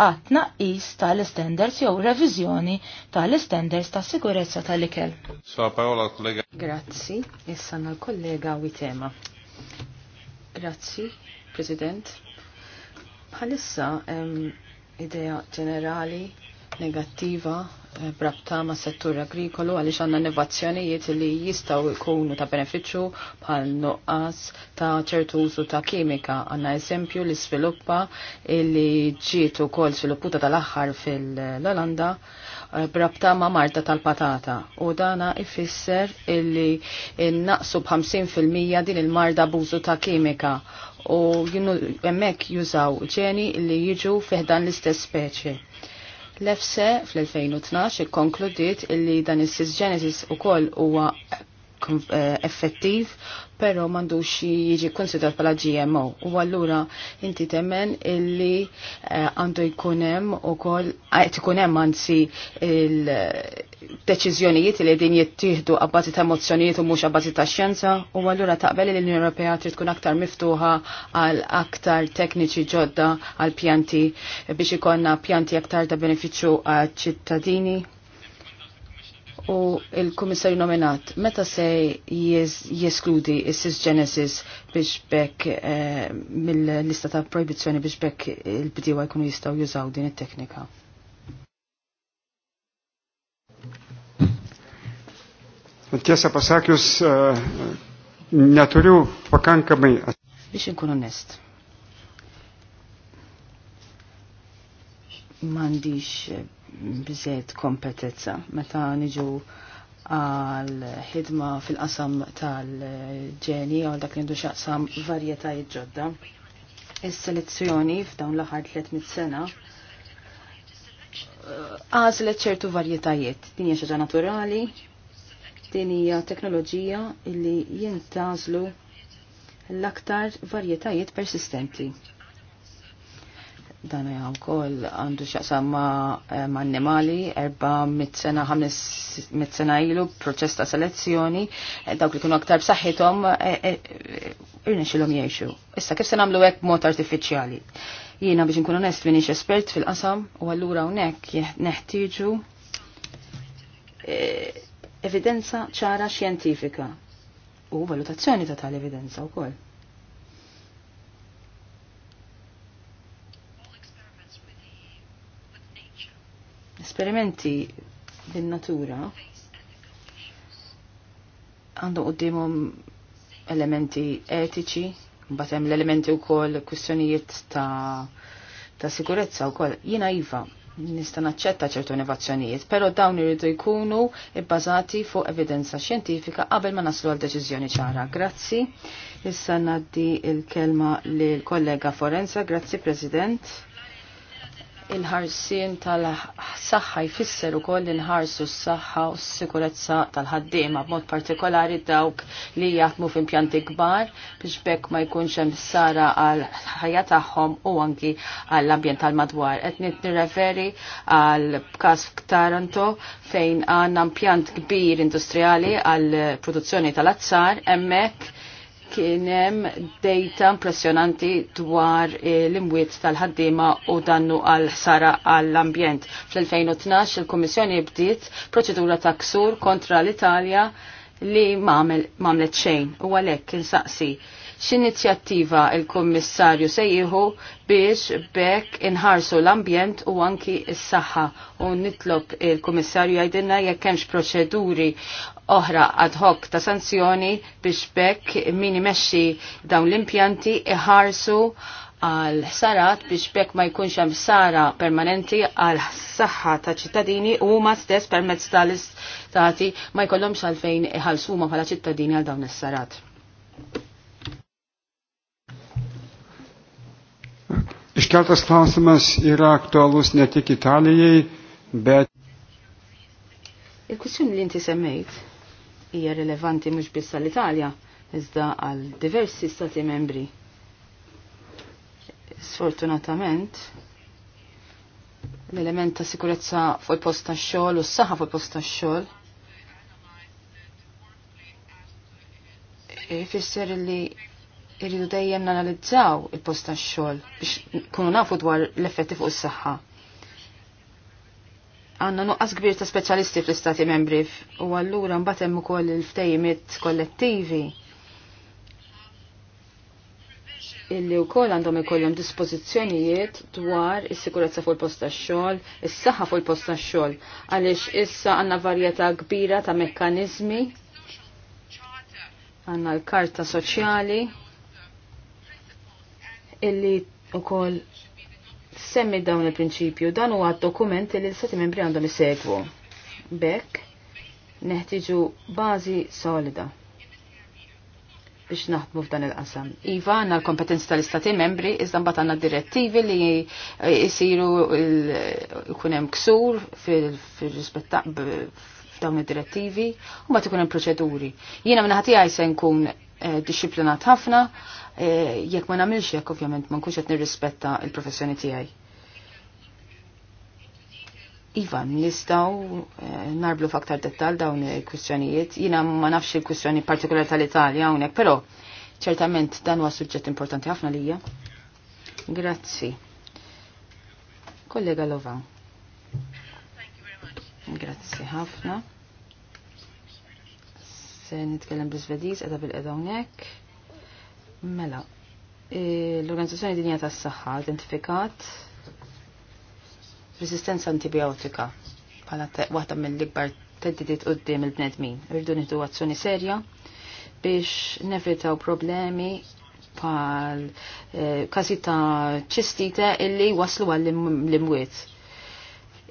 għat naqis tal-standards jew revizjoni tal-standards ta' sigurezza tal-ikel. Sa parola kollega. Grazzi, issa l-kollega Witema. Grazzi, President. Bħalissa idea ġenerali negattiva brabta ma' settur agrikolu għaliex għandna innovazzjonijiet li jistgħu jkunu ta' benefiċċju bħal nuqqas ta' ċertu użu ta' kimika. Għanna eżempju li sviluppa li ġiet ukoll svilupputa tal-aħħar fil-Olanda eh, brabta ma' marta tal-patata. U dana ifisser illi naqsu b'50% din il-marda b'użu ta' kimika u jemmek jużaw ġeni li jiġu fiħdan l-istess speċi L-EFSE fl-2012 ikkonkludiet illi dan is-sisgenesis ukoll huwa eh, effettiv pero mandux jiġi konsidrat pala GMO. U għallura inti temmen illi eh, għandu uh, jkunem u kol, għet eh, jkunem għansi il eh, deċiżjonijiet li din jittieħdu għabbażi ta' emozzjonijiet u mhux għabbażi ta' xjenza u allura ta' li l-Unjoni Ewropea trid tkun aktar miftuħa għal aktar tekniċi ġodda għal pjanti biex ikonna pjanti aktar ta' benefiċċju għal ċittadini u il-komissarju nominat, meta se jeskludi is-sis Genesis biex bekk eh, mill-lista ta' proibizjoni biex bekk il-bdiewa jkunu jistaw jużaw din it-teknika? Tiesa pasakjus eh, naturju pakanka mi. Biex nkun onest. Mandiċ eh, bżiet kompetenza meta niġu għal ħidma fil-qasam tal-ġeni għal dak li għandu xaqsam varjetajiet ġodda. Is-selezzjoni f'dawn l-aħħar 300 sena uh, għażlet ċertu varjetajiet. Din hija xaġa naturali, din hija teknoloġija illi jintażlu l-aktar varjetajiet persistenti dan jgħam kol għandu xaqsam eh, ma' annimali, 400 sena, 500 sena ilu, proċess ta' selezzjoni, eh, dawk li kienu aktar b'saħħithom, eh, irna xilom jiexu. Issa, kif se nagħmlu għek mod artificiali? Jiena biex nkun onest minix espert fil-qasam, u għallura unek neħtieġu evidenza ċara xjentifika u valutazzjoni ta' tal-evidenza u koll. esperimenti bin-natura għandhom għoddimum elementi etiċi, batem hemm l-elementi wkoll kwistjonijiet ta' ta' sikurezza wkoll. Jiena iva, nista' naċċetta ċertu innovazzjonijiet, però dawn iridu jkunu bbażati fuq evidenza xjentifika qabel ma naslu għal deċiżjoni ċara. Grazzi. Issa naddi il-kelma lil kollega Forenza, grazzi President il-ħarsien tal-saħħa jfisser ukoll il-ħarsu s-saħħa u s-sikurezza tal-ħaddiema b'mod partikolari dawk li jaħdmu f'impjanti kbar biex bekk ma jkunx hemm sara għal ħajja tagħhom u anki għall ambjent tal-madwar. Qed nirreferi għal każ f'Taranto fejn għandna impjant kbir industrijali għal produzzjoni tal-azzar hemmhekk kienem data impressionanti dwar eh, l-imwiet tal-ħaddima u dannu għal ħsara għall-ambjent. Fl-2012 il komissjoni bdiet proċedura ta' ksur kontra l-Italja li mamlet xejn u għalek insaqsi x'inizjattiva il-Kommissarju se jieħu biex bekk inħarsu l-ambjent u anki s-saħħa u nitlob il-Kommissarju jgħidilna jekk hemmx proċeduri oħra ad hoc ta' sanzjoni biex bekk min imexxi dawn l-impjanti iħarsu għal sarat biex bekk ma jkunx hemm sara permanenti għal saħħa ta' ċittadini u huma stess permezz tal-istati ma jkollhomx għalfejn iħallsu huma bħala ċittadini għal dawn is-sarat. Iškeltas klausimas yra aktualus ne tik Italijai, bet. Il-kwistjoni li inti semmejt hija rilevanti mhux biss għall-Italja, iżda għal diversi stati membri. Sfortunatament, l-element ta' sikurezza fuq il-post ta' xogħol u s-saħħa fuq il-post ta' xogħol ifisser li irridu dejjem nanalizzaw il-post ta' xogħol biex kunu nafu dwar l-effetti fuq is-saħħa għanna nuqqas kbir ta' speċjalisti fl-istati membri u għallura mbatem u koll il-ftejimiet kollettivi illi u koll għandhom ikollhom dispożizzjonijiet dwar is-sikurezza fuq il posta tax-xogħol, is-saħħa fuq il posta tax-xogħol, għaliex issa għandna varjetà kbira ta' mekkaniżmi għandna l-karta soċjali illi u koll semmi dawn il-prinċipju dan huwa dokumenti li l istati membri għandhom isegwu. Bekk neħtiġu bażi solida biex naħdmu f'dan il-qasam. Iva, għanna l-kompetenzi tal-istati membri, iżda mbagħad għandna direttivi li jisiru jkun hemm ksur fil f'dawn id-direttivi, u bat ikun hemm proċeduri. Jiena minn ħati se nkun Eh, disciplinat ħafna, eh, jekk ma nagħmilx jekk ovvjament ma nkunx qed nirrispetta il-professjoni tiegħi. Iva, nistaw eh, narblu f'aktar dettal dawn il-kwistjonijiet. Jina ma nafx il-kwistjoni partikolari tal-Italja hawnhekk, però ċertament dan huwa suġġett importanti ħafna lija. Grazzi. Kollega Lova. Grazzi ħafna se nitkellem bl-Svediż qeda bil-qeda hawnhekk. Mela, e, l-Organizzazzjoni Dinja tas-Saħħa identifikat resistenza antibiotika bħala waħda mill-ikbar teddidiet qudiem il-bnedmin. Irridu nieħdu azzjoni serja biex nevitaw problemi bħal e, każi ta' ċistita illi waslu għall-imwiet.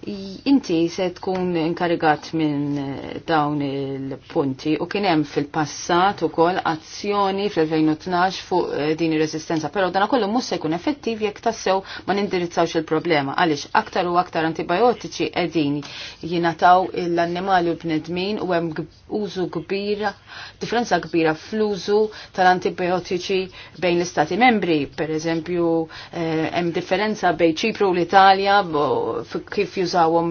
Inti se tkun inkarigat minn eh, dawn il-punti u kien hemm fil-passat ukoll azzjoni fil 2012 fuq eh, din ir-resistenza, però dana kollu musse se jkun effettiv jekk tassew ma nindirizzawx il-problema għaliex aktar u aktar antibiotiċi qegħdin jingħataw l-annimali u bnedmin u hemm użu kbira, differenza kbira fl-użu tal-antibiotiċi bejn l-Istati membri, per eżempju eh, hemm differenza bejn Ċipru l-Italja kif jużawom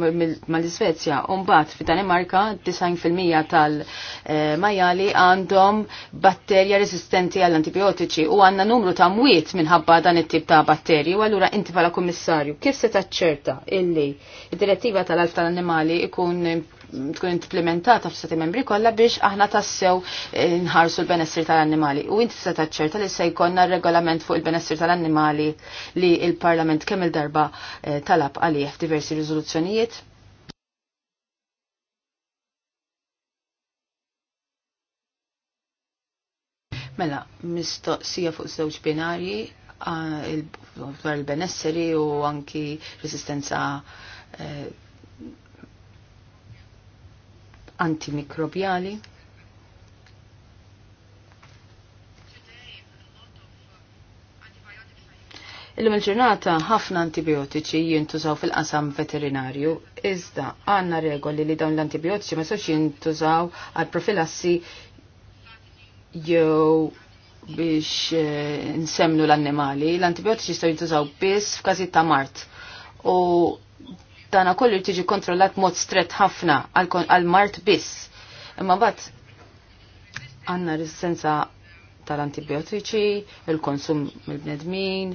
mal-Iżvezja. Umbagħad fid-Danimarka 90% tal-majali għandhom batterja resistenti għall antibiotiċi u għandna numru ta' mwiet minħabba dan it-tip ta' batterji u allura inti bħala kummissarju kif se taċċerta illi id-direttiva tal-alf tal-annimali ikun tkun implementata f'sati membri kollha biex aħna tassew eh, nħarsu l-benessir tal-annimali. U inti se taċċerta li se jkollna regolament fuq il-benessir tal-annimali li il-Parlament kemm il-darba eh, talab għalih f'diversi riżoluzzjonijiet? Mela, mistoqsija fuq żewġ binarji ah, dwar il-benesseri u anki resistenza eh, antimikrobjali. Illum il-ġurnata ħafna antibiotiċi jintużaw fil-qasam veterinarju, iżda għanna regoli li dawn l-antibiotiċi ma sox jintużaw għal profilassi jew biex eh, nsemnu l-annimali. L-antibiotiċi jistaw jintużaw biss f'każi ta' mart. U dana kollu tiġi kontrollat mod stret ħafna għal-mart biss. Imma bat, għanna resistenza tal-antibiotiċi, il-konsum mill-bnedmin,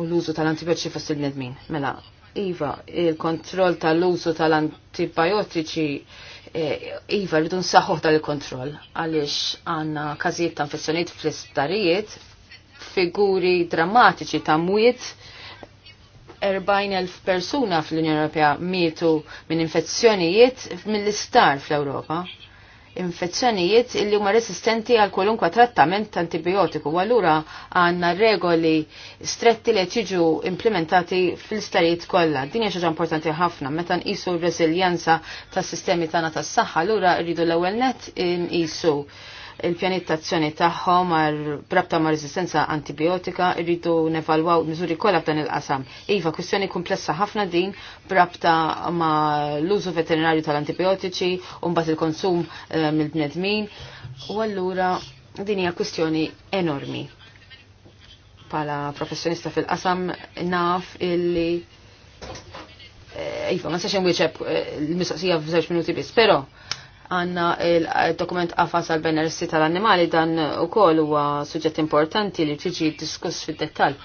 u l-użu tal-antibiotiċi fost il-bnedmin. Mela, Iva, il-kontroll tal-użu tal-antibiotiċi eh, Iva, rridu nsaħħu tal-kontroll, għalix għanna kazijiet ta' infezzjoniet fl-istarijiet, figuri drammatiċi ta' mwiet, 40.000 persuna fl-Unjoni Ewropea mietu minn infezzjonijiet mill-istar fl-Ewropa. Infezzjonijiet illi huma resistenti għal kwalunkwa trattament ta' antibiotiku u allura għandna regoli stretti li qed jiġu implementati fl-istarijiet kollha. Din hija ħaġa importanti ħafna meta nqisu r-reżiljenza tas-sistemi tagħna tas-saħħa allura rridu l-ewwel nett nqisu il-pjanittazzjoni tagħhom għal brabta ma' resistenza antibiotika irridu nevalwaw miżuri kollha f'dan il-qasam. Iva, kwistjoni komplessa ħafna din brabta ma' l-użu veterinarju tal-antibiotiċi u mbagħad il-konsum eh, mill-bnedmin. U allura din hija kwistjoni enormi. Pala professjonista fil-qasam naf illi eh, Iva, ma sax wieċeb eh, l-mistoqsija f'żewġ minuti biss, però għanna il-dokument għafas għal benersi tal-annimali dan u koll huwa suġġett importanti li tiġi diskuss fid-dettal.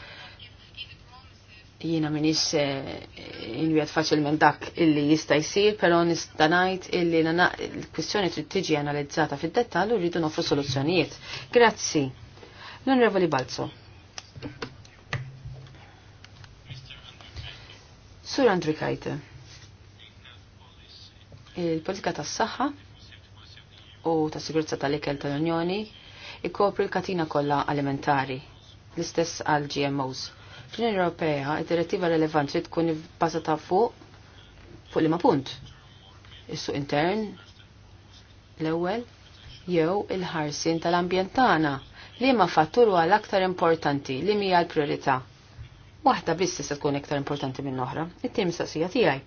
Jiena minix faċil eh, faċilment dak illi jista' jsir, però nista' ngħid illi l-kwistjoni trid tiġi analizzata fid dettal u rridu nofru soluzzjonijiet. Grazzi. L-Onorevoli Balzo. Sur Andri il-politika tas saħħa u ta' sigurizza tal-ikel tal-Unjoni ikkopri l-katina kollha alimentari, l-istess għal GMOs. Fl-Unjoni Ewropea, id-direttiva relevanti trid tkun ta' fuq fuq liema punt. Is-suq intern l-ewwel jew il-ħarsin tal-ambjent tagħna li ma fattur huwa aktar importanti li mija l-priorità. Waħda biss se tkun iktar importanti minn oħra, it-tim saqsija tiegħi.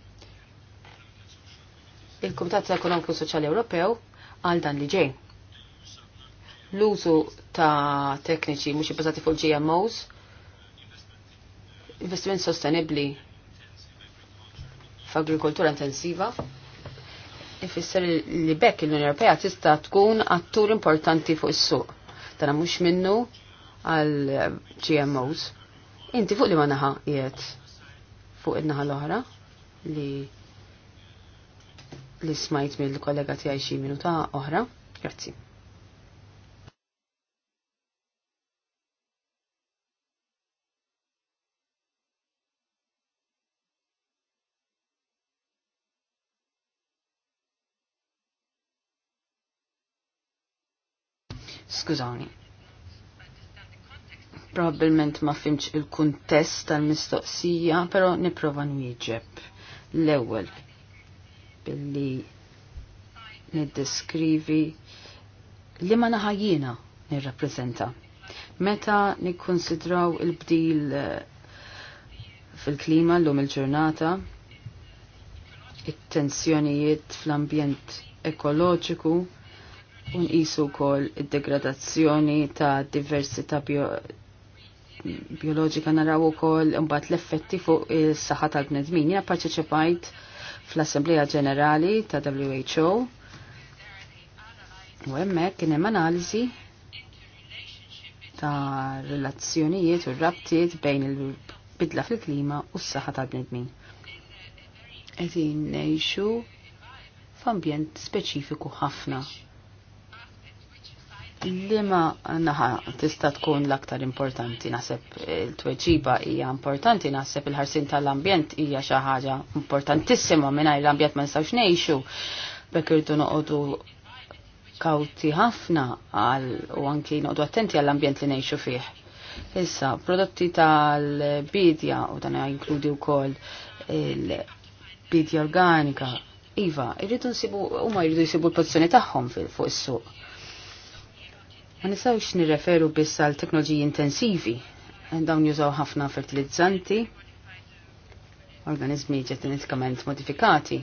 Il-Kumitat Ekonomiku Soċjali Ewropew għal dan li ġej. L-użu ta' tekniċi mhux ibbażati fuq GMOs, investiment sostenibbli f'agrikoltura intensiva, ifisser li bekk l-Unjoni Ewropea tista' tkun attur importanti fuq is-suq. Tara mhux minnu għal GMOs. Inti fuq li ma naħa qiegħed fuq in-naħa l-oħra li li smajt mill-kollega tiegħi xi minuta oħra. Grazzi. Skużawni. Probabilment ma fimx il-kuntest tal-mistoqsija, pero niprova nwieġeb. L-ewwel, billi niddeskrivi li ma naħajjina nirrappreżenta. Meta nikkonsidraw il-bdil eh, fil-klima l-lum il-ġurnata, it-tensjonijiet fl-ambjent ekoloġiku, isu kol id-degradazzjoni ta' diversità bio biologika naraw ukoll imbagħad l-effetti fuq is-saħħa tal-bnedmin. Jiena parteċipajt fl-Assembleja Ġenerali ta' WHO u hemmhekk kien hemm analiżi ta' relazzjonijiet u rabtiet bejn il-bidla fil-klima u s-saħħa tal-bnedmin. Qegħdin ngħixu f'ambjent speċifiku ħafna Lima naħa tista tkun l-aktar importanti naħseb eh, il-tweġiba hija importanti naħseb il-ħarsin tal-ambjent hija xi ħaġa importantissima mingħajr l-ambjent ma nistgħux ngħixu. Bekk irdu noqogħdu kawti ħafna għal u anki noqogħdu attenti għall-ambjent li ngħixu fih. Issa, prodotti tal-bidja u dan jinkludi wkoll il-bidja organika. Iva, irridu nsibu, huma jridu jsibu l-pozzjoni tagħhom fuq is-suq Ma nistawx nirreferu biss għal teknoloġiji intensivi, dawn jużaw ħafna fertilizzanti, organizmi ġenetikament modifikati.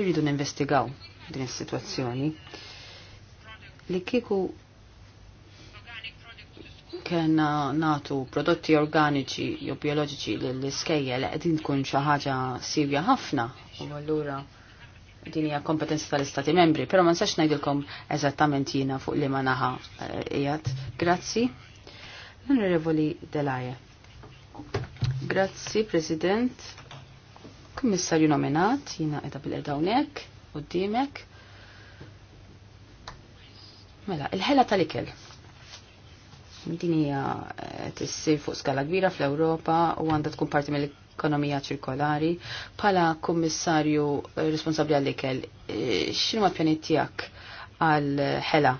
Irridu ninvestigaw din is-sitwazzjoni li kieku kena natu prodotti organiċi jew bioloġiċi l-iskejja li qegħdin tkun xi ħaġa sirja ħafna u allura din hija kompetenza tal-Istati membri, però ma nsax ngħidilkom eżattament jiena fuq li ma naħa eh, qiegħed. Grazzi. L-Onorevoli Delaje. Grazzi, President. Kummissarju nominat, jiena qiegħda bil-qeda hawnhekk qudiemek. Mela, il-ħela tal-ikel. Din hija eh, tissir fuq skala kbira fl-Ewropa u għandha tkun parti mill ekonomija ċirkolari, pala kummissarju responsabli għall-ikel, e, xinu ma pjanit tijak għal-ħela?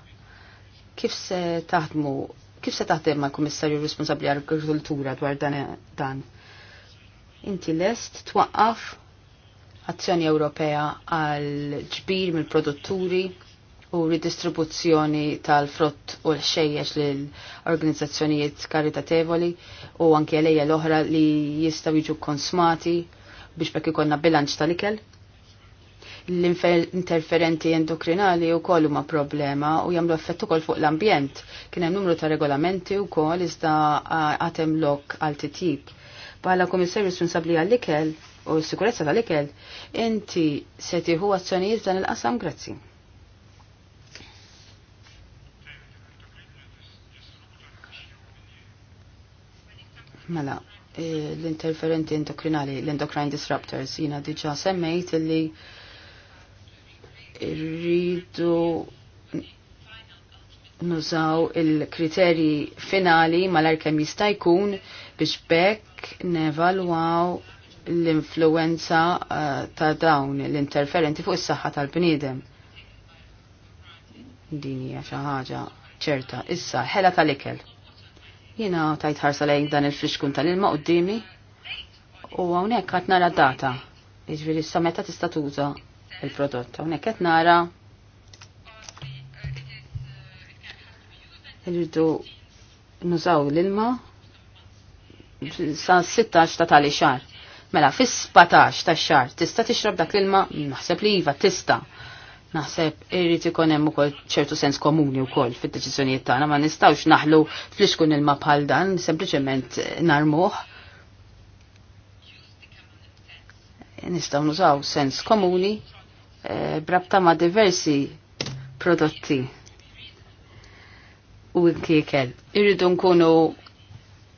Kif se taħdmu, kif se taħdem ma kummissarju responsabli għall-agrikultura dwar dan? Inti lest twaqqaf azzjoni Ewropea għal ġbir mill-produtturi u ridistribuzzjoni tal-frott u l-xejjex l-organizzazzjonijiet karitatevoli u anke lejja l-oħra li jistaw jiġu konsmati biex bekk ikonna bilanċ tal-ikel. L-interferenti endokrinali u kollu ma problema u jamlu effett ukoll fuq l-ambjent. Kien hemm numru ta' regolamenti u koll iżda għatem lok għal titjib. Bħala komissar responsabli għall-ikel u s-sikurezza tal-ikel, inti se tieħu azzjonijiet dan il-qasam grazzi. Mela, eh, l-interferenti endokrinali, l-endocrine disruptors, jina diġa semmejt li rridu nużaw il-kriterji finali mal-arkem jista' jkun biex bekk nevalwaw l-influenza eh, ta' dawn l-interferenti fuq is-saħħa tal-bniedem. Din hija xi ħaġa ċerta. Issa, ħela tal-ikel Jena tajt ħarsa lejn dan il-friskun tal-ilma qoddimi u għawnek għat nara data. Iġviri sa meta tista' tuża il-prodott. Għawnek għat nara irridu nużaw l-ilma sa 16 ta' tali xar. Mela, fis 17 ta' xar, tista' tixrob dak l-ilma, naħseb li iva, tista' Naħseb irrit ikun hemm ukoll ċertu sens komuni wkoll fid-deċiżjonijiet tagħna ma nistgħux naħlu fl-ixkun ilma bħal dan, sempliċement narmuh. Nistgħu nużaw sens komuni eh, brabta ma' diversi prodotti u kiekel. Irridu nkunu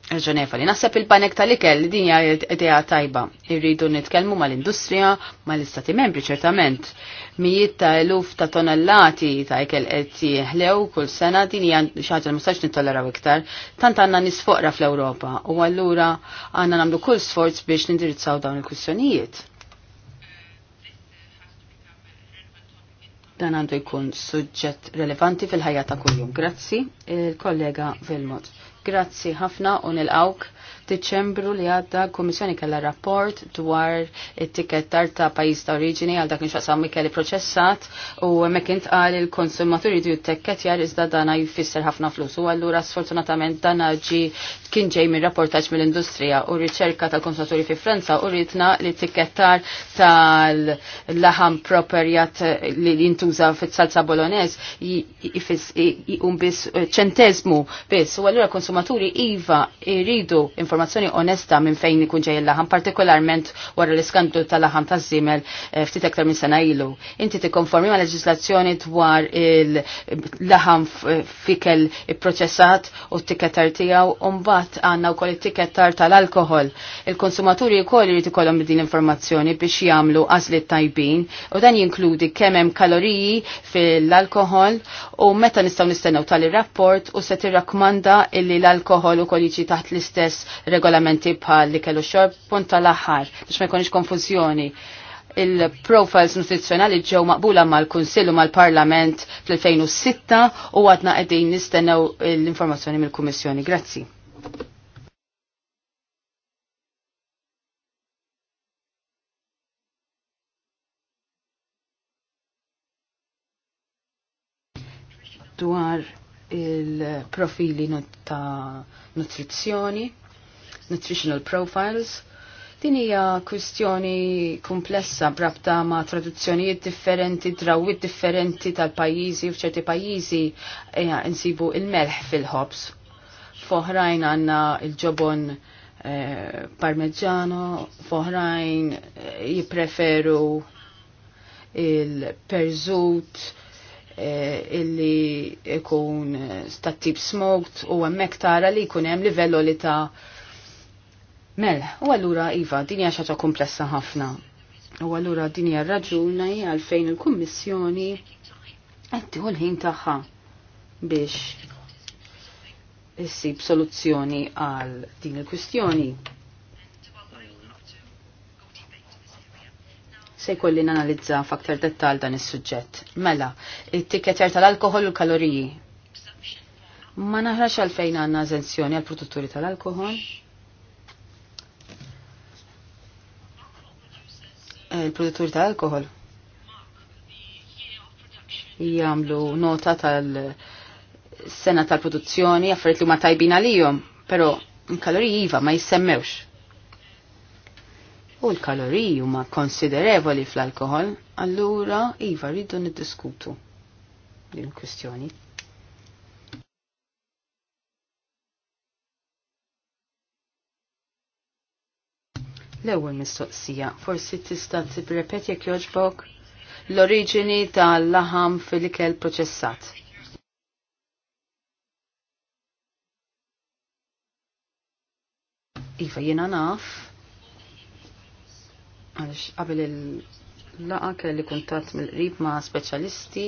li naħseb il-panek tal-ikel din hija idea tajba. Irridu nitkellmu mal-industrija, mal-istati membri ċertament. Mijiet ta' eluf ta' tonellati ta' ikel qed ħlew kull sena din hija xi ħaġa mustax nittolleraw iktar. Tant għandna nisfoqra fl-Ewropa u allura għandna nagħmlu kull sforz biex nindirizzaw dawn il-kwistjonijiet. Dan għandu jkun suġġett relevanti fil-ħajja ta' kuljum. Grazzi, il-kollega Vilmot. Grazzi ħafna u nilqawk. F'Diċembru li għadda l-Kummissjoni kellha rapport dwar it-tikettar ta' pajjiż ta' oriġini għal dak nixaqsam kelli proċessat u hemmhekk intqal il-konsumatur t-tekket jittekketjar iżda dana jfisser ħafna flus u allura sfortunatament dana ġi kien ġej minn rapportaġġ mill-industrija u riċerka tal-konsumaturi fi Franza u ritna li t-tikettar tal-laħam properjat li jintuża fit-salsa bolonez jifis jqum biss eh, ċentezmu biss u allura konsumaturi iva jridu informazzjoni informazzjoni onesta minn fejn ikun ġej il laħan partikolarment wara l-iskandlu tal-laħam ta' zimel eh, ftit aktar minn sena ilu. Inti tikkonformi ma' leġislazzjoni dwar il-laħam fikel il-proċessat u t-tiketar tijaw, umbat għanna u koll it-tiketar tal-alkohol. Il-konsumaturi jkoll jrid ikollhom din informazzjoni biex jagħmlu għażliet tajbin u dan jinkludi kemm hemm kaloriji fil-alkohol u meta nistgħu nistennew tal-rapport u se tirrakkomanda illi l-alkohol ukoll jiġi taħt l-istess regolamenti bħal li kellu xorb punt tal-aħħar biex ma jkunx konfużjoni. Il-profiles nutrizzjonali ġew maqbula mal-Kunsillu mal-Parlament fl-2006 u għadna qegħdin nistennew l-informazzjoni mill-Kummissjoni. Grazzi. dwar il-profili ta' nutrizzjoni nutritional profiles. Din hija kwistjoni komplessa brabta ma' traduzzjonijiet differenti, drawit differenti tal-pajjiżi u f'ċerti pajjiżi eh, insibu il-melħ fil-ħobs. Foħrajn għandna il-ġobon eh, parmeġġano, foħrajn eh, jipreferu il-perżut, eh, illi ikun eh, stat tip smoked u hemmhekk tara li jkun hemm livello li ta' Mel, u għallura Iva, din hija xaġa komplessa ħafna. U għallura din hija raġuna għalfejn il-Kummissjoni qed ħin tagħha biex issib soluzzjoni għal din il-kwistjoni. Se jkolli nanalizza f'aktar dettal dan is-suġġett. Mela, il tikketer tal-alkohol u kalorijji. Ma naħrax għalfejn għandna eżenzjoni għal produtturi tal-alkohol? il-produttur ta' alkohol jagħmlu nota tal-sena tal-produzzjoni għaffariet li ma tajbin għalihom, però l-kaloriji iva ma jissemmewx. U l-kaloriji huma konsiderevoli fl-alkohol, allura iva rridu niddiskutu din il-kwistjoni. L-ewwel mistoqsija, forsi tista' tipprepeti jekk jogħġbok l-oriġini tal-laħam fil-ikel proċessat. Iva jiena naf, għaliex qabel il-laqa kelli kuntatt mill-qrib ma' speċjalisti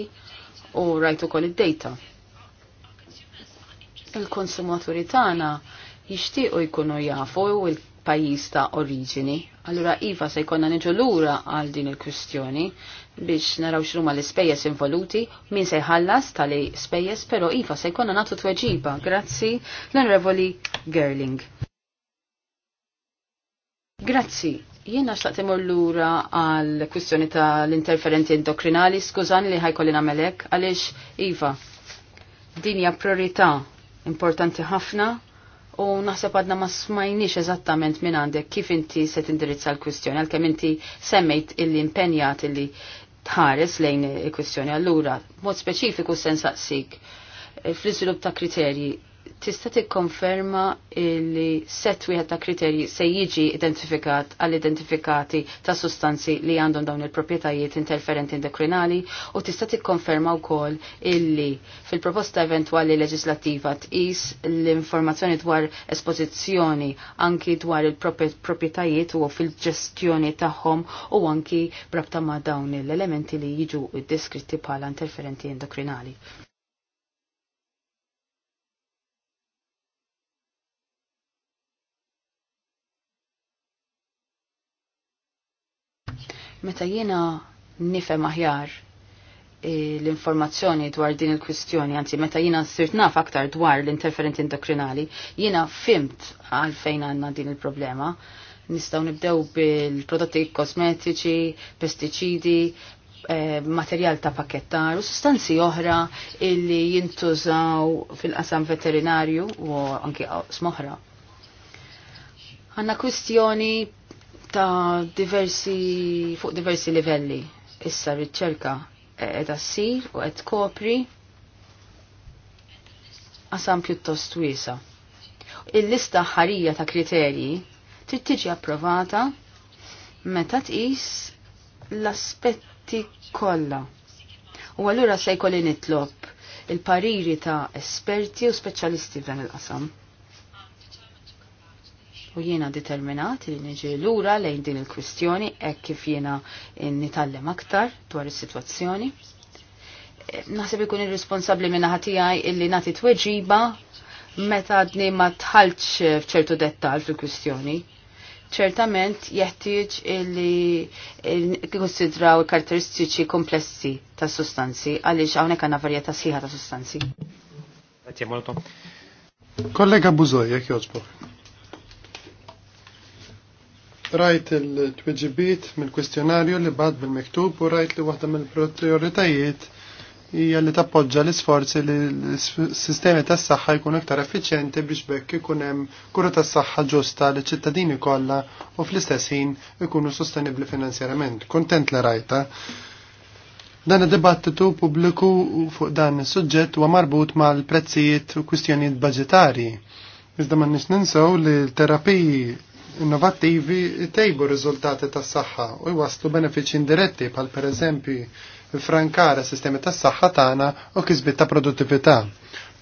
u rajtu ukoll id-dejta. Il-konsumaturi tagħna jixtiequ jkunu jafu pajjiż ta' oriġini. Allura iva se jkollna niġu lura għal din il-kwistjoni biex naraw x'ruma l-ispejjeż involuti, min se jħallas tali spejjeż, però iva se jkollna nagħtu tweġiba. Grazzi l-Onorevoli Gerling. Grazzi. Jiena xtaqt imur lura għal kwistjoni ta' l-interferenti endokrinali, skużan li ħajkolli namelek, għaliex iva, din hija priorità importanti ħafna u naħseb għadna ma smajniex eżattament minn għandek kif inti se tindirizza l-kwistjoni, għalkemm inti semmejt illi impenjat illi tħares lejn il-kwistjoni. Allura, mod speċifiku sen saqsik fl-iżvilupp ta' kriterji Tista' tikkonferma li set wieħed ta' kriterji se jiġi identifikat għall identifikati ta' sustanzi li għandhom dawn il-proprjetajiet interferenti endokrinali u tista' tikkonferma wkoll illi fil-proposta eventwali leġislattiva tqis l-informazzjoni dwar espożizzjoni anki dwar il-proprjetajiet u fil-ġestjoni tagħhom u anki brabta ma' dawn l-elementi li jiġu deskritti bħala interferenti endokrinali. Meta jiena nifhem aħjar eh, l-informazzjoni dwar din il-kwistjoni, anzi meta jina sirt naf aktar dwar l interferenti endokrinali, jina fimt għalfejn għanna din il-problema. Nistaw nibdew bil-prodotti kosmetiċi, pesticidi, eh, materjal ta' pakettar u sustanzi oħra illi jintużaw fil-qasam veterinarju u anki smoħra. Għanna kwistjoni ta' diversi, fuq diversi livelli. Issa riċerka ed assir u ed kopri qasam pjuttost wiesa. Il-lista ħarija ta' kriterji trid tiġi approvata meta tqis l-aspetti kollha. U allura se jkolli nitlob il-pariri ta' esperti u speċjalisti f'dan il-qasam u jiena determinat li niġi lura lejn din il-kwistjoni hekk kif jiena nitallem aktar dwar is-sitwazzjoni. E, naħseb ikun irresponsabbli minn ħatijaj illi nagħti tweġiba meta dni ma tħalċ f'ċertu dettal fil-kwistjoni ċertament jeħtieġ li konsidraw karakteristiċi komplessi ta' sustanzi, għaliex hawnhekk għandna varjetà sħiħa ta' sustanzi. Kollega Buzoj, jekk joġbok. Rajt il tweġibit mill-kwestjonarju li bad bil-miktub u rajt li waħda mill-prioritajiet hija li tappoġġa l-isforzi li s-sistemi tas saħħa jkunu iktar effiċjenti biex bekk ikun hemm kura tas saħħa ġusta li ċittadini kollha u fl-istess ħin ikunu sostenibbli finanzjarament. Kontent li rajta. Dan id-dibattitu pubbliku fuq dan is-suġġett huwa marbut mal-prezzijiet u kwistjonijiet budġetarji. Iżda ma nix ninsew li l-terapiji innovattivi tejbu riżultati tas saħħa u jwaslu benefiċi indiretti per pereżempju frankara sistemi tas saħħa tagħna u kisbit ta' produttività.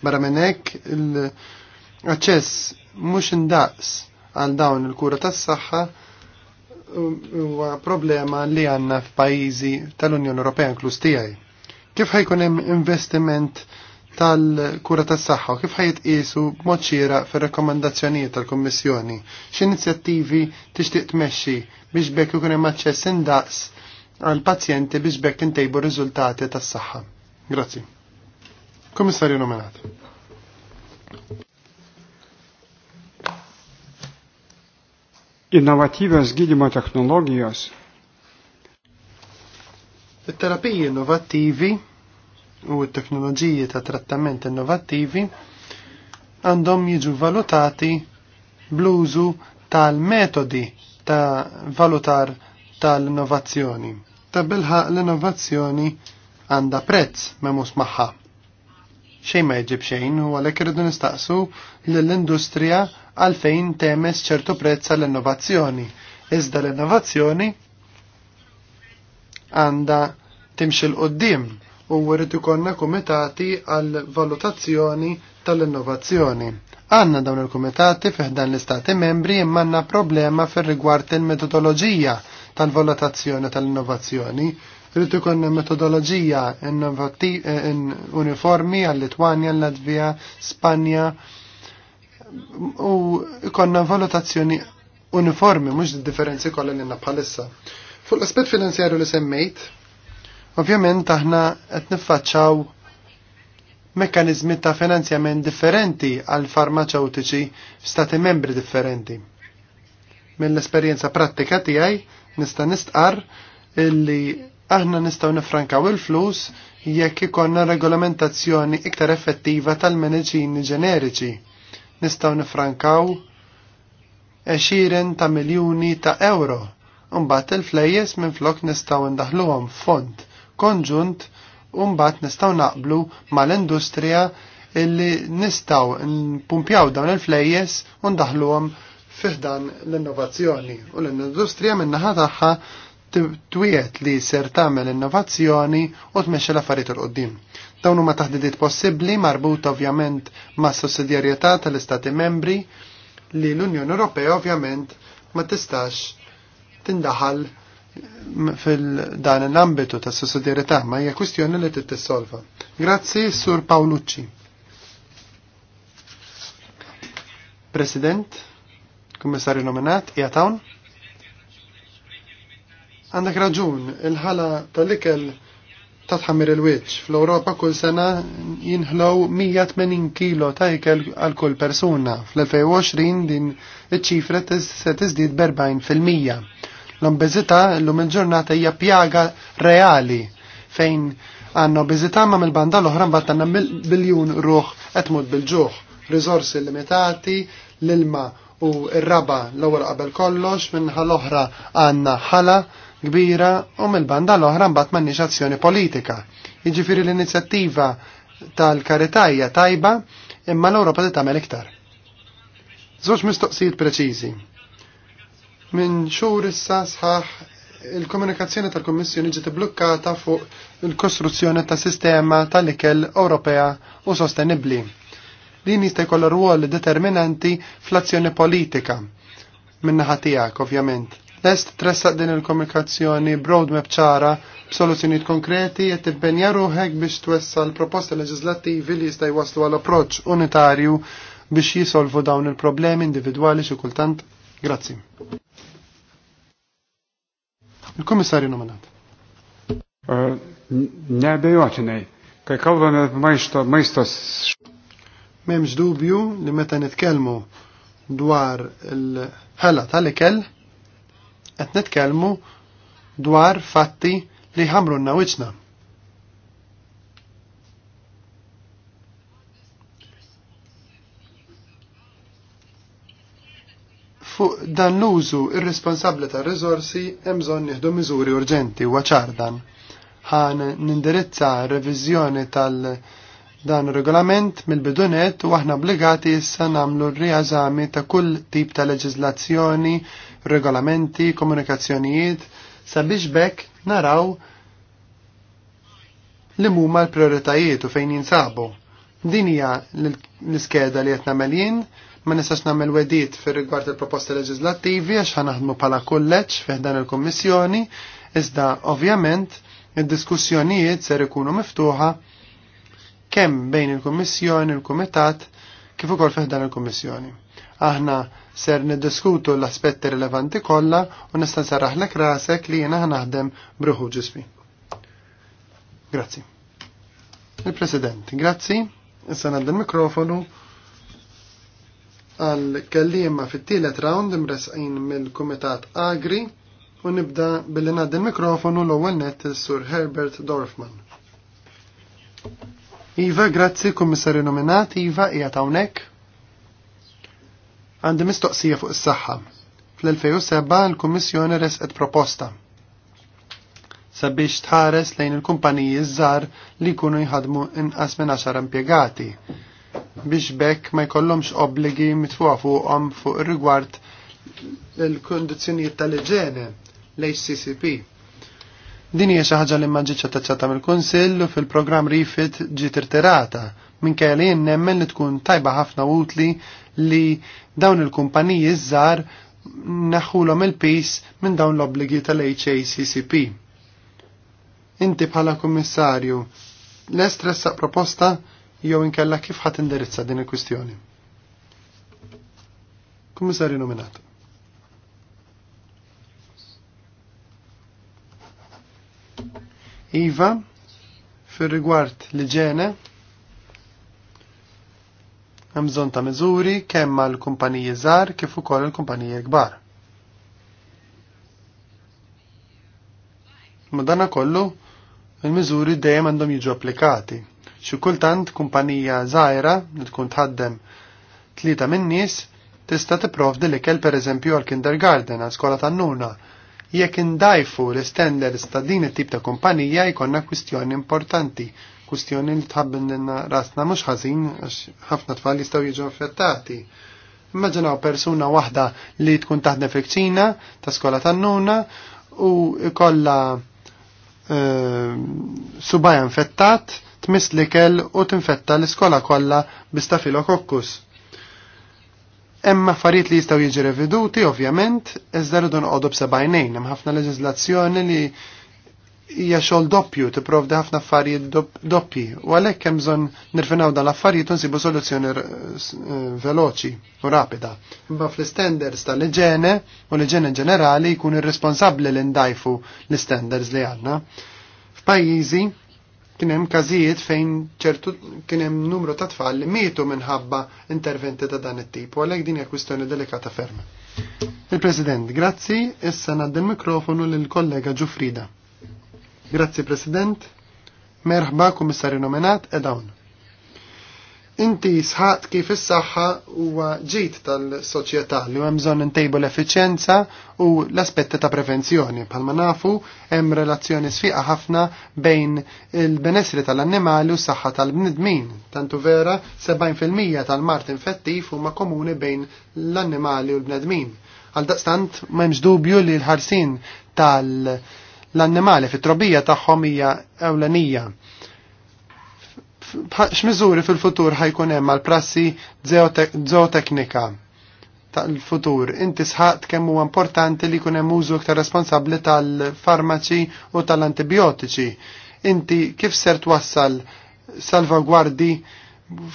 Barra minn hekk l-aċċess mhux indaqs għal dawn il-kura tas saħħa huwa problema li għandna f'pajjiżi tal-Unjoni Ewropea inkluż tiegħi. Kif ħajkun hemm investiment tal-kura tas-saħħa kif ħajt b'mod xira fir-rakkomandazzjonijiet tal-Kummissjoni. X'inizjattivi tixtieq tmexxi biex bekk ikun hemm aċċess indaqs għal pazjenti biex bekk intejbu riżultati tas-saħħa. Grazzi. Komissarju nominat. Innovativas teknologijas. technologijos. Fit-terapiji innovattivi u t-teknoloġiji ta' trattament innovattivi għandhom jiġu valutati bluzu tal-metodi ta' valutar tal-innovazzjoni. Ta' bilħa l-innovazzjoni għanda prezz mus maħħa. Xej ma jġib xejn u għalek irridu nistaqsu l-industrija għalfejn temes ċertu prezz għall-innovazzjoni. Iżda l-innovazzjoni għanda timxil qoddim u rrid ikollna kumitati għal valutazzjoni tal-innovazzjoni. Għanna dawn il-kumitati fiħdan l-istati membri imma għandna problema fir-rigward il-metodoloġija tal-valutazzjoni tal-innovazzjoni Rrid ikollna metodoloġija eh, uniformi għal litwanja latvija Spanja u ikonna valutazzjoni uniformi, mux differenzi kollha l bħalissa. Fuq l-aspet finanzjarju li semmejt, Ovvjament aħna qed niffaċċaw mekkaniżmi ta' finanzjament differenti għal farmaceutiċi f'stati membri differenti. Mill-esperjenza prattika tiegħi nista' nistqar illi aħna nistgħu nifrankaw il-flus jekk ikonna regolamentazzjoni iktar effettiva tal-mediċini ġeneriċi. Nistgħu nifrankaw eċiren ta' miljuni ta' euro. Umbat il-flejjes minn flok nistaw indaħluhom fond konġunt u mbagħad nistgħu naqblu mal-industrija illi nistgħu npumpjaw dawn il-flejjes u ndaħluhom fiħdan l-innovazzjoni u l-industrija minnaħa tagħha twiet li ser tagħmel innovazzjoni u tmexxi l-affarijiet il qoddim Dawn huma taħdidiet possibbli marbut ovvjament ma' sussidjarjetà tal-Istati membri li l-Unjoni Ewropea ovvjament ma tistax tindaħal fil-dan l-ambitu ta' sussidjarità ma hija kwistjoni li tittissolva. Grazzi, Sur Paolucci. President, kummissarju nominat, jgħatawn? Għandek raġun, il-ħala tal-ikel tatħamir il-wieċ. Fl-Europa kull sena jinħlow 180 kilo ta' ikel għal kull persuna. Fl-2020 din iċ-ċifra se tiżdied b'40 fil-mija l l llum il-ġurnata hija pjaga reali fejn għandna obezita ma mill-banda l-oħra mbagħad għandna biljun ruħ qed mod bil-ġuħ, riżorsi limitati, l-ilma u r-raba l-ewwel qabel kollox minħa l-oħra għandna ħala kbira u mill-banda l-oħra mbagħad m'għandniex azzjoni politika. Jiġifieri l-inizjattiva tal-karitajja tajba imma l-Ewropa tagħmel iktar. Żewġ mistoqsijiet preċiżi. Minn xhur issa sħaħ il-komunikazzjoni tal-Kommissjoni ġiet blukkata fuq il-kostruzzjoni ta' sistema tal-ikel Ewropea u sostenibbli. Din jista' jkollha rwol determinanti fl-azzjoni politika minnaħa tiegħek ovvjament. Lest tressaq din il-komunikazzjoni broadmap ċara b'soluzzjonijiet konkreti qed tibbenja ruħek biex twessa l-proposti leġislattivi li jista' jwaslu għal approċċ unitarju biex jisolvu dawn il-problemi individwali xi kultant. Grazzi. Il-Komissarju nominat. Neabejotinaj, kaj kalbame maistas. Memx dubju li meta nitkellmu dwar il ħala tal-ikel, qed nitkellmu dwar fatti li ħamru n-nawiċna. Fuq dan l-użu irresponsabbli tar rizorsi hemm bżonn nieħdu miżuri urġenti ċar ċardan. Ħan nindirizza r-reviżjoni tal- dan regolament mill-bidunet u aħna obbligati issa nagħmlu r-riażami ta' kull tip ta' leġiżlazzjoni, regolamenti, komunikazzjonijiet sabiex bekk naraw li huma l-prioritajiet u fejn jinsabu. Din hija l-iskeda li qed nagħmel jien ma nistax nagħmel wedid fir-rigward il-proposti leġislattivi għax ħanaħdmu bħala kulleġġ fih dan il-Kummissjoni, iżda ovvjament id-diskussjonijiet ser ikunu miftuħa kemm bejn il-Kummissjoni, il-Kumitat, kif ukoll fih dan il-Kummissjoni. Aħna ser niddiskutu l-aspetti rilevanti kollha u nista' nsarraħlek rasek li jiena ħanaħdem bruħu ġisbi. Grazzi. Il-President, grazzi. Issa għandha l mikrofonu għal kellima fit-tielet round imresqin mill-Kumitat Agri u nibda billi ngħaddi l-mikrofonu l-ewwel nett sur Herbert Dorfman. Iva, grazzi, kummissarju nominat, Iva, qiegħed hawnhekk. Għandi mistoqsija fuq is-saħħa. Fl-2007 l-Kummissjoni resqet proposta sabiex tħares lejn il-kumpaniji żgħar li jkunu jħadmu inqas minn 10 impjegati biex bekk ma jkollhomx obbligi mitfuqa fuqhom fuq rigward il kundizzjonijiet tal-iġene l-HCCP. Din hija xi ħaġa li ma ġietx attaċċata mill-Kunsill u fil-programm Refit ġiet irterata minkejja li nemmen li tkun tajba ħafna utli li dawn il-kumpaniji żgħar naħħulhom il-pis minn dawn l-obbligi tal-HACCP. Inti bħala kummissarju, l estressa proposta jew inkella kif ħat indirizza din il-kwistjoni. Kummissarju nominat. Iva, fir rigward li ġene, bżonn ta' miżuri kemm mal kumpaniji żgħar kif ukoll il-kumpaniji kbar. dana kollu, il-miżuri dejjem għandhom jiġu applikati Xi kultant kumpanija żgħira li tkun tħaddem tlieta min-nies tista' tipprovdi l-ikel pereżempju għal kindergarten għal skola tan-nuna. Jekk indajfu l-standards ta' din it-tip ta' kumpanija jkollna kwistjoni importanti, kwistjoni li tħabbinna rasna mhux ħażin għax ħafna tfal jistgħu jiġu affettati. Immaġinaw persuna waħda li tkun taħdem fil-kċina, ta' skola tan-nuna, u ikolla eh, subajan fettat. infettat tmiss l-ikel u tinfetta l-iskola kollha bi stafilokokkus. Emma affarijiet li jistgħu jiġi reveduti ovvjament, iżda rridu noqogħdu b'sebgħinejn hemm ħafna leġislazzjoni li hija xogħol doppju tipprovdi ħafna affarijiet doppji u għalhekk hemm bżonn nirfinaw dan l-affarijiet u nsibu soluzzjoni eh, veloċi u rapida. Imma fl-standards tal-iġene u l-iġene ġenerali jkun irresponsabbli li ndajfu l-standards li għandna. F'pajjiżi Kien hemm każijiet fejn ċertu kien hemm numru ta' tfal li mietu minħabba interventi ta' dan it-tip, u għalhekk din hija kwistjoni delikata ferm. Il-President, grazzi, issa ngħaddi l-mikrofonu lill kollega Ġufrida. Grazzi President, merħba kummissarju nominat edawn inti sħat kif is-saħħa huwa ġid tal-soċjetà li hemm bżonn intejbu l-effiċjenza u l-aspetti ta' prevenzjoni. Bħalma nafu hemm relazzjoni sfiqa ħafna bejn il-benessri tal-annimali u s-saħħa tal-bnidmin. Tantu vera 70% tal-mart infettiv huma komuni bejn l-annimali u l-bnedmin. Għal daqstant m'hemmx dubju li l-ħarsin tal-annimali fit-trobija tagħhom hija ewlenija x'miżuri fil-futur ħajkun hemm għal prassi zooteknika tal-futur. Inti sħat kemm huwa importanti li jkun hemm użu iktar responsabbli tal-farmaċi u tal-antibiotiċi. Inti kif ser twassal salvagwardi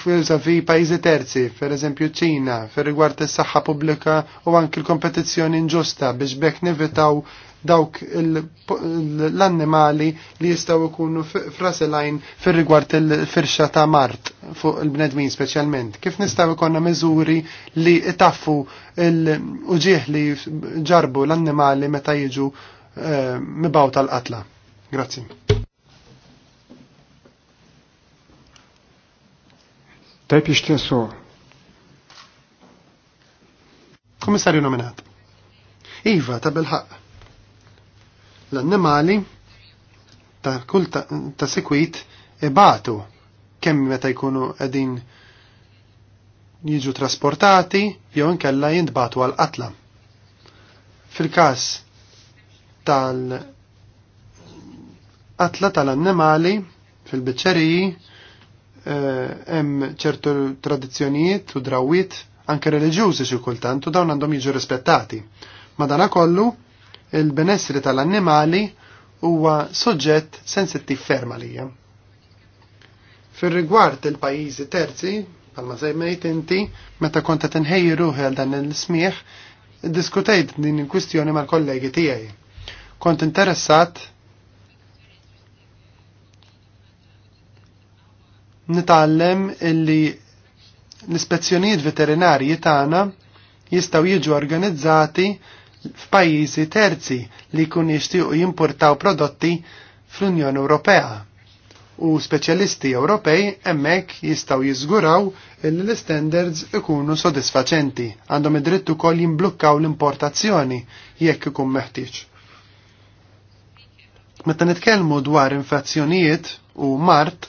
fi pajjiżi terzi, per eżempju ċina, fir rigward is-saħħa pubblika u anki l-kompetizzjoni inġusta biex bekk nevitaw dawk l-annimali li jistaw ikunu fraselajn fir rigward il-firxa ta' mart fuq il-bnedmin specialment. Kif nistaw ikonna miżuri li itaffu l-uġieħ li ġarbu l-annimali meta jiġu eh, mibaw tal-qatla. Grazzi. Tajp ixtiesu. Komissarju nominat. Iva, ta' bil-ħaq L-annimali ta' kull ta' sekwit ibatu kemm meta jkunu qegħdin jiġu trasportati jew inkella jintbatu għal qatla. Fil-każ tal qatla tal-annimali fil-biċċeriji eh, hemm ċertu tradizzjonijiet u drawiet anke reliġjużi xi kultant u dawn għandhom jiġu rispettati. Madanakollu il-benessri tal-annimali huwa soġġett sensittiv ferm għalija. Fir-rigward il-pajjiżi terzi, palma sejmejt inti, meta konta tinħejji ruħi għal dan il-smieħ, diskutejt din il-kwistjoni mal-kollegi tiegħi. Kont interessat nitgħallem illi l-ispezzjonijiet veterinarji tagħna jistgħu jiġu organizzati f'pajjiżi terzi li jkun jixtiequ jimportaw prodotti fl-Unjoni Ewropea. U speċjalisti Ewropej hemmhekk jistgħu jiżguraw li l-standards ikunu sodisfaċenti għandhom id-dritt ukoll jimblukkaw l-importazzjoni jekk ikun meħtieġ. Meta nitkellmu dwar inflazzjonijiet u mart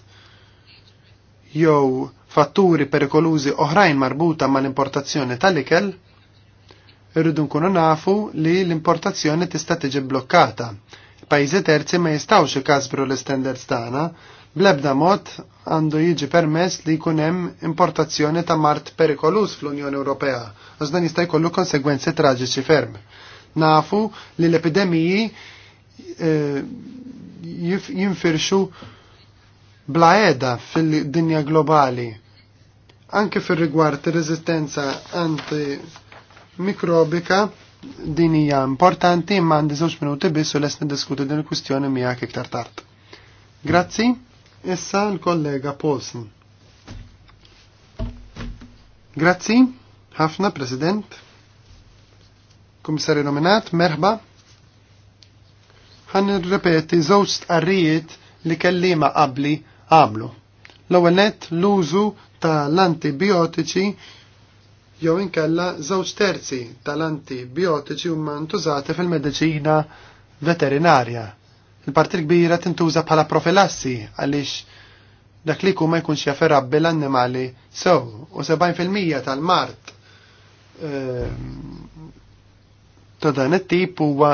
jew fatturi perikolużi oħrajn marbuta mal-importazzjoni tal-ikel, irridu nkunu nafu li l-importazzjoni tista' tiġi blokkata. Pajjiżi terzi ma jistgħux ikasbru l-istandards tagħna, bl-ebda mod għandu jiġi permess li jkun hemm importazzjoni ta' mart perikolus fl-Unjoni Ewropea, għax dan jista' jkollu konsegwenzi traġiċi ferm. Nafu li l-epidemiji eh, jinfirxu bla eda fil-dinja globali, anke fir rigward ir-reżistenza anti mikrobika din hija importanti imma għandi żewġ minuti biss u lest niddiskuti din il-kwistjoni miegħek iktar tard. Grazzi, issa l-kollega Paulsen. Grazzi, ħafna President, Kummissarju nominat, merħba. Ħan ripeti żewġ stqarrijiet li kellima qabli għamlu. L-ewwel nett l-użu tal-antibiotiċi jew inkella żewġ terzi tal-antibiotiċi huma ntużati fil-mediċina veterinarja. Il-parti kbira tintuża bħala profilassi għaliex dak li ma jkunx jaferabbi l-annimali sew u 70% tal-mart ehm, ta' dan it-tip huwa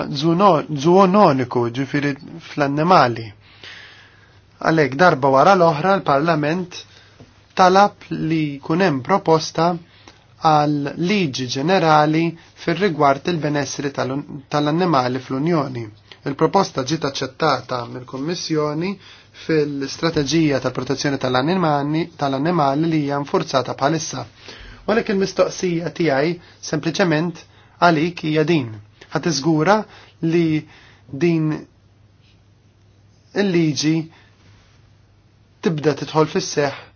zoononiku ġifieri fl-annimali. Għalhekk darba wara l-oħra l-Parlament talab li jkun hemm proposta għal liġi ġenerali fir rigward il-benessri tal-annimali tal fl-Unjoni. Il-proposta ġiet aċċettata mill-Kommissjoni fil-strateġija tal-protezzjoni tal-annimali tal li hija nfurzata bħalissa. Għalek il-mistoqsija tiegħi sempliċement għalik hija din. Ħat iżgura li din il-liġi tibda titħol fis-seħ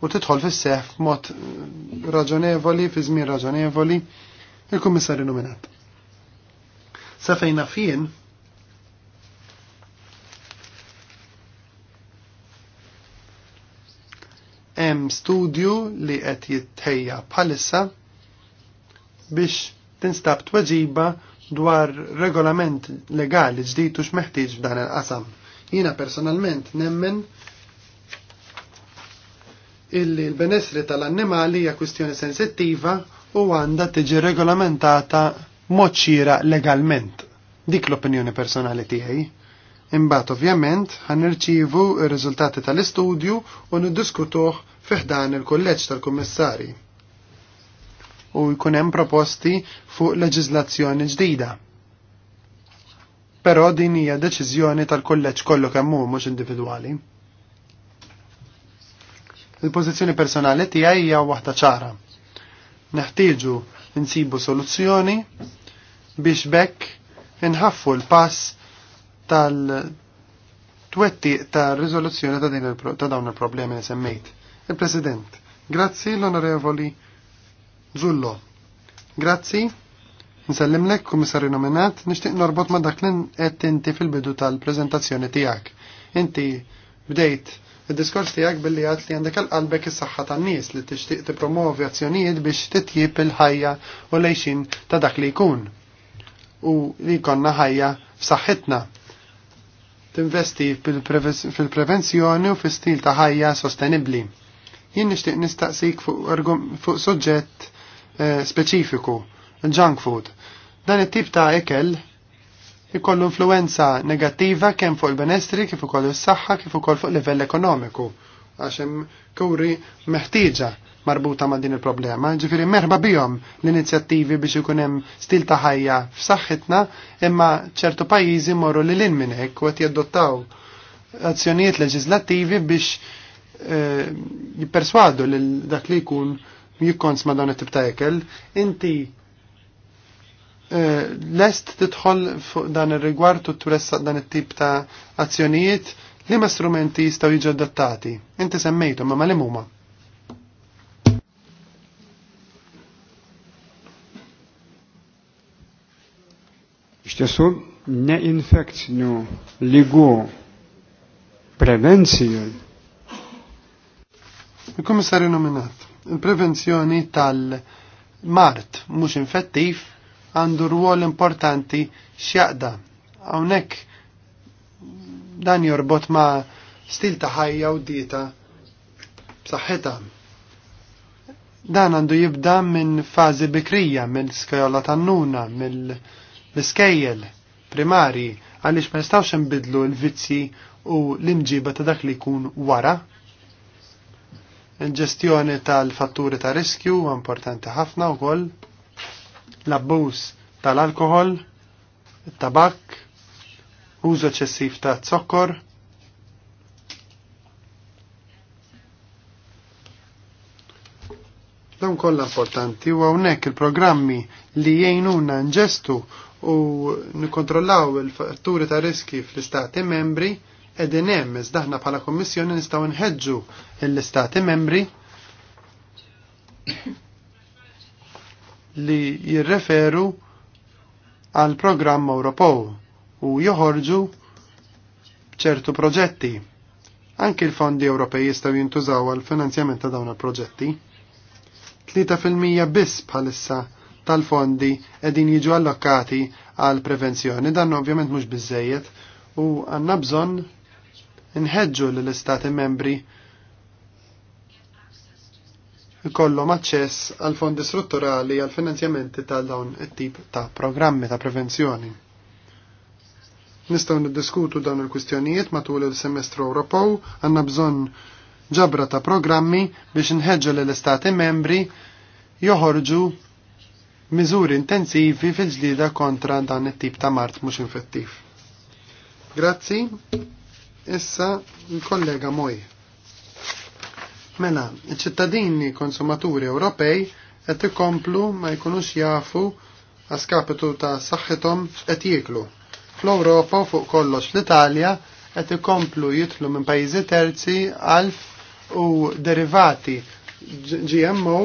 u titħol fis-seħ f'mod raġonevoli, fi żmien raġonevoli, il-kummissarju nominat. Sa fejna fien, hemm studju li qed jittejja bħalissa biex tinstab tweġiba dwar regolament legali ġdid u x'meħtieġ f'dan il-qasam. Jiena personalment nemmen illi l-benessri tal-annimali hija kwistjoni sensittiva u għandha tiġi regolamentata mod xira legalment. Dik l-opinjoni personali tiegħi. Imbagħad ovvjament ħanirċievu r-riżultati tal-istudju u niddiskutuh dan il-kulleġġ tal-kummissari. U jkun hemm proposti fuq leġiżlazzjoni ġdida. Però din hija deċiżjoni tal-kulleġġ kollu kemm hu mhux individwali. Il-pożizzjoni personali tiegħi hija waħda ċara. Neħtieġu nsibu soluzzjoni biex bekk inħaffu l-pass tal-twetti ta' riżoluzzjoni ta' dawn il-problemi li semmejt. Il-President, grazzi l-Onorevoli Zullo. Grazzi. lek kummissarju nominat, nixtieq norbot ma' dak li qed inti fil-bidu tal-preżentazzjoni tiegħek. Inti bdejt il diskors tiegħek billi għat li għandek qalbek is-saħħa tan-nies li tixtieq tippromovi azzjonijiet biex titjib il-ħajja u lejxin ta' dak li jkun. U li jkollna ħajja f'saħħitna. Tinvesti fil-prevenzjoni u fi stil ta' ħajja sostenibbli. Jien nixtieq nistaqsik fuq suġġett eh, speċifiku, junk food. Dan it-tip ta' ekel ikollu influenza negattiva kemm fuq il-benestri, kif ukoll is-saħħa, kif ukoll fuq livell ekonomiku. Għax hemm kuri meħtieġa marbuta ma' din il-problema. Ġifieri merba bihom l-inizjattivi biex ikun hemm stil ta' ħajja f'saħħitna, imma ċertu pajjiżi morru lil hinn minn hekk u qed jadottaw azzjonijiet leġislattivi biex eh, jipperswadu lil dak li jkun jikkons ma' dawn it-tib ta' ekel. Inti Eh, lest titħol fuq dan ir-rigward u turessaq dan it-tip ta' azzjonijiet li ma strumenti jistgħu jiġu adattati. Inti semmejtu ma li huma. Ixtiesu li ligu prevenzju? il komissarju nominat, il-prevenzjoni tal-mart mhux infettiv għandu rwol importanti x'jaqda. Hawnhekk dan jorbot ma' stil ta' ħajja u dieta b'saħħitha. Dan għandu jibda minn fażi bikrija, mill-skajola tannuna, nuna mill-iskejjel primarji, għaliex ma jistawx nbidlu l-vizzi u l-imġiba ta' dak li jkun wara. Il-ġestjoni tal-fatturi ta' riskju importanti ħafna koll l-abbuż tal-alkohol, tabak, użu eċessiv ta' zokkor, Dawn kollha importanti u hawnhekk il-programmi li jgħinuna nġestu u nikkontrollaw il-fatturi ta' riski fl-istati membri qegħdin hemm iż daħna bħala Kummissjoni nistgħu nħeġġu l-istati membri li jirreferu għal programm Ewropew u joħorġu ċertu proġetti. Anki l-fondi Ewropej jistgħu jintużaw għal finanzjament ta' dawn il-proġetti. 3% biss bħalissa tal-fondi edin jiġu allokati għal prevenzjoni, dan ovvjament mhux biżejjed u għandna bżonn inħeġġu lill istati membri ikollhom aċċess għal fondi strutturali għal finanzjamenti tal dawn it-tip ta' programmi ta' prevenzjoni. Nistgħu niddiskutu dawn il-kwistjonijiet matul il-semestru Ewropew għandna bżonn ġabra ta' programmi biex nħeġġu lill-istati membri joħorġu miżuri intensivi fil ġdida kontra dan it-tip ta' mart mhux infettiv. Grazzi, issa l kollega Moj. Mela, ċittadini konsumaturi Ewropej qed ikomplu ma jkunux jafu għaskapitu ta' saħħithom qed jieklu. Fl-Ewropa fuq kollox l-Italja qed ikomplu jitlu minn pajjiżi terzi alf u derivati GMO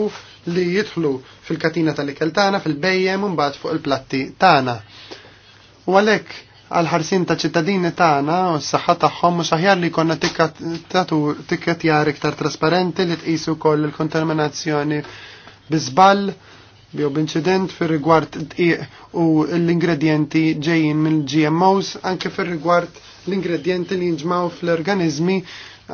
li jidħlu fil-katina tal-ikel tagħna fil-bejjem u mbagħad fuq il-platti tagħna. U għalhekk għal ħarsin ta' ċittadini tagħna u s-saħħa tagħhom mhux aħjar li jkollna tikket jar iktar trasparenti li tqisu wkoll il-kontaminazzjoni bi żball jew b'inċident fir rigward dqiq u l-ingredjenti ġejjin mill-GMOs anke fir rigward l-ingredjenti li jinġmaw fl-organizmi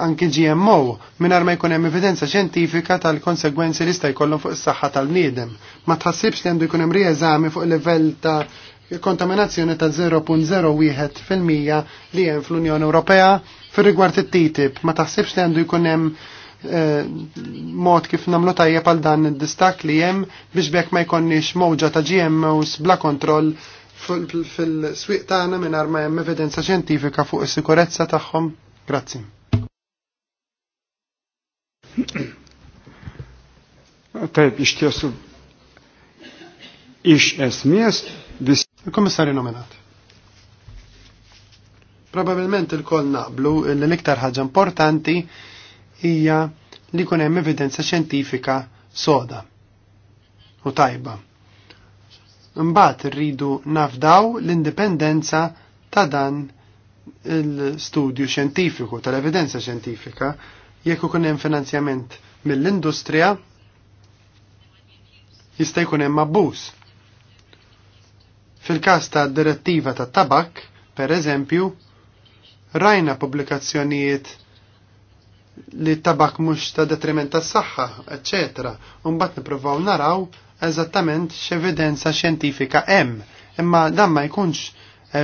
anke GMO mingħajr ma jkun hemm evidenza xjentifika tal-konsegwenzi li jista' jkollhom fuq is-saħħa tal-bniedem. Ma tħassibx li għandu jkun hemm rieżami fuq livell ta' kontaminazzjoni ta' 0.01% li hemm fl-Unjoni Ewropea fir rigward it-TTIP. Ma taħsibx li għandu jkun hemm eh, mod kif namlu tajjeb għal dan id-distak li hemm biex bekk ma jkollniex mowġa ta' GMOs bla kontroll fil-swieq tagħna mingħajr ma hemm evidenza xjentifika fuq is-sikurezza tagħhom. Grazzi. Tajb, ixtiesu ix esmies dis Il-Komissarju nominat. Probabilment il-koll naqblu li l-iktar ħaġa importanti hija li kun hemm evidenza xjentifika soda u tajba. Imbagħad irridu nafdaw l-indipendenza ta' dan il-studju xjentifiku, tal-evidenza xjentifika jekk ikun hemm finanzjament mill-industrija jista' jkun hemm abbuż Fil-kas ta' direttiva ta' tabak, per eżempju, rajna pubblikazzjonijiet li tabak mhux ta' detriment tas saħħa eccetera, unbat niprofaw naraw eżattament x'evidenza xjentifika hemm, imma dan ma jkunx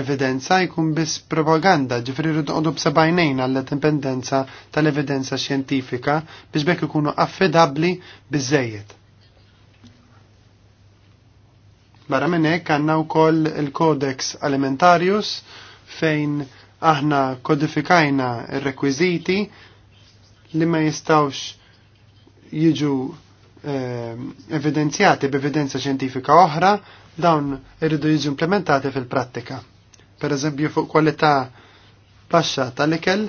evidenza jkun biss propaganda ġifri rridu b'sebajnejn għall dipendenza tal-evidenza xjentifika biex bekk ikunu affidabbli biżejjed. Barra minn hekk għandna wkoll il-Codex Alimentarius fejn aħna kodifikajna r-rekwiżiti li ma jistawx jiġu eh, evidenzjati b'evidenza xjentifika oħra dawn irridu jiġu implementati fil-prattika. Per eżempju fuq kwalità baxxa tal-ikel,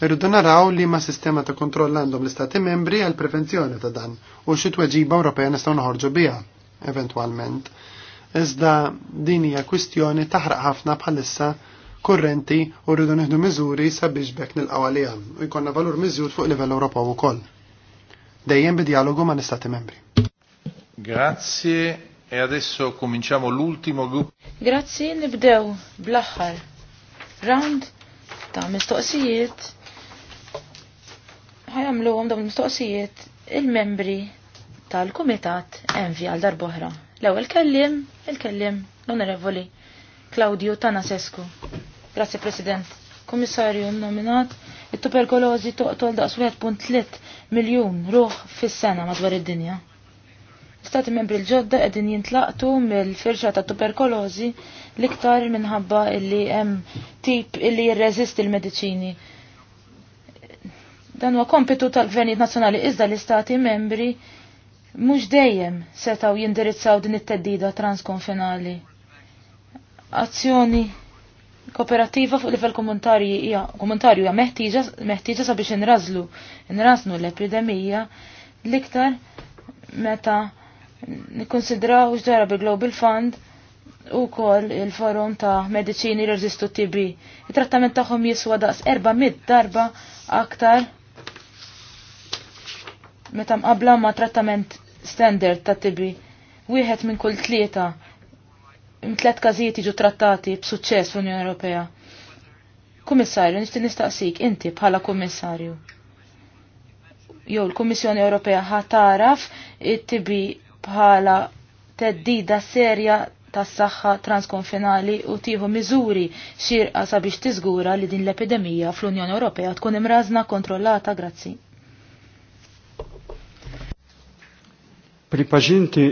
irridu naraw li ma sistema ta' kontroll għandhom l-Istati membri għal prevenzjoni ta' dan u xi tweġiba Ewropea nistgħu noħorġu biha eventualment. Iżda din hija kwistjoni taħraq ħafna bħalissa kurrenti u rridu neħdu miżuri sabiex bekk nilqgħu għaliha u jkollna valur miżjud fuq livell Ewropew ukoll. Dejjem bid-dialogu ma' istati membri. Grazie e adesso cominciamo l'ultimo gruppo. Grazie, nibdew bl-aħħar round ta' mistoqsijiet ħajamluhom dawn mistoqsijiet il-membri tal-Kumitat Envi għal darboħra. L-ewwel kellim, il-kellim l-Onorevoli Claudio Tanasescu. Grazie President. Komissarju nominat, it-tuberkulożi toqtol daqs 1.3 miljun ruħ fis-sena madwar id-dinja. Stati membri l-ġodda qegħdin jintlaqtu mill-firxa ta' tuberkulożi l-iktar minħabba illi hemm tip illi jirreżisti l-mediċini dan huwa kompitu tal-gvernijiet nazzjonali iżda l-istati membri mhux dejjem setaw jindirizzaw din it-teddida transkonfinali. Azzjoni kooperattiva fuq livell komunitarji hija komunitarju hija meħtieġa sabiex inrażlu inrażnu l-epidemija l-iktar meta nikkonsidraw x'dara bil-Global Fund u kol il-forum ta' mediċini reżistu TB. Il-trattament tagħhom jiswa daqs 400 darba aktar meta mqabla ma' trattament standard ta' tibi. Wieħed minn kull tlieta tliet każijiet jiġu trattati b'suċċess fl-Unjoni Ewropea. Kummissarju, nixti nistaqsik inti bħala kummissarju. Jew l-Kummissjoni Ewropea ħataraf it-tibi bħala teddida serja tas-saħħa transkonfinali u tieħu miżuri xirqa sabiex tiżgura li din l-epidemija fl-Unjoni Ewropea tkun imrażna kontrollata grazzi. pripažinti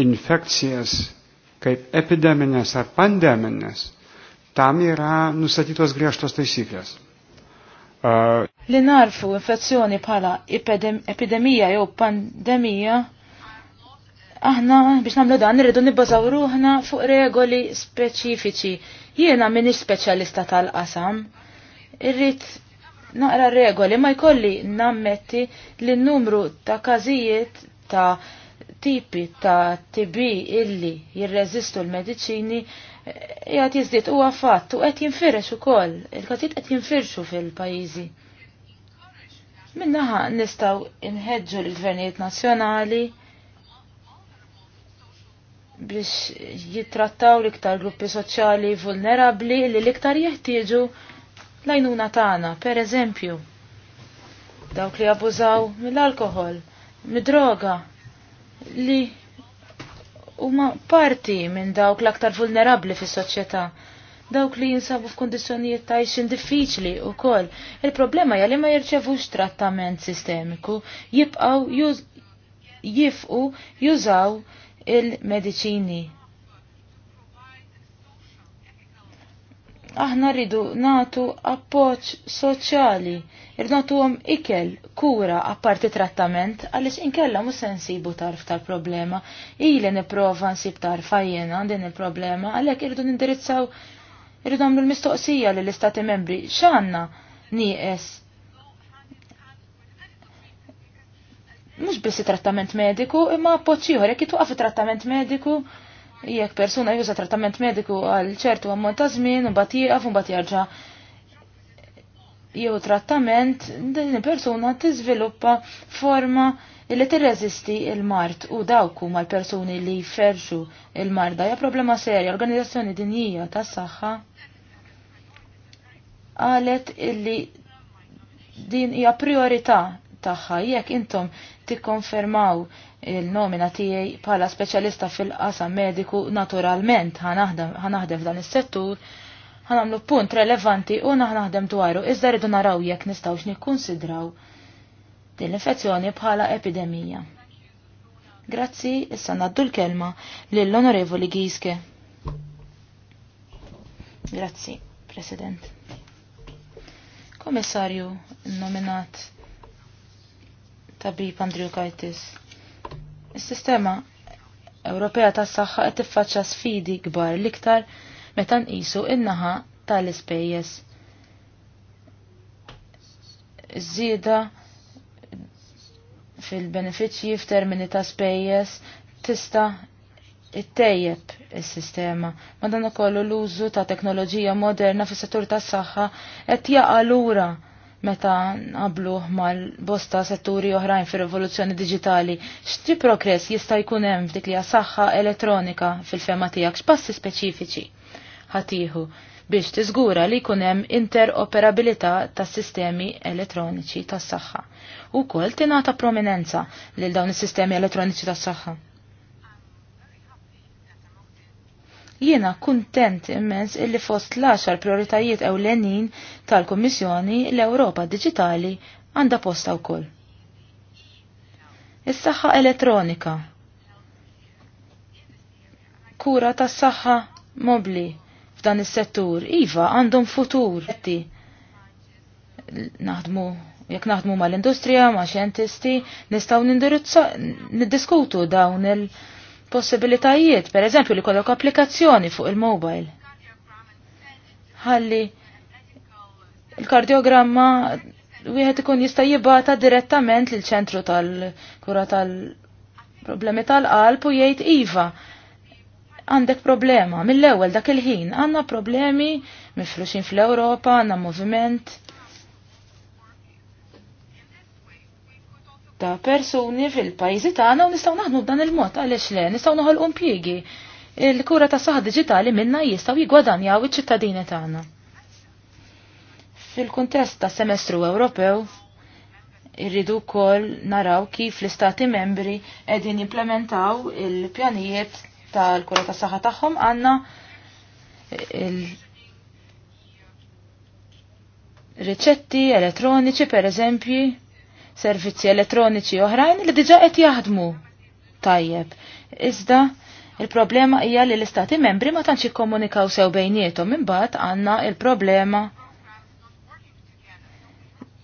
infekcijas kaip epideminės ar pandeminės, tam yra nusatytos griežtos taisyklės. Li narfu infekcijoni bħala epidemija jew pandemija, aħna biex nagħmlu dan irridu nibbażaw ruħna fuq regoli speċifiċi. Jiena m'iniex speċjalista tal-qasam, irrid naqra regoli ma jkolli nammetti li n-numru ta' każijiet ta' tipi ta' tibi illi jirreżistu l-mediċini eh, jgħat jizdiet u għafat u għet jinfirex u koll, il-katit għet jinfirxu fil-pajizi. Minnaħa nistaw inħedġu l-gvernijiet nazjonali biex jittrattaw l-iktar gruppi soċjali vulnerabli li l-iktar jeħtieġu lajnuna tagħna, per eżempju, dawk li abużaw mill-alkohol midroga li huma parti minn dawk l-aktar vulnerabli fis-soċjetà. Dawk li jinsabu f'kundizzjonijiet ta' ixin diffiċli u koll. Il-problema hija li ma jirċevux trattament sistemiku, jibqaw jifqu jużaw il-medicini aħna rridu natu appoġġ soċjali, rridu natu għom ikel, kura, apparti trattament, għalix inkella mu sensibu tarf tal-problema, ili niprofa nsib tarf għajjena din il-problema, għalek irridu nindirizzaw, irridu għamlu l-mistoqsija li l-istati membri, xanna nieqes. Mux bissi trattament mediku, imma appoċ jħor, jek trattament mediku, Jekk persuna juża trattament mediku għal ċertu ammont ta' żmien u mbagħad jieqaf u mbagħad jarġa' jew trattament din persuna tiżviluppa forma li tirreżisti il-mart u dawk huma l-persuni li jferxu il-marda hija problema serja l-Organizzazzjoni Dinjija tas-Saħħa qalet illi din hija priorità tagħha jekk intom tikkonfermaw il-nomina tiegħi bħala speċjalista fil-qasam mediku naturalment ħanaħdem f'dan is-settur ħanamlu punt relevanti u naħnaħdem dwaru iżda rridu naraw jekk nistgħux nikkunsidraw din l-infezzjoni bħala epidemija. Grazzi, issa naddu l-kelma lill-Onorevoli Giske. Grazzi, President. Komissarju nominat tabib Andrew Kajtis Is-sistema Ewropea tas-saħħa qed tiffaċċa sfidi kbar l-iktar meta nqisu in-naħa tal-ispejjeż. Iż-żieda fil-benefiċċji f'termini ta' spejjeż tista' ittejjeb is-sistema. Madan ukoll l-użu ta' teknoloġija moderna fis-settur tas-saħħa qed jaqa' lura meta nqablu mal-bosta setturi oħrajn fir rivoluzzjoni digitali, x'ti progress jista' jkun hemm f'dik li saħħa elettronika fil-fema tiegħek x'passi speċifiċi ħatiħu biex tiżgura li jkun hemm interoperabilità tas-sistemi elettroniċi tas-saħħa. Ukoll tingħata prominenza lil dawn is-sistemi elettroniċi tas-saħħa. Jiena kuntent immens illi fost l-10 prioritajiet ewlenin tal-Kummissjoni l-Ewropa Digitali għandha posta wkoll. Is-saħħa elettronika. Kura tas-saħħa mobli f'dan is-settur iva għandhom futur. Naħdmu jekk naħdmu mal-industrija, ma' xjentisti, nistgħu niddiskutu dawn il- possibilitajiet, per eżempju li kollok applikazzjoni fuq il-mobile. Ħalli il-kardiogramma wieħed ikun jista' jibata direttament lil ċentru tal-kura tal-problemi tal-qalb u jgħid iva għandek problema mill-ewwel dak il-ħin għandna problemi mifruxin fl-Ewropa, għandna moviment ta' persuni fil-pajjiżi tagħna u nistgħu naħdmu b'dan il-mod għaliex le nistgħu noħolqu impjiegi. Il-kura ta' saħħa diġitali minna jistgħu jigwadanjaw iċ-ċittadini tagħna. Fil-kuntest ta' semestru Ewropew, irridu wkoll naraw kif l-istati membri qegħdin jimplementaw il-pjanijiet tal-kura ta' saħħa tagħhom għandna il- riċetti elettronici per eżempju servizzi elettroniċi oħrajn li diġa qed jaħdmu tajjeb. Iżda il-problema hija li l-istati membri ma tantx jikkomunikaw sew bejniethom imbagħad għandna il-problema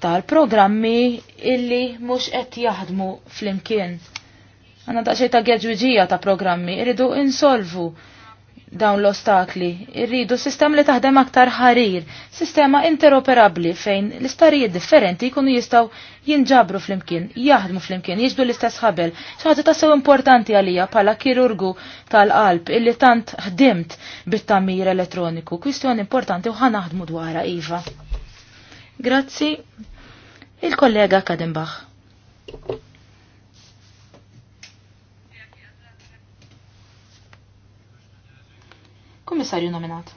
tal-programmi illi mhux qed jaħdmu flimkien. Għanna daqsxejn ta' għedġuġija ta' programmi irridu insolvu dawn l-ostakli. Irridu sistema li taħdem aktar ħarir, sistema interoperabli fejn l-istarijiet differenti jkunu jistaw jinġabru fl-imkien, jaħdmu fl-imkien, jiġdu l-istess ħabel. ċaħġa tassew importanti għalija pala kirurgu tal-qalb illi tant ħdimt bit-tammir elettroniku. Kwistjoni importanti u ħanaħdmu dwarha Iva. Grazzi, il-kollega Kadenbach. Kummissarju nominat.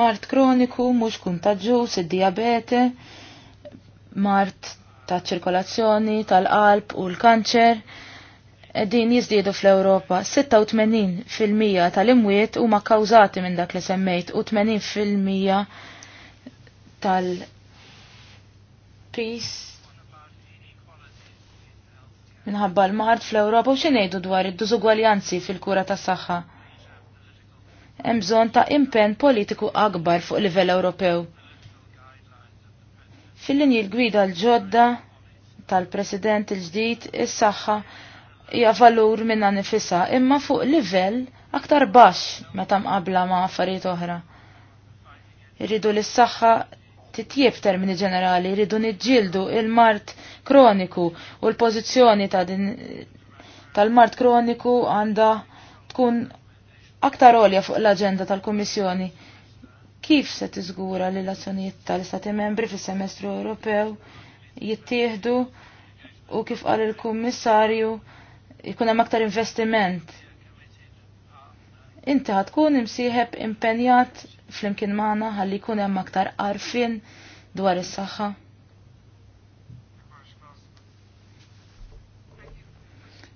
Mart kroniku, mhux kuntaġġuż, id-diabete, mart ta' ċirkolazzjoni, tal-qalb u l-kanċer. Din jizdiedu fl-Ewropa. 86% tal-imwiet huma kkawżati minn dak li semmejt u 80% tal peace minħabba l mart fl-Ewropa u xinejdu dwar id-dużugwaljanzi fil-kura tas saħħa. Hemm bżonn ta' impenn politiku akbar fuq livell Ewropew. Fil-linji l-gwida l-ġodda tal-President il-ġdid is-saħħa hija valur minna nifisa imma fuq livell aktar baxx meta mqabla ma' affarijiet oħra. Irridu li saħħa titjieb termini ġenerali rridu niġġieldu il-mart kroniku u l-pożizzjoni ta' din tal-mart kroniku għandha tkun aktar olja fuq l-aġenda tal-Kummissjoni. Kif se tiżgura li l-azzjonijiet tal-Istati membri fis-semestru Ewropew jittieħdu u kif qal il-Kummissarju jkun hemm aktar investiment inti ħatkun imsieħeb impenjat flimkien maħna ħalli jkun hemm aktar arfin dwar is-saħħa.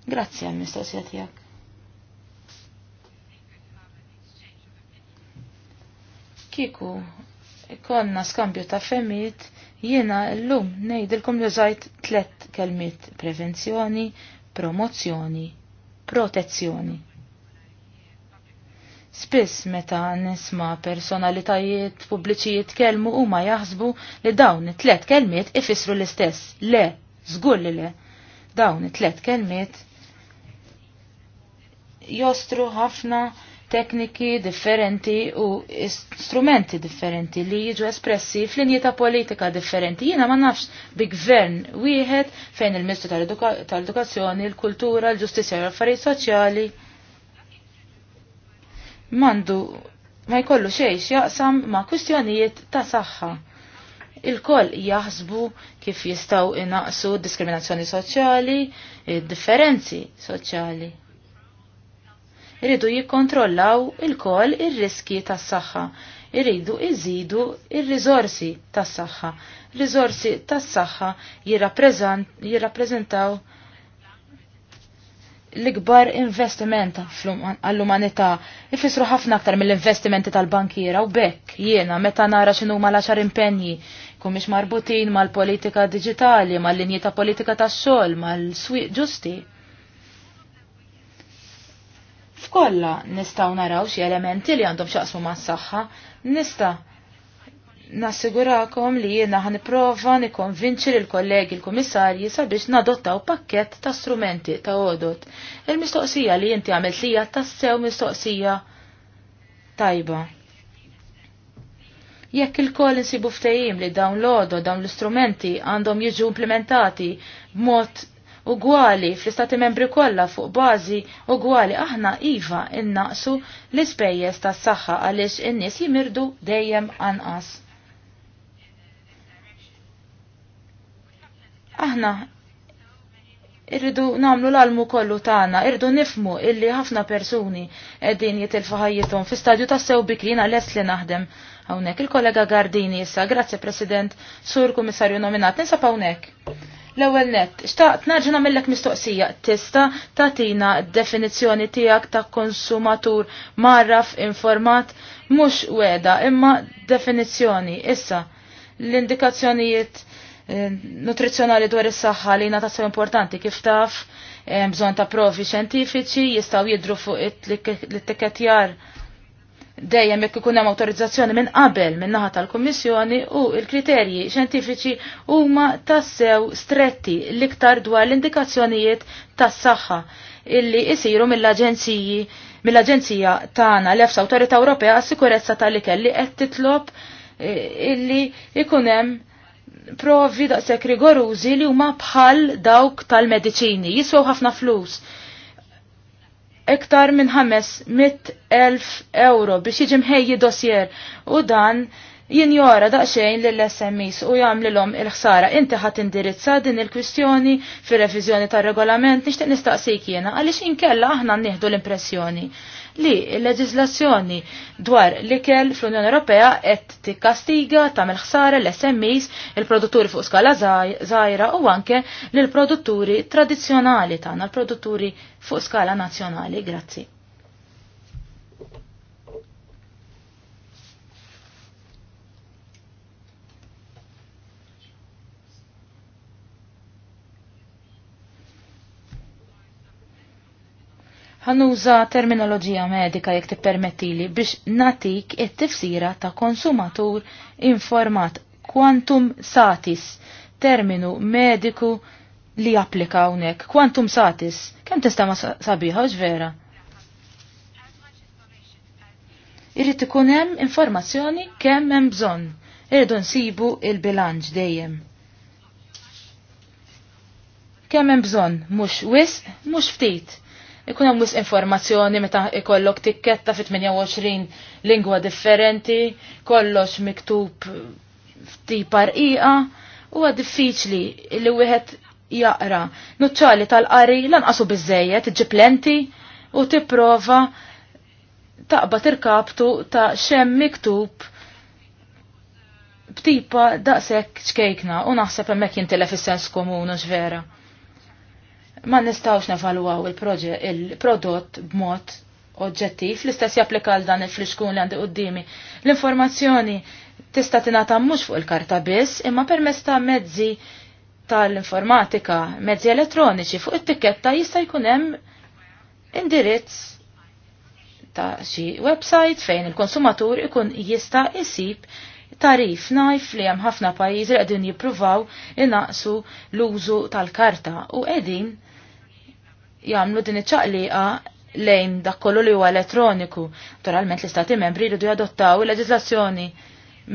Grazzi għal mistoqsija tiegħek. Kiku, ikonna skambju ta' femmit, jiena l-lum nejdilkom li użajt tlet kelmiet prevenzjoni, promozzjoni, protezzjoni. Spiss meta nisma personalitajiet pubbliċi jitkellmu huma jaħsbu li dawn it-tlet kelmiet ifissru l-istess. Le, żgur li le. Dawn it-tlet kelmiet jostru ħafna tekniki differenti u strumenti differenti li jiġu espressi f'linji ta' politika differenti. Jiena ma nafx bi gvern wieħed fejn il-Ministru tal-Edukazzjoni, il-Kultura, l-Ġustizzja u l-Affarijiet Soċjali mandu ma jkollu xejx jaqsam ma' kwistjonijiet ta' saħħa. Il-koll jaħsbu kif jistaw inaqsu diskriminazzjoni soċjali, differenzi soċjali. Iridu jikkontrollaw il-koll ir-riski il koll ir riski ta' tas saħħa irridu iżidu ir-riżorsi tas-saħħa. Riżorsi tas saħħa Rizorsi tas saħħa jirrappreżentaw l-ikbar investiment għall-umanità jifisru ħafna aktar mill-investimenti tal-bankiera u bekk jiena meta nara xinu ma l-għaxar impenji kumiex marbutin mal-politika digitali, mal-linji ta' politika tax-xogħol, mal-swieq ġusti. F'kolla nistgħu naraw xi elementi li għandhom x'aqsmu mas-saħħa, nista' nassigurakom li jiena ħan prova nikonvinċi l kollegi l-komissarji sabiex nadottaw pakket ta' strumenti ta' odot. Il-mistoqsija li jinti għamil ta' tassew mistoqsija tajba. Jekk il-koll insibu ftejim li dawn l-odo, dawn l-istrumenti għandhom jiġu implementati b'mod ugwali fl-istati membri kollha fuq bażi ugwali aħna iva innaqsu l-ispejjeż tas-saħħa għaliex in-nies jimirdu dejjem anqas. Aħna irridu namlu l-almu kollu tagħna, irridu nifmu illi ħafna persuni qegħdin jitilfu ħajjithom fi stadju ta' sew bikri lest li naħdem hawnhekk. Il-kollega Gardini issa, grazzi President, sur Kummissarju nominat, ninsab hawnhekk. L-ewwel nett, xtaqt nerġa' nagħmellek mistoqsija, tista' tagħtina d-definizzjoni tiegħek ta' konsumatur marraf informat mhux weda imma definizzjoni issa l-indikazzjonijiet Eh, nutrizzjonali dwar is-saħħa li jingħata sew importanti kif taf bżonn ta' provi xjentifiċi jistgħu jidru fuq it-tikketjar dejjem jekk ikun hemm awtorizzazzjoni minn qabel min naħa tal-Kummissjoni u l-kriterji xjentifiċi huma tassew stretti l-iktar dwar l-indikazzjonijiet tas-saħħa illi jsiru mill-aġenziji mill-Aġenzija tagħna l-EFSA Awtorità Ewropea għas-Sikurezza tal-Ikel li qed titlob eh, illi ikun hemm provi daqshekk rigorużi li huma bħal dawk tal-mediċini jiswew ħafna flus. Iktar minn ħames elf euro biex jiġi mħejji dossier u dan jinjora daqsxejn lill-SMIs u jagħmlilhom il-ħsara. Inti ħadd indirizza din il-kwistjoni fir-reviżjoni tar-regolament nixtieq nistaqsik jiena għaliex inkella aħna nieħdu l-impressjoni li l-leġislazzjoni dwar l-ikel fl-Unjoni Ewropea qed tikkastiga tagħmel ħsara l-SMEs, il-produtturi fuq skala żgħira u anke lill produtturi tradizzjonali tagħna, l-produtturi fuq skala nazzjonali. Grazzi. Ħannuża terminoloġija medika jekk tippermettili biex natik it-tifsira ta' konsumatur informat quantum satis, terminu mediku li applika hawnhekk. Quantum satis, kemm tista' ma sabiħa vera? Irrit ikun hemm informazzjoni kemm hemm bżonn. Irridu nsibu il-bilanċ dejjem kemm hemm bżonn mhux wisq, mhux ftit ikun hemm informazzjoni meta ikollok tikketta fit 28 lingwa differenti, kollox miktub f'tip arqija, huwa diffiċli li wieħed jaqra. Nuċċali tal-qari lanqasu biżejjed, plenti, u tipprova taqbad irkaptu ta' xem miktub b'tipa daqshekk ċkejkna u naħseb hemmhekk jintilef is-sens komun vera ma nistawx nevaluaw il-prodott il b'mod oġġettiv, l-istess japplika għal dan il-fliskun li għandi qoddimi. L-informazzjoni tista' tingħata mhux fuq il-karta biss, imma permezz ta' mezzi tal-informatika, mezzi elettroniċi fuq it-tikketta jista' jkun hemm indirizz ta' xi website fejn il-konsumatur ikun jista' jisib tarif najf li hemm ħafna pajjiżi qegħdin jippruvaw inaqsu l-użu tal-karta u qegħdin jagħmlu din iċ-ċaqliqa lejn dak kollu li huwa elettroniku. Naturalment l-istati membri jridu jadottaw il-leġislazzjoni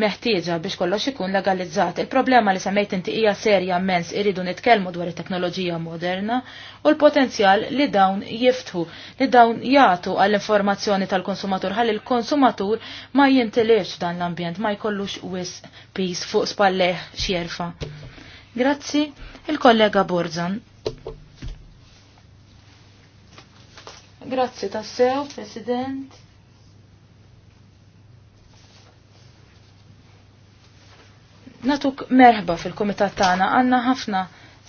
meħtieġa biex kollox ikun legalizzat. Il-problema li semmejt inti hija serja mens iridu nitkellmu dwar it-teknoloġija moderna u l-potenzjal li dawn jiftħu, li dawn jagħtu għall-informazzjoni tal-konsumatur ħalli l-konsumatur ma jintilex dan l-ambjent, ma jkollux wis peace fuq spalleħ xjerfa. Grazzi, il-kollega Borzan. Grazzi tassew, President. Natuk merħba fil-komitat tagħna għandna ħafna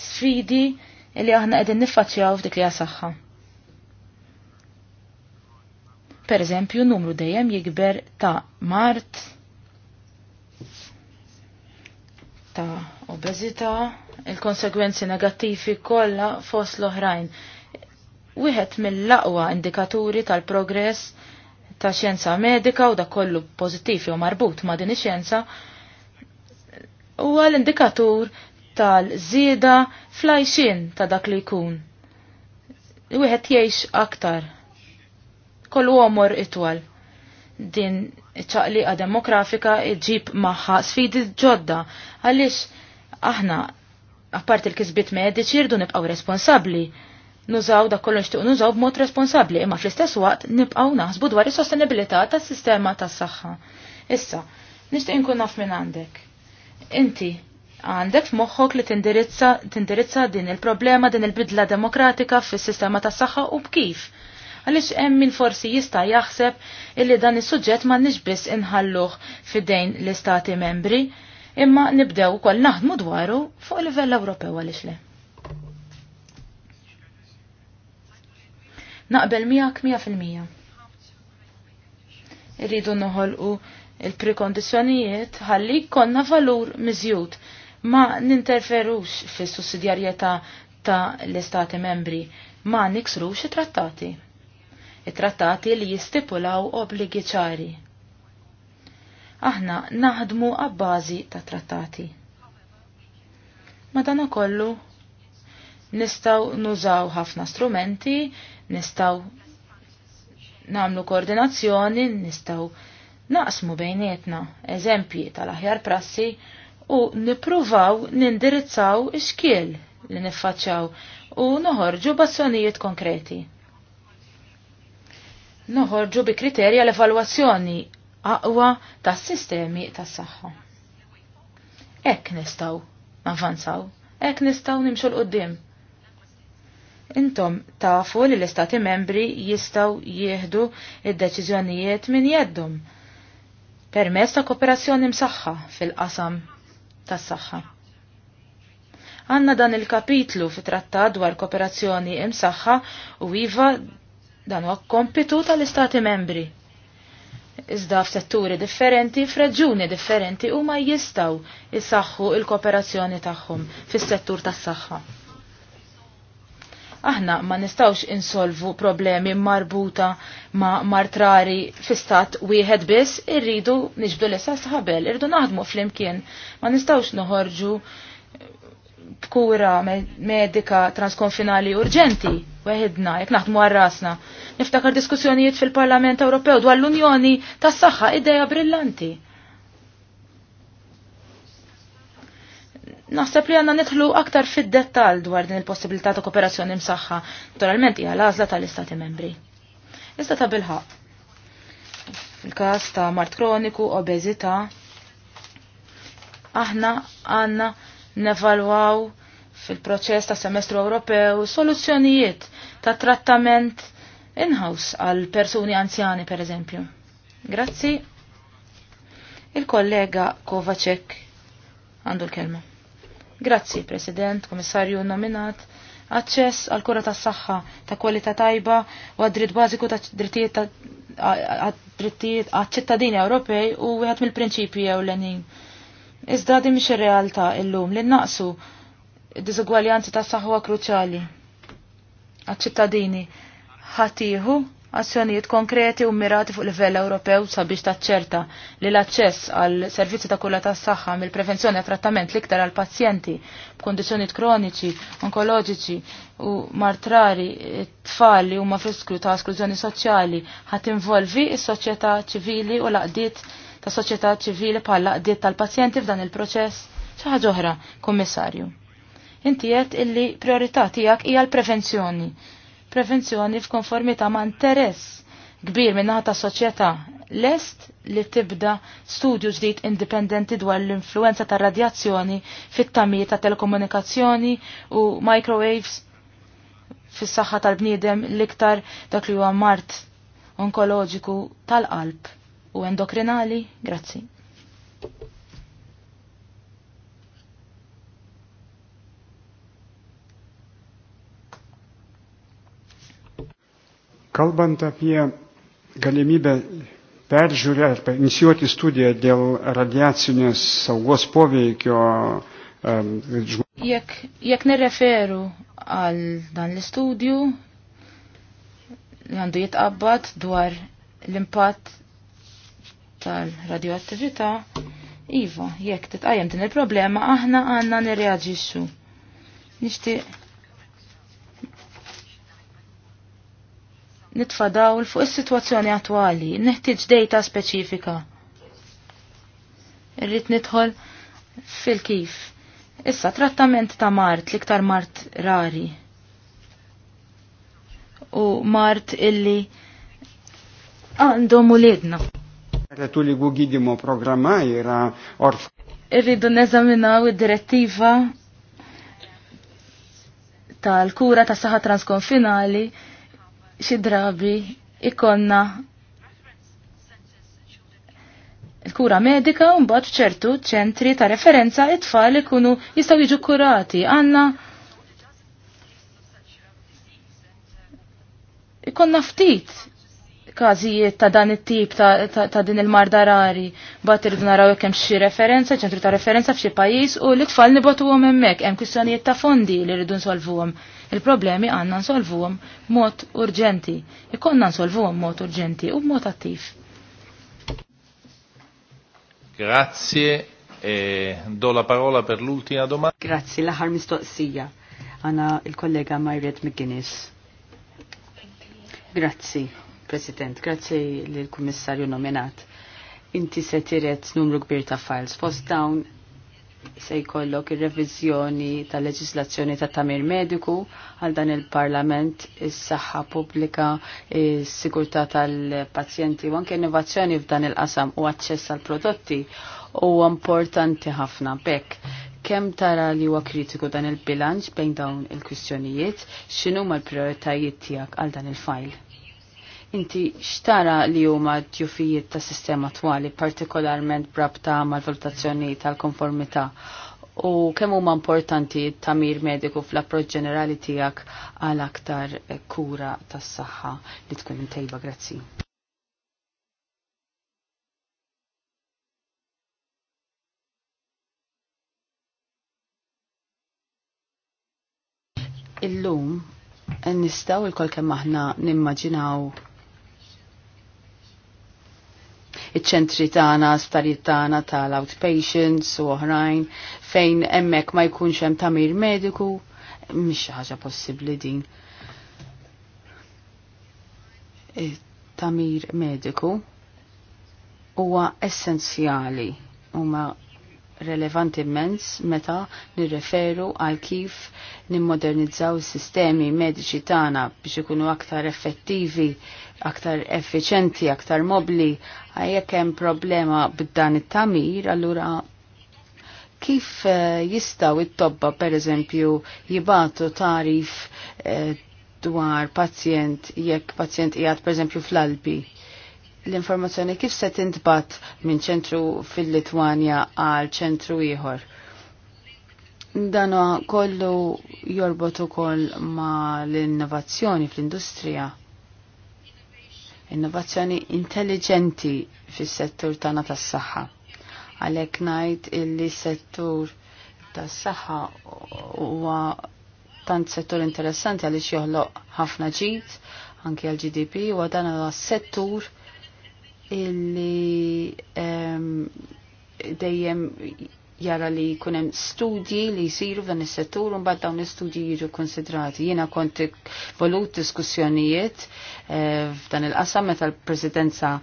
sfidi li aħna qegħdin niffaċċjaw f'dik li saħħa. Per eżempju, numru dejjem jikber ta' mart, ta' obeżità, il-konsegwenzi negattivi kollha fost l-oħrajn wieħed mill-aqwa indikaturi tal-progress ta' xjenza medika u da kollu pożittiv jew marbut ma' din ix-xjenza huwa l-indikatur tal-żieda flajxin ta' dak li jkun. Wieħed jgħix aktar. Kollu omor itwal. Din iċċaqliqa demografika iġġib magħha sfidi ġodda għaliex aħna apart il-kisbit mediċi rdu nibqgħu responsabbli nużaw da kollu nixtieq nużaw b'mod responsabbli imma fl-istess waqt nibqgħu naħsbu dwar is-sostenibilità tas-sistema tas-saħħa. Issa, nixtieq inkun naf minn għandek. Inti għandek f'moħħok li tindirizza tindirizza din il-problema din il-bidla demokratika fis-sistema tas-saħħa u bkif. Għaliex hemm min forsi jista' jaħseb illi dan is-suġġett m'għandniex biss inħalluh fidejn l-istati membri, imma nibdew ukoll naħdmu dwaru fuq livell Ewropew għaliex le. Naqbel miegħek mija fil-mija. Irridu noħolqu il prekondizjonijiet ħalli konna valur miżjud ma ninterferux fis sussidjarjetà ta' l-Istati membri ma niksrux it-trattati. It-trattati li jistipulaw obligi ċari. Aħna naħdmu għabbażi ta' trattati. Madana kollu, nistaw nużaw ħafna strumenti, nistaw namlu koordinazzjoni, nistaw naqsmu bejnietna eżempji tal-aħjar prassi u nipruvaw nindirizzaw iskiel li niffaċċaw u noħorġu bazzjonijiet konkreti. Noħorġu bi kriterja l-evalwazzjoni aqwa tas sistemi tas saħħa Ek nistaw, avanzaw, ek nistaw nimxu l-qoddim. Intom tafu li l-Istati membri jistaw jieħdu id-deċiżjonijiet minn jeddum permezz ta' kooperazzjoni msaħħa fil-qasam tas-saħħa. Għanna dan il-kapitlu fi trattat dwar kooperazzjoni msaħħa, u iva dan huwa kompitu tal-Istati membri. Iżda f'setturi differenti, f'reġuni differenti u ma jistaw jisaxħu il-kooperazzjoni tagħhom fis-settur tas-saħħa aħna ma nistawx insolvu problemi marbuta ma martrari fistat wieħed biss, irridu niġbdu l-essas ħabel, irridu naħdmu fl-imkien, ma nistawx noħorġu b'kura medika transkonfinali urġenti weħedna, jek naħdmu għarrasna. Niftakar diskussjonijiet fil-Parlament Ewropew dwar l-Unjoni tas-saħħa ideja brillanti. Naħseb li għanna nidħlu aktar fid-dettal dwar din il-possibilità ta' kooperazzjoni msaħħa, naturalment hija l-għażla tal-Istati membri. Iżda ta' bilħaq. Fil-każ ta' mart kroniku, obeżità, aħna għanna nevalwaw fil-proċess ta' semestru Ewropew soluzzjonijiet ta' trattament in-house għal persuni anzjani, per eżempju. Grazzi. Il-kollega Kovacek għandu l-kelma. Grazzi, President, Komissarju nominat, aċċess għal kura tas saħħa ta' kwalità tajba u għad-dritt bażiku ta' drittijiet għad-ċittadini Ewropej u wieħed mill-prinċipji l-enin. Iżda di mhix realta realtà llum li naqsu diżugwaljanzi ta' saħħa kruċjali għad-ċittadini ħatiħu azzjonijiet konkreti u mirati fuq livell Ewropew sabiex taċċerta li l-aċċess għal servizzi ta' kulla tas saħħa mill-prevenzjoni għat trattament liktar għal pazjenti b'kondizzjonijiet kroniċi, onkoloġiċi u martrari tfal li huma friskju ta' esklużjoni soċjali ħadd involvi is-soċjetà ċivili u laqdiet ta' soċjetà ċivili bħal laqdiet tal-pazjenti f'dan il-proċess xi ħaġa oħra, Kummissarju. Inti qed illi l-prijorità tiegħek hija l-prevenzjoni prevenzjoni f'konformità ma' interess kbir minnaħa ta' soċjetà lest li tibda studju ġdid indipendenti dwar l-influenza ta' radjazzjoni fit-tamir ta' telekomunikazzjoni u microwaves fis-saħħa tal-bniedem l-iktar dak li huwa mart onkoloġiku tal-qalb u endokrinali. Grazzi. Kalbant apie galimybę peržiūrė arba inicijuoti studiją dėl radiacinės saugos poveikio um, žmonėms. Jek, jek nereferu għal dan l-istudju li għandu jitqabbad dwar l-impatt tal-radioattività, Iva, jekk titqajjem din il-problema, aħna għanna nereagġisu. Nixtieq nitfadaw fuq is-sitwazzjoni attwali, neħtieġ data speċifika. Irrid nidħol fil-kif. Issa trattament ta' mart, l-iktar mart rari. U mart illi għandhom u orf. Irridu neżaminaw id-direttiva tal-kura ta' saħa transkonfinali xi drabi ikonna il-kura medika un mbagħad ċertu ċentri ta' referenza it-tfal ikunu jistgħu jiġu kurati Għanna ikonna ftit kazijiet ta' dan it-tip ta', ta, ta din il-marda rari. Bat irridu naraw jekk hemm xi referenza, ċentru ta' referenza f'xi pajjiż u l-itfal nibotu hemmhekk hemm kwistjonijiet ta' fondi li rridu nsolvuhom. Il-problemi għanna nsolvuhom mod urġenti. Ikonna nsolvuhom mod urġenti u mod attiv. Grazie. E do la parola per l'ultima domanda. Grazie, l-aħħar mistoqsija. Għana il-kollega Marriott McGuinness. Grazzi, President. Grazzi l-Kummissarju nominat. Inti se tiret numru kbir ta' files. Post dawn se jkollok ir-reviżjoni tal-leġislazzjoni ta' tamir mediku għal dan il-Parlament, is-saħħa pubblika, is-sigurtà tal-pazjenti u anke innovazzjoni f'dan il-qasam u aċċess għal prodotti huwa importanti ħafna bekk. Kemm tara li huwa kritiku dan il-bilanċ bejn dawn il-kwistjonijiet, x'inhuma l-prijoritajiet tiegħek għal dan il-fajl? Inti xtara li huma tjufijiet ta' sistema twali, partikolarment brabta mal-valutazzjoni tal-konformità u kemm huma importanti tamir mediku fl-approċċ ġenerali tiegħek għal aktar kura tas-saħħa li tkun intejba grazzi. Illum nistaw il-kol kemm aħna nimmaġinaw iċ-ċentri tagħna, starijiet tagħna tal-outpatients u oħrajn fejn hemmhekk ma jkunx hemm tamir mediku, mhix ħaġa possibbli din. Tamir mediku huwa essenzjali huma relevant immens meta nirreferu għal kif nimmodernizzaw is-sistemi mediċi tagħna biex ikunu aktar effettivi, aktar effiċenti, aktar mobli. Għajek hemm problema b'dan it-tamir, allura kif eh, jistaw it-tobba per eżempju jibatu tarif eh, dwar pazjent jekk pazjent jgħat per eżempju fl-albi? l-informazzjoni kif se tintbat minn ċentru fil-Litwanja għal ċentru ieħor. Dan kollu jorbot ukoll ma l-innovazzjoni fl-industrija. Innovazzjoni intelligenti fis-settur tagħna tas-saħħa. Għalhekk ngħid illi settur tas-saħħa huwa tant settur interessanti għaliex joħloq ħafna ġid anke għal GDP u dan huwa settur illi ehm, dejjem jara li kunem studji li jisiru f'dan is-settur un dawn l-istudji jiġu konsidrati. Jiena kont volut diskussjonijiet eh, f'dan il-qasam meta l-Presidenza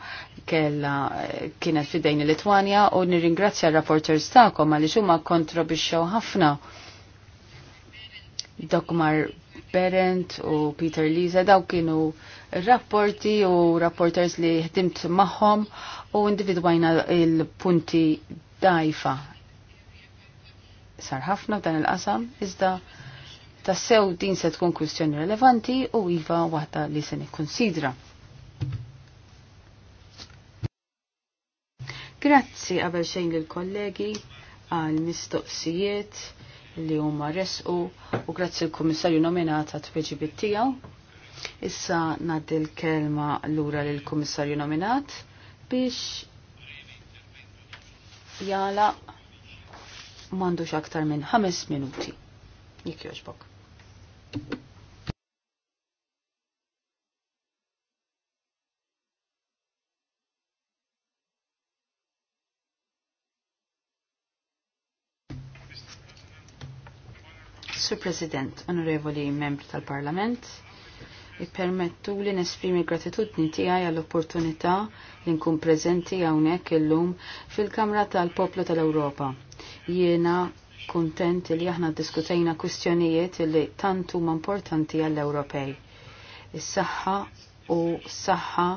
kella eh, kienet fidejn il-Litwanja u nirringrazzja r-rapporters tagħkom għaliex huma kontrobixxew ħafna Dokmar Berent u Peter Liza daw kienu rapporti u rapporters li ħdimt maħħom u individwajna il-punti dajfa. Sar ħafna f'dan il-qasam, iżda tassew din se tkun kwistjoni relevanti u iva waħda li se nikkonsidra. Grazzi qabel xejn lill-kollegi għal mistoqsijiet li huma resqu u grazzi l-Kummissarju nominata t pgb tiegħu Issa nad l-kelma l-ura l-Komissarju nominat biex jala mandux aktar minn 5 minuti. Jek joġbok. Sur President, onorevoli membri tal-Parlament, ippermettu li nesprimi gratitudni tiegħi għall-opportunità li nkun preżenti hawnhekk illum fil-Kamra tal-Poplu tal-Ewropa. Jiena kuntent li aħna diskutejna kwistjonijiet li tant huma importanti għall-Ewropej. Is-saħħa u saħħa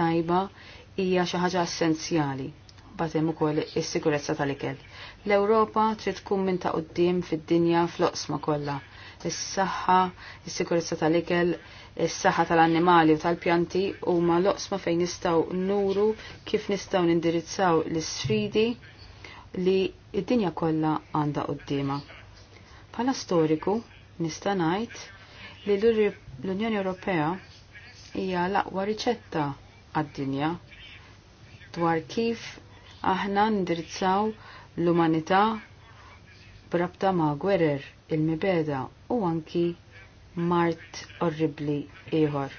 tajba hija xi ħaġa essenzjali. Batem ukoll is-sigurezza tal-ikel. L-Ewropa trid tkun minn ta' quddiem fid-dinja fl-oqsma kollha is-saħħa, is-sikurezza tal-ikel, is-saħħa tal-annimali u tal-pjanti huma loqsma fejn nistgħu nuru kif nistgħu nindirizzaw l sfidi li id-dinja kollha għandha qudiema. Bħala storiku nista' ngħid li l-Unjoni Ewropea hija l-aqwa riċetta għad-dinja dwar kif aħna ndirizzaw l-umanità brabta ma' gwerer il-mibeda u anki mart orribli ieħor.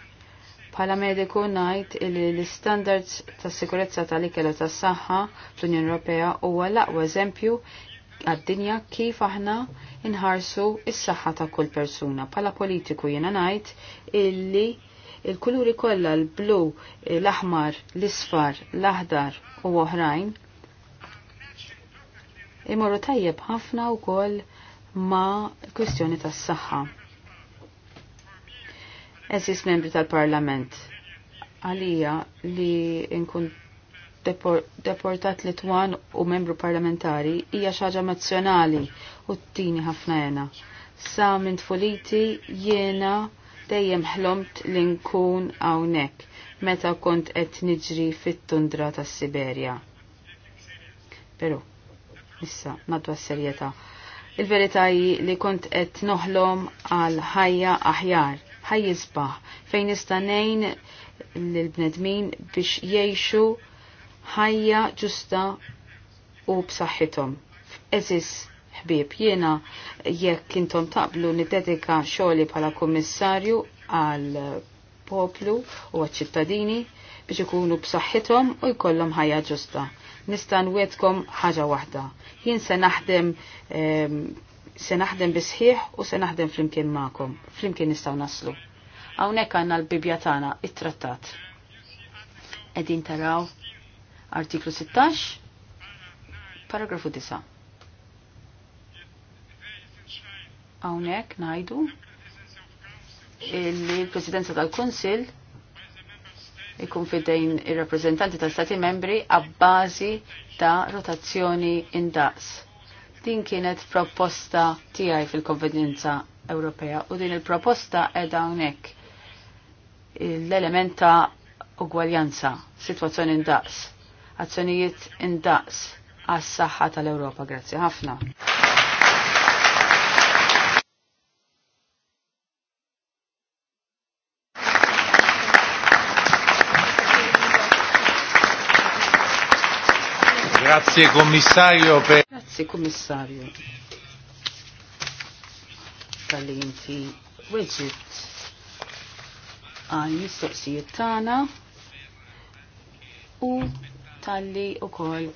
Pala mediku ngħid illi l-istandards tas sikurezza tal ikela ta' tas-saħħa fl-Unjoni Ewropea huwa l-aqwa eżempju għad-dinja kif aħna inħarsu is-saħħa ta' kull persuna. Pala politiku jiena ngħid illi il-kuluri kollha l-blu, l-aħmar, l-isfar, l-aħdar u oħrajn imorru tajjeb ħafna wkoll ma' kwistjoni tas saħħa Eżis membri tal-Parlament għalija li nkun deportat Litwan u membru parlamentari hija xaġa mazzjonali u t-tini ħafna jena. Sa minn tfuliti jena dejjem ħlomt li nkun hawnhekk meta kont qed niġri fit-tundra tas-Siberja. Però, issa, madwa s-serjetà il veritaji li kont qed noħlom għal ħajja aħjar, ħajjisbaħ, fejn nista' ngħin lill-bnedmin biex jgħixu ħajja ġusta u b'saħħithom. Eżis ħbieb jiena jekk intom taqblu niddedika xogħli bħala kummissarju għal poplu u għal ċittadini biex ikunu b'saħħithom u jkollhom ħajja ġusta nista' wetkom ħaġa waħda. Jien se naħdem se naħdem bisħiħ u se naħdem flimkien magħkom. Flimkien nistgħu naslu. Hawnhekk għandna l-Bibja tagħna, it-Trattat. Qegħdin taraw artiklu 16, paragrafu 9. Hawnhekk ngħidu li l-Presidenza tal-Kunsill ikun fidejn ir-rappreżentanti ta' stati membri għabbażi ta' rotazzjoni indaqs. Din kienet proposta tiegħi fil-konvenjenza Ewropea u din il-proposta edha hawnhekk l-element ta' ugwaljanza, situazzjoni indaqs, azzjonijiet indaqs għas-saħħa tal-Ewropa. Grazzi ħafna. Grazie Commissario per... Grazie Commissario. Talenti. weġit għal mistoqsijiet tagħna u talli wkoll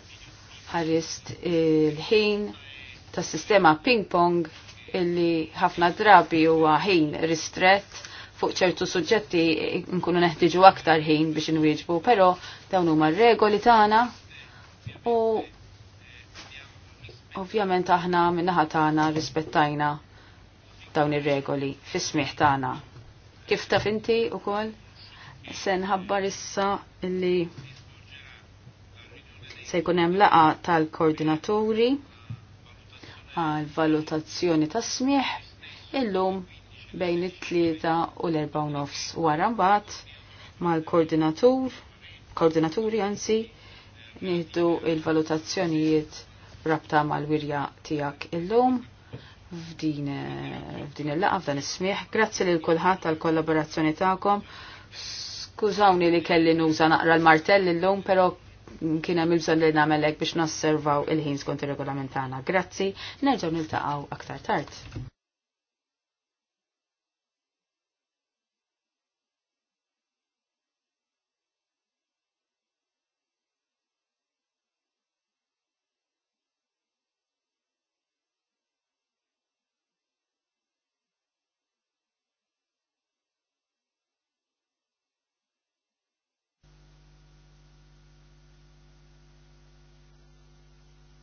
ħarist il-ħin tas sistema ping pong illi ħafna drabi huwa ħin ristret fuq ċertu suġġetti nkunu neħtiġu aktar ħin biex nwieġbu, però dawn huma r-regoli tagħna u Ovvjament aħna minnaħa tagħna rispettajna dawn ir-regoli fis-smieħ tagħna. Kif taf inti ukoll se nħabbar issa li se jkun hemm laqa tal-koordinaturi għal valutazzjoni ta' smieħ illum bejn it-tlieta u l-erba' nofs wara mbagħad mal-koordinatur koordinaturi anzi nieħdu il-valutazzjonijiet rabta mal-wirja tijak illum f'din il-laqa f'dan is-smieħ. Grazzi l kulħadd tal-kollaborazzjoni tagħkom. Skużawni li kelli nuża naqra l-martell illum, però kien hemm il li nagħmel biex nasservaw il-ħin skont ir-regolamentana. Grazzi, nerġgħu niltaqgħu aktar tard.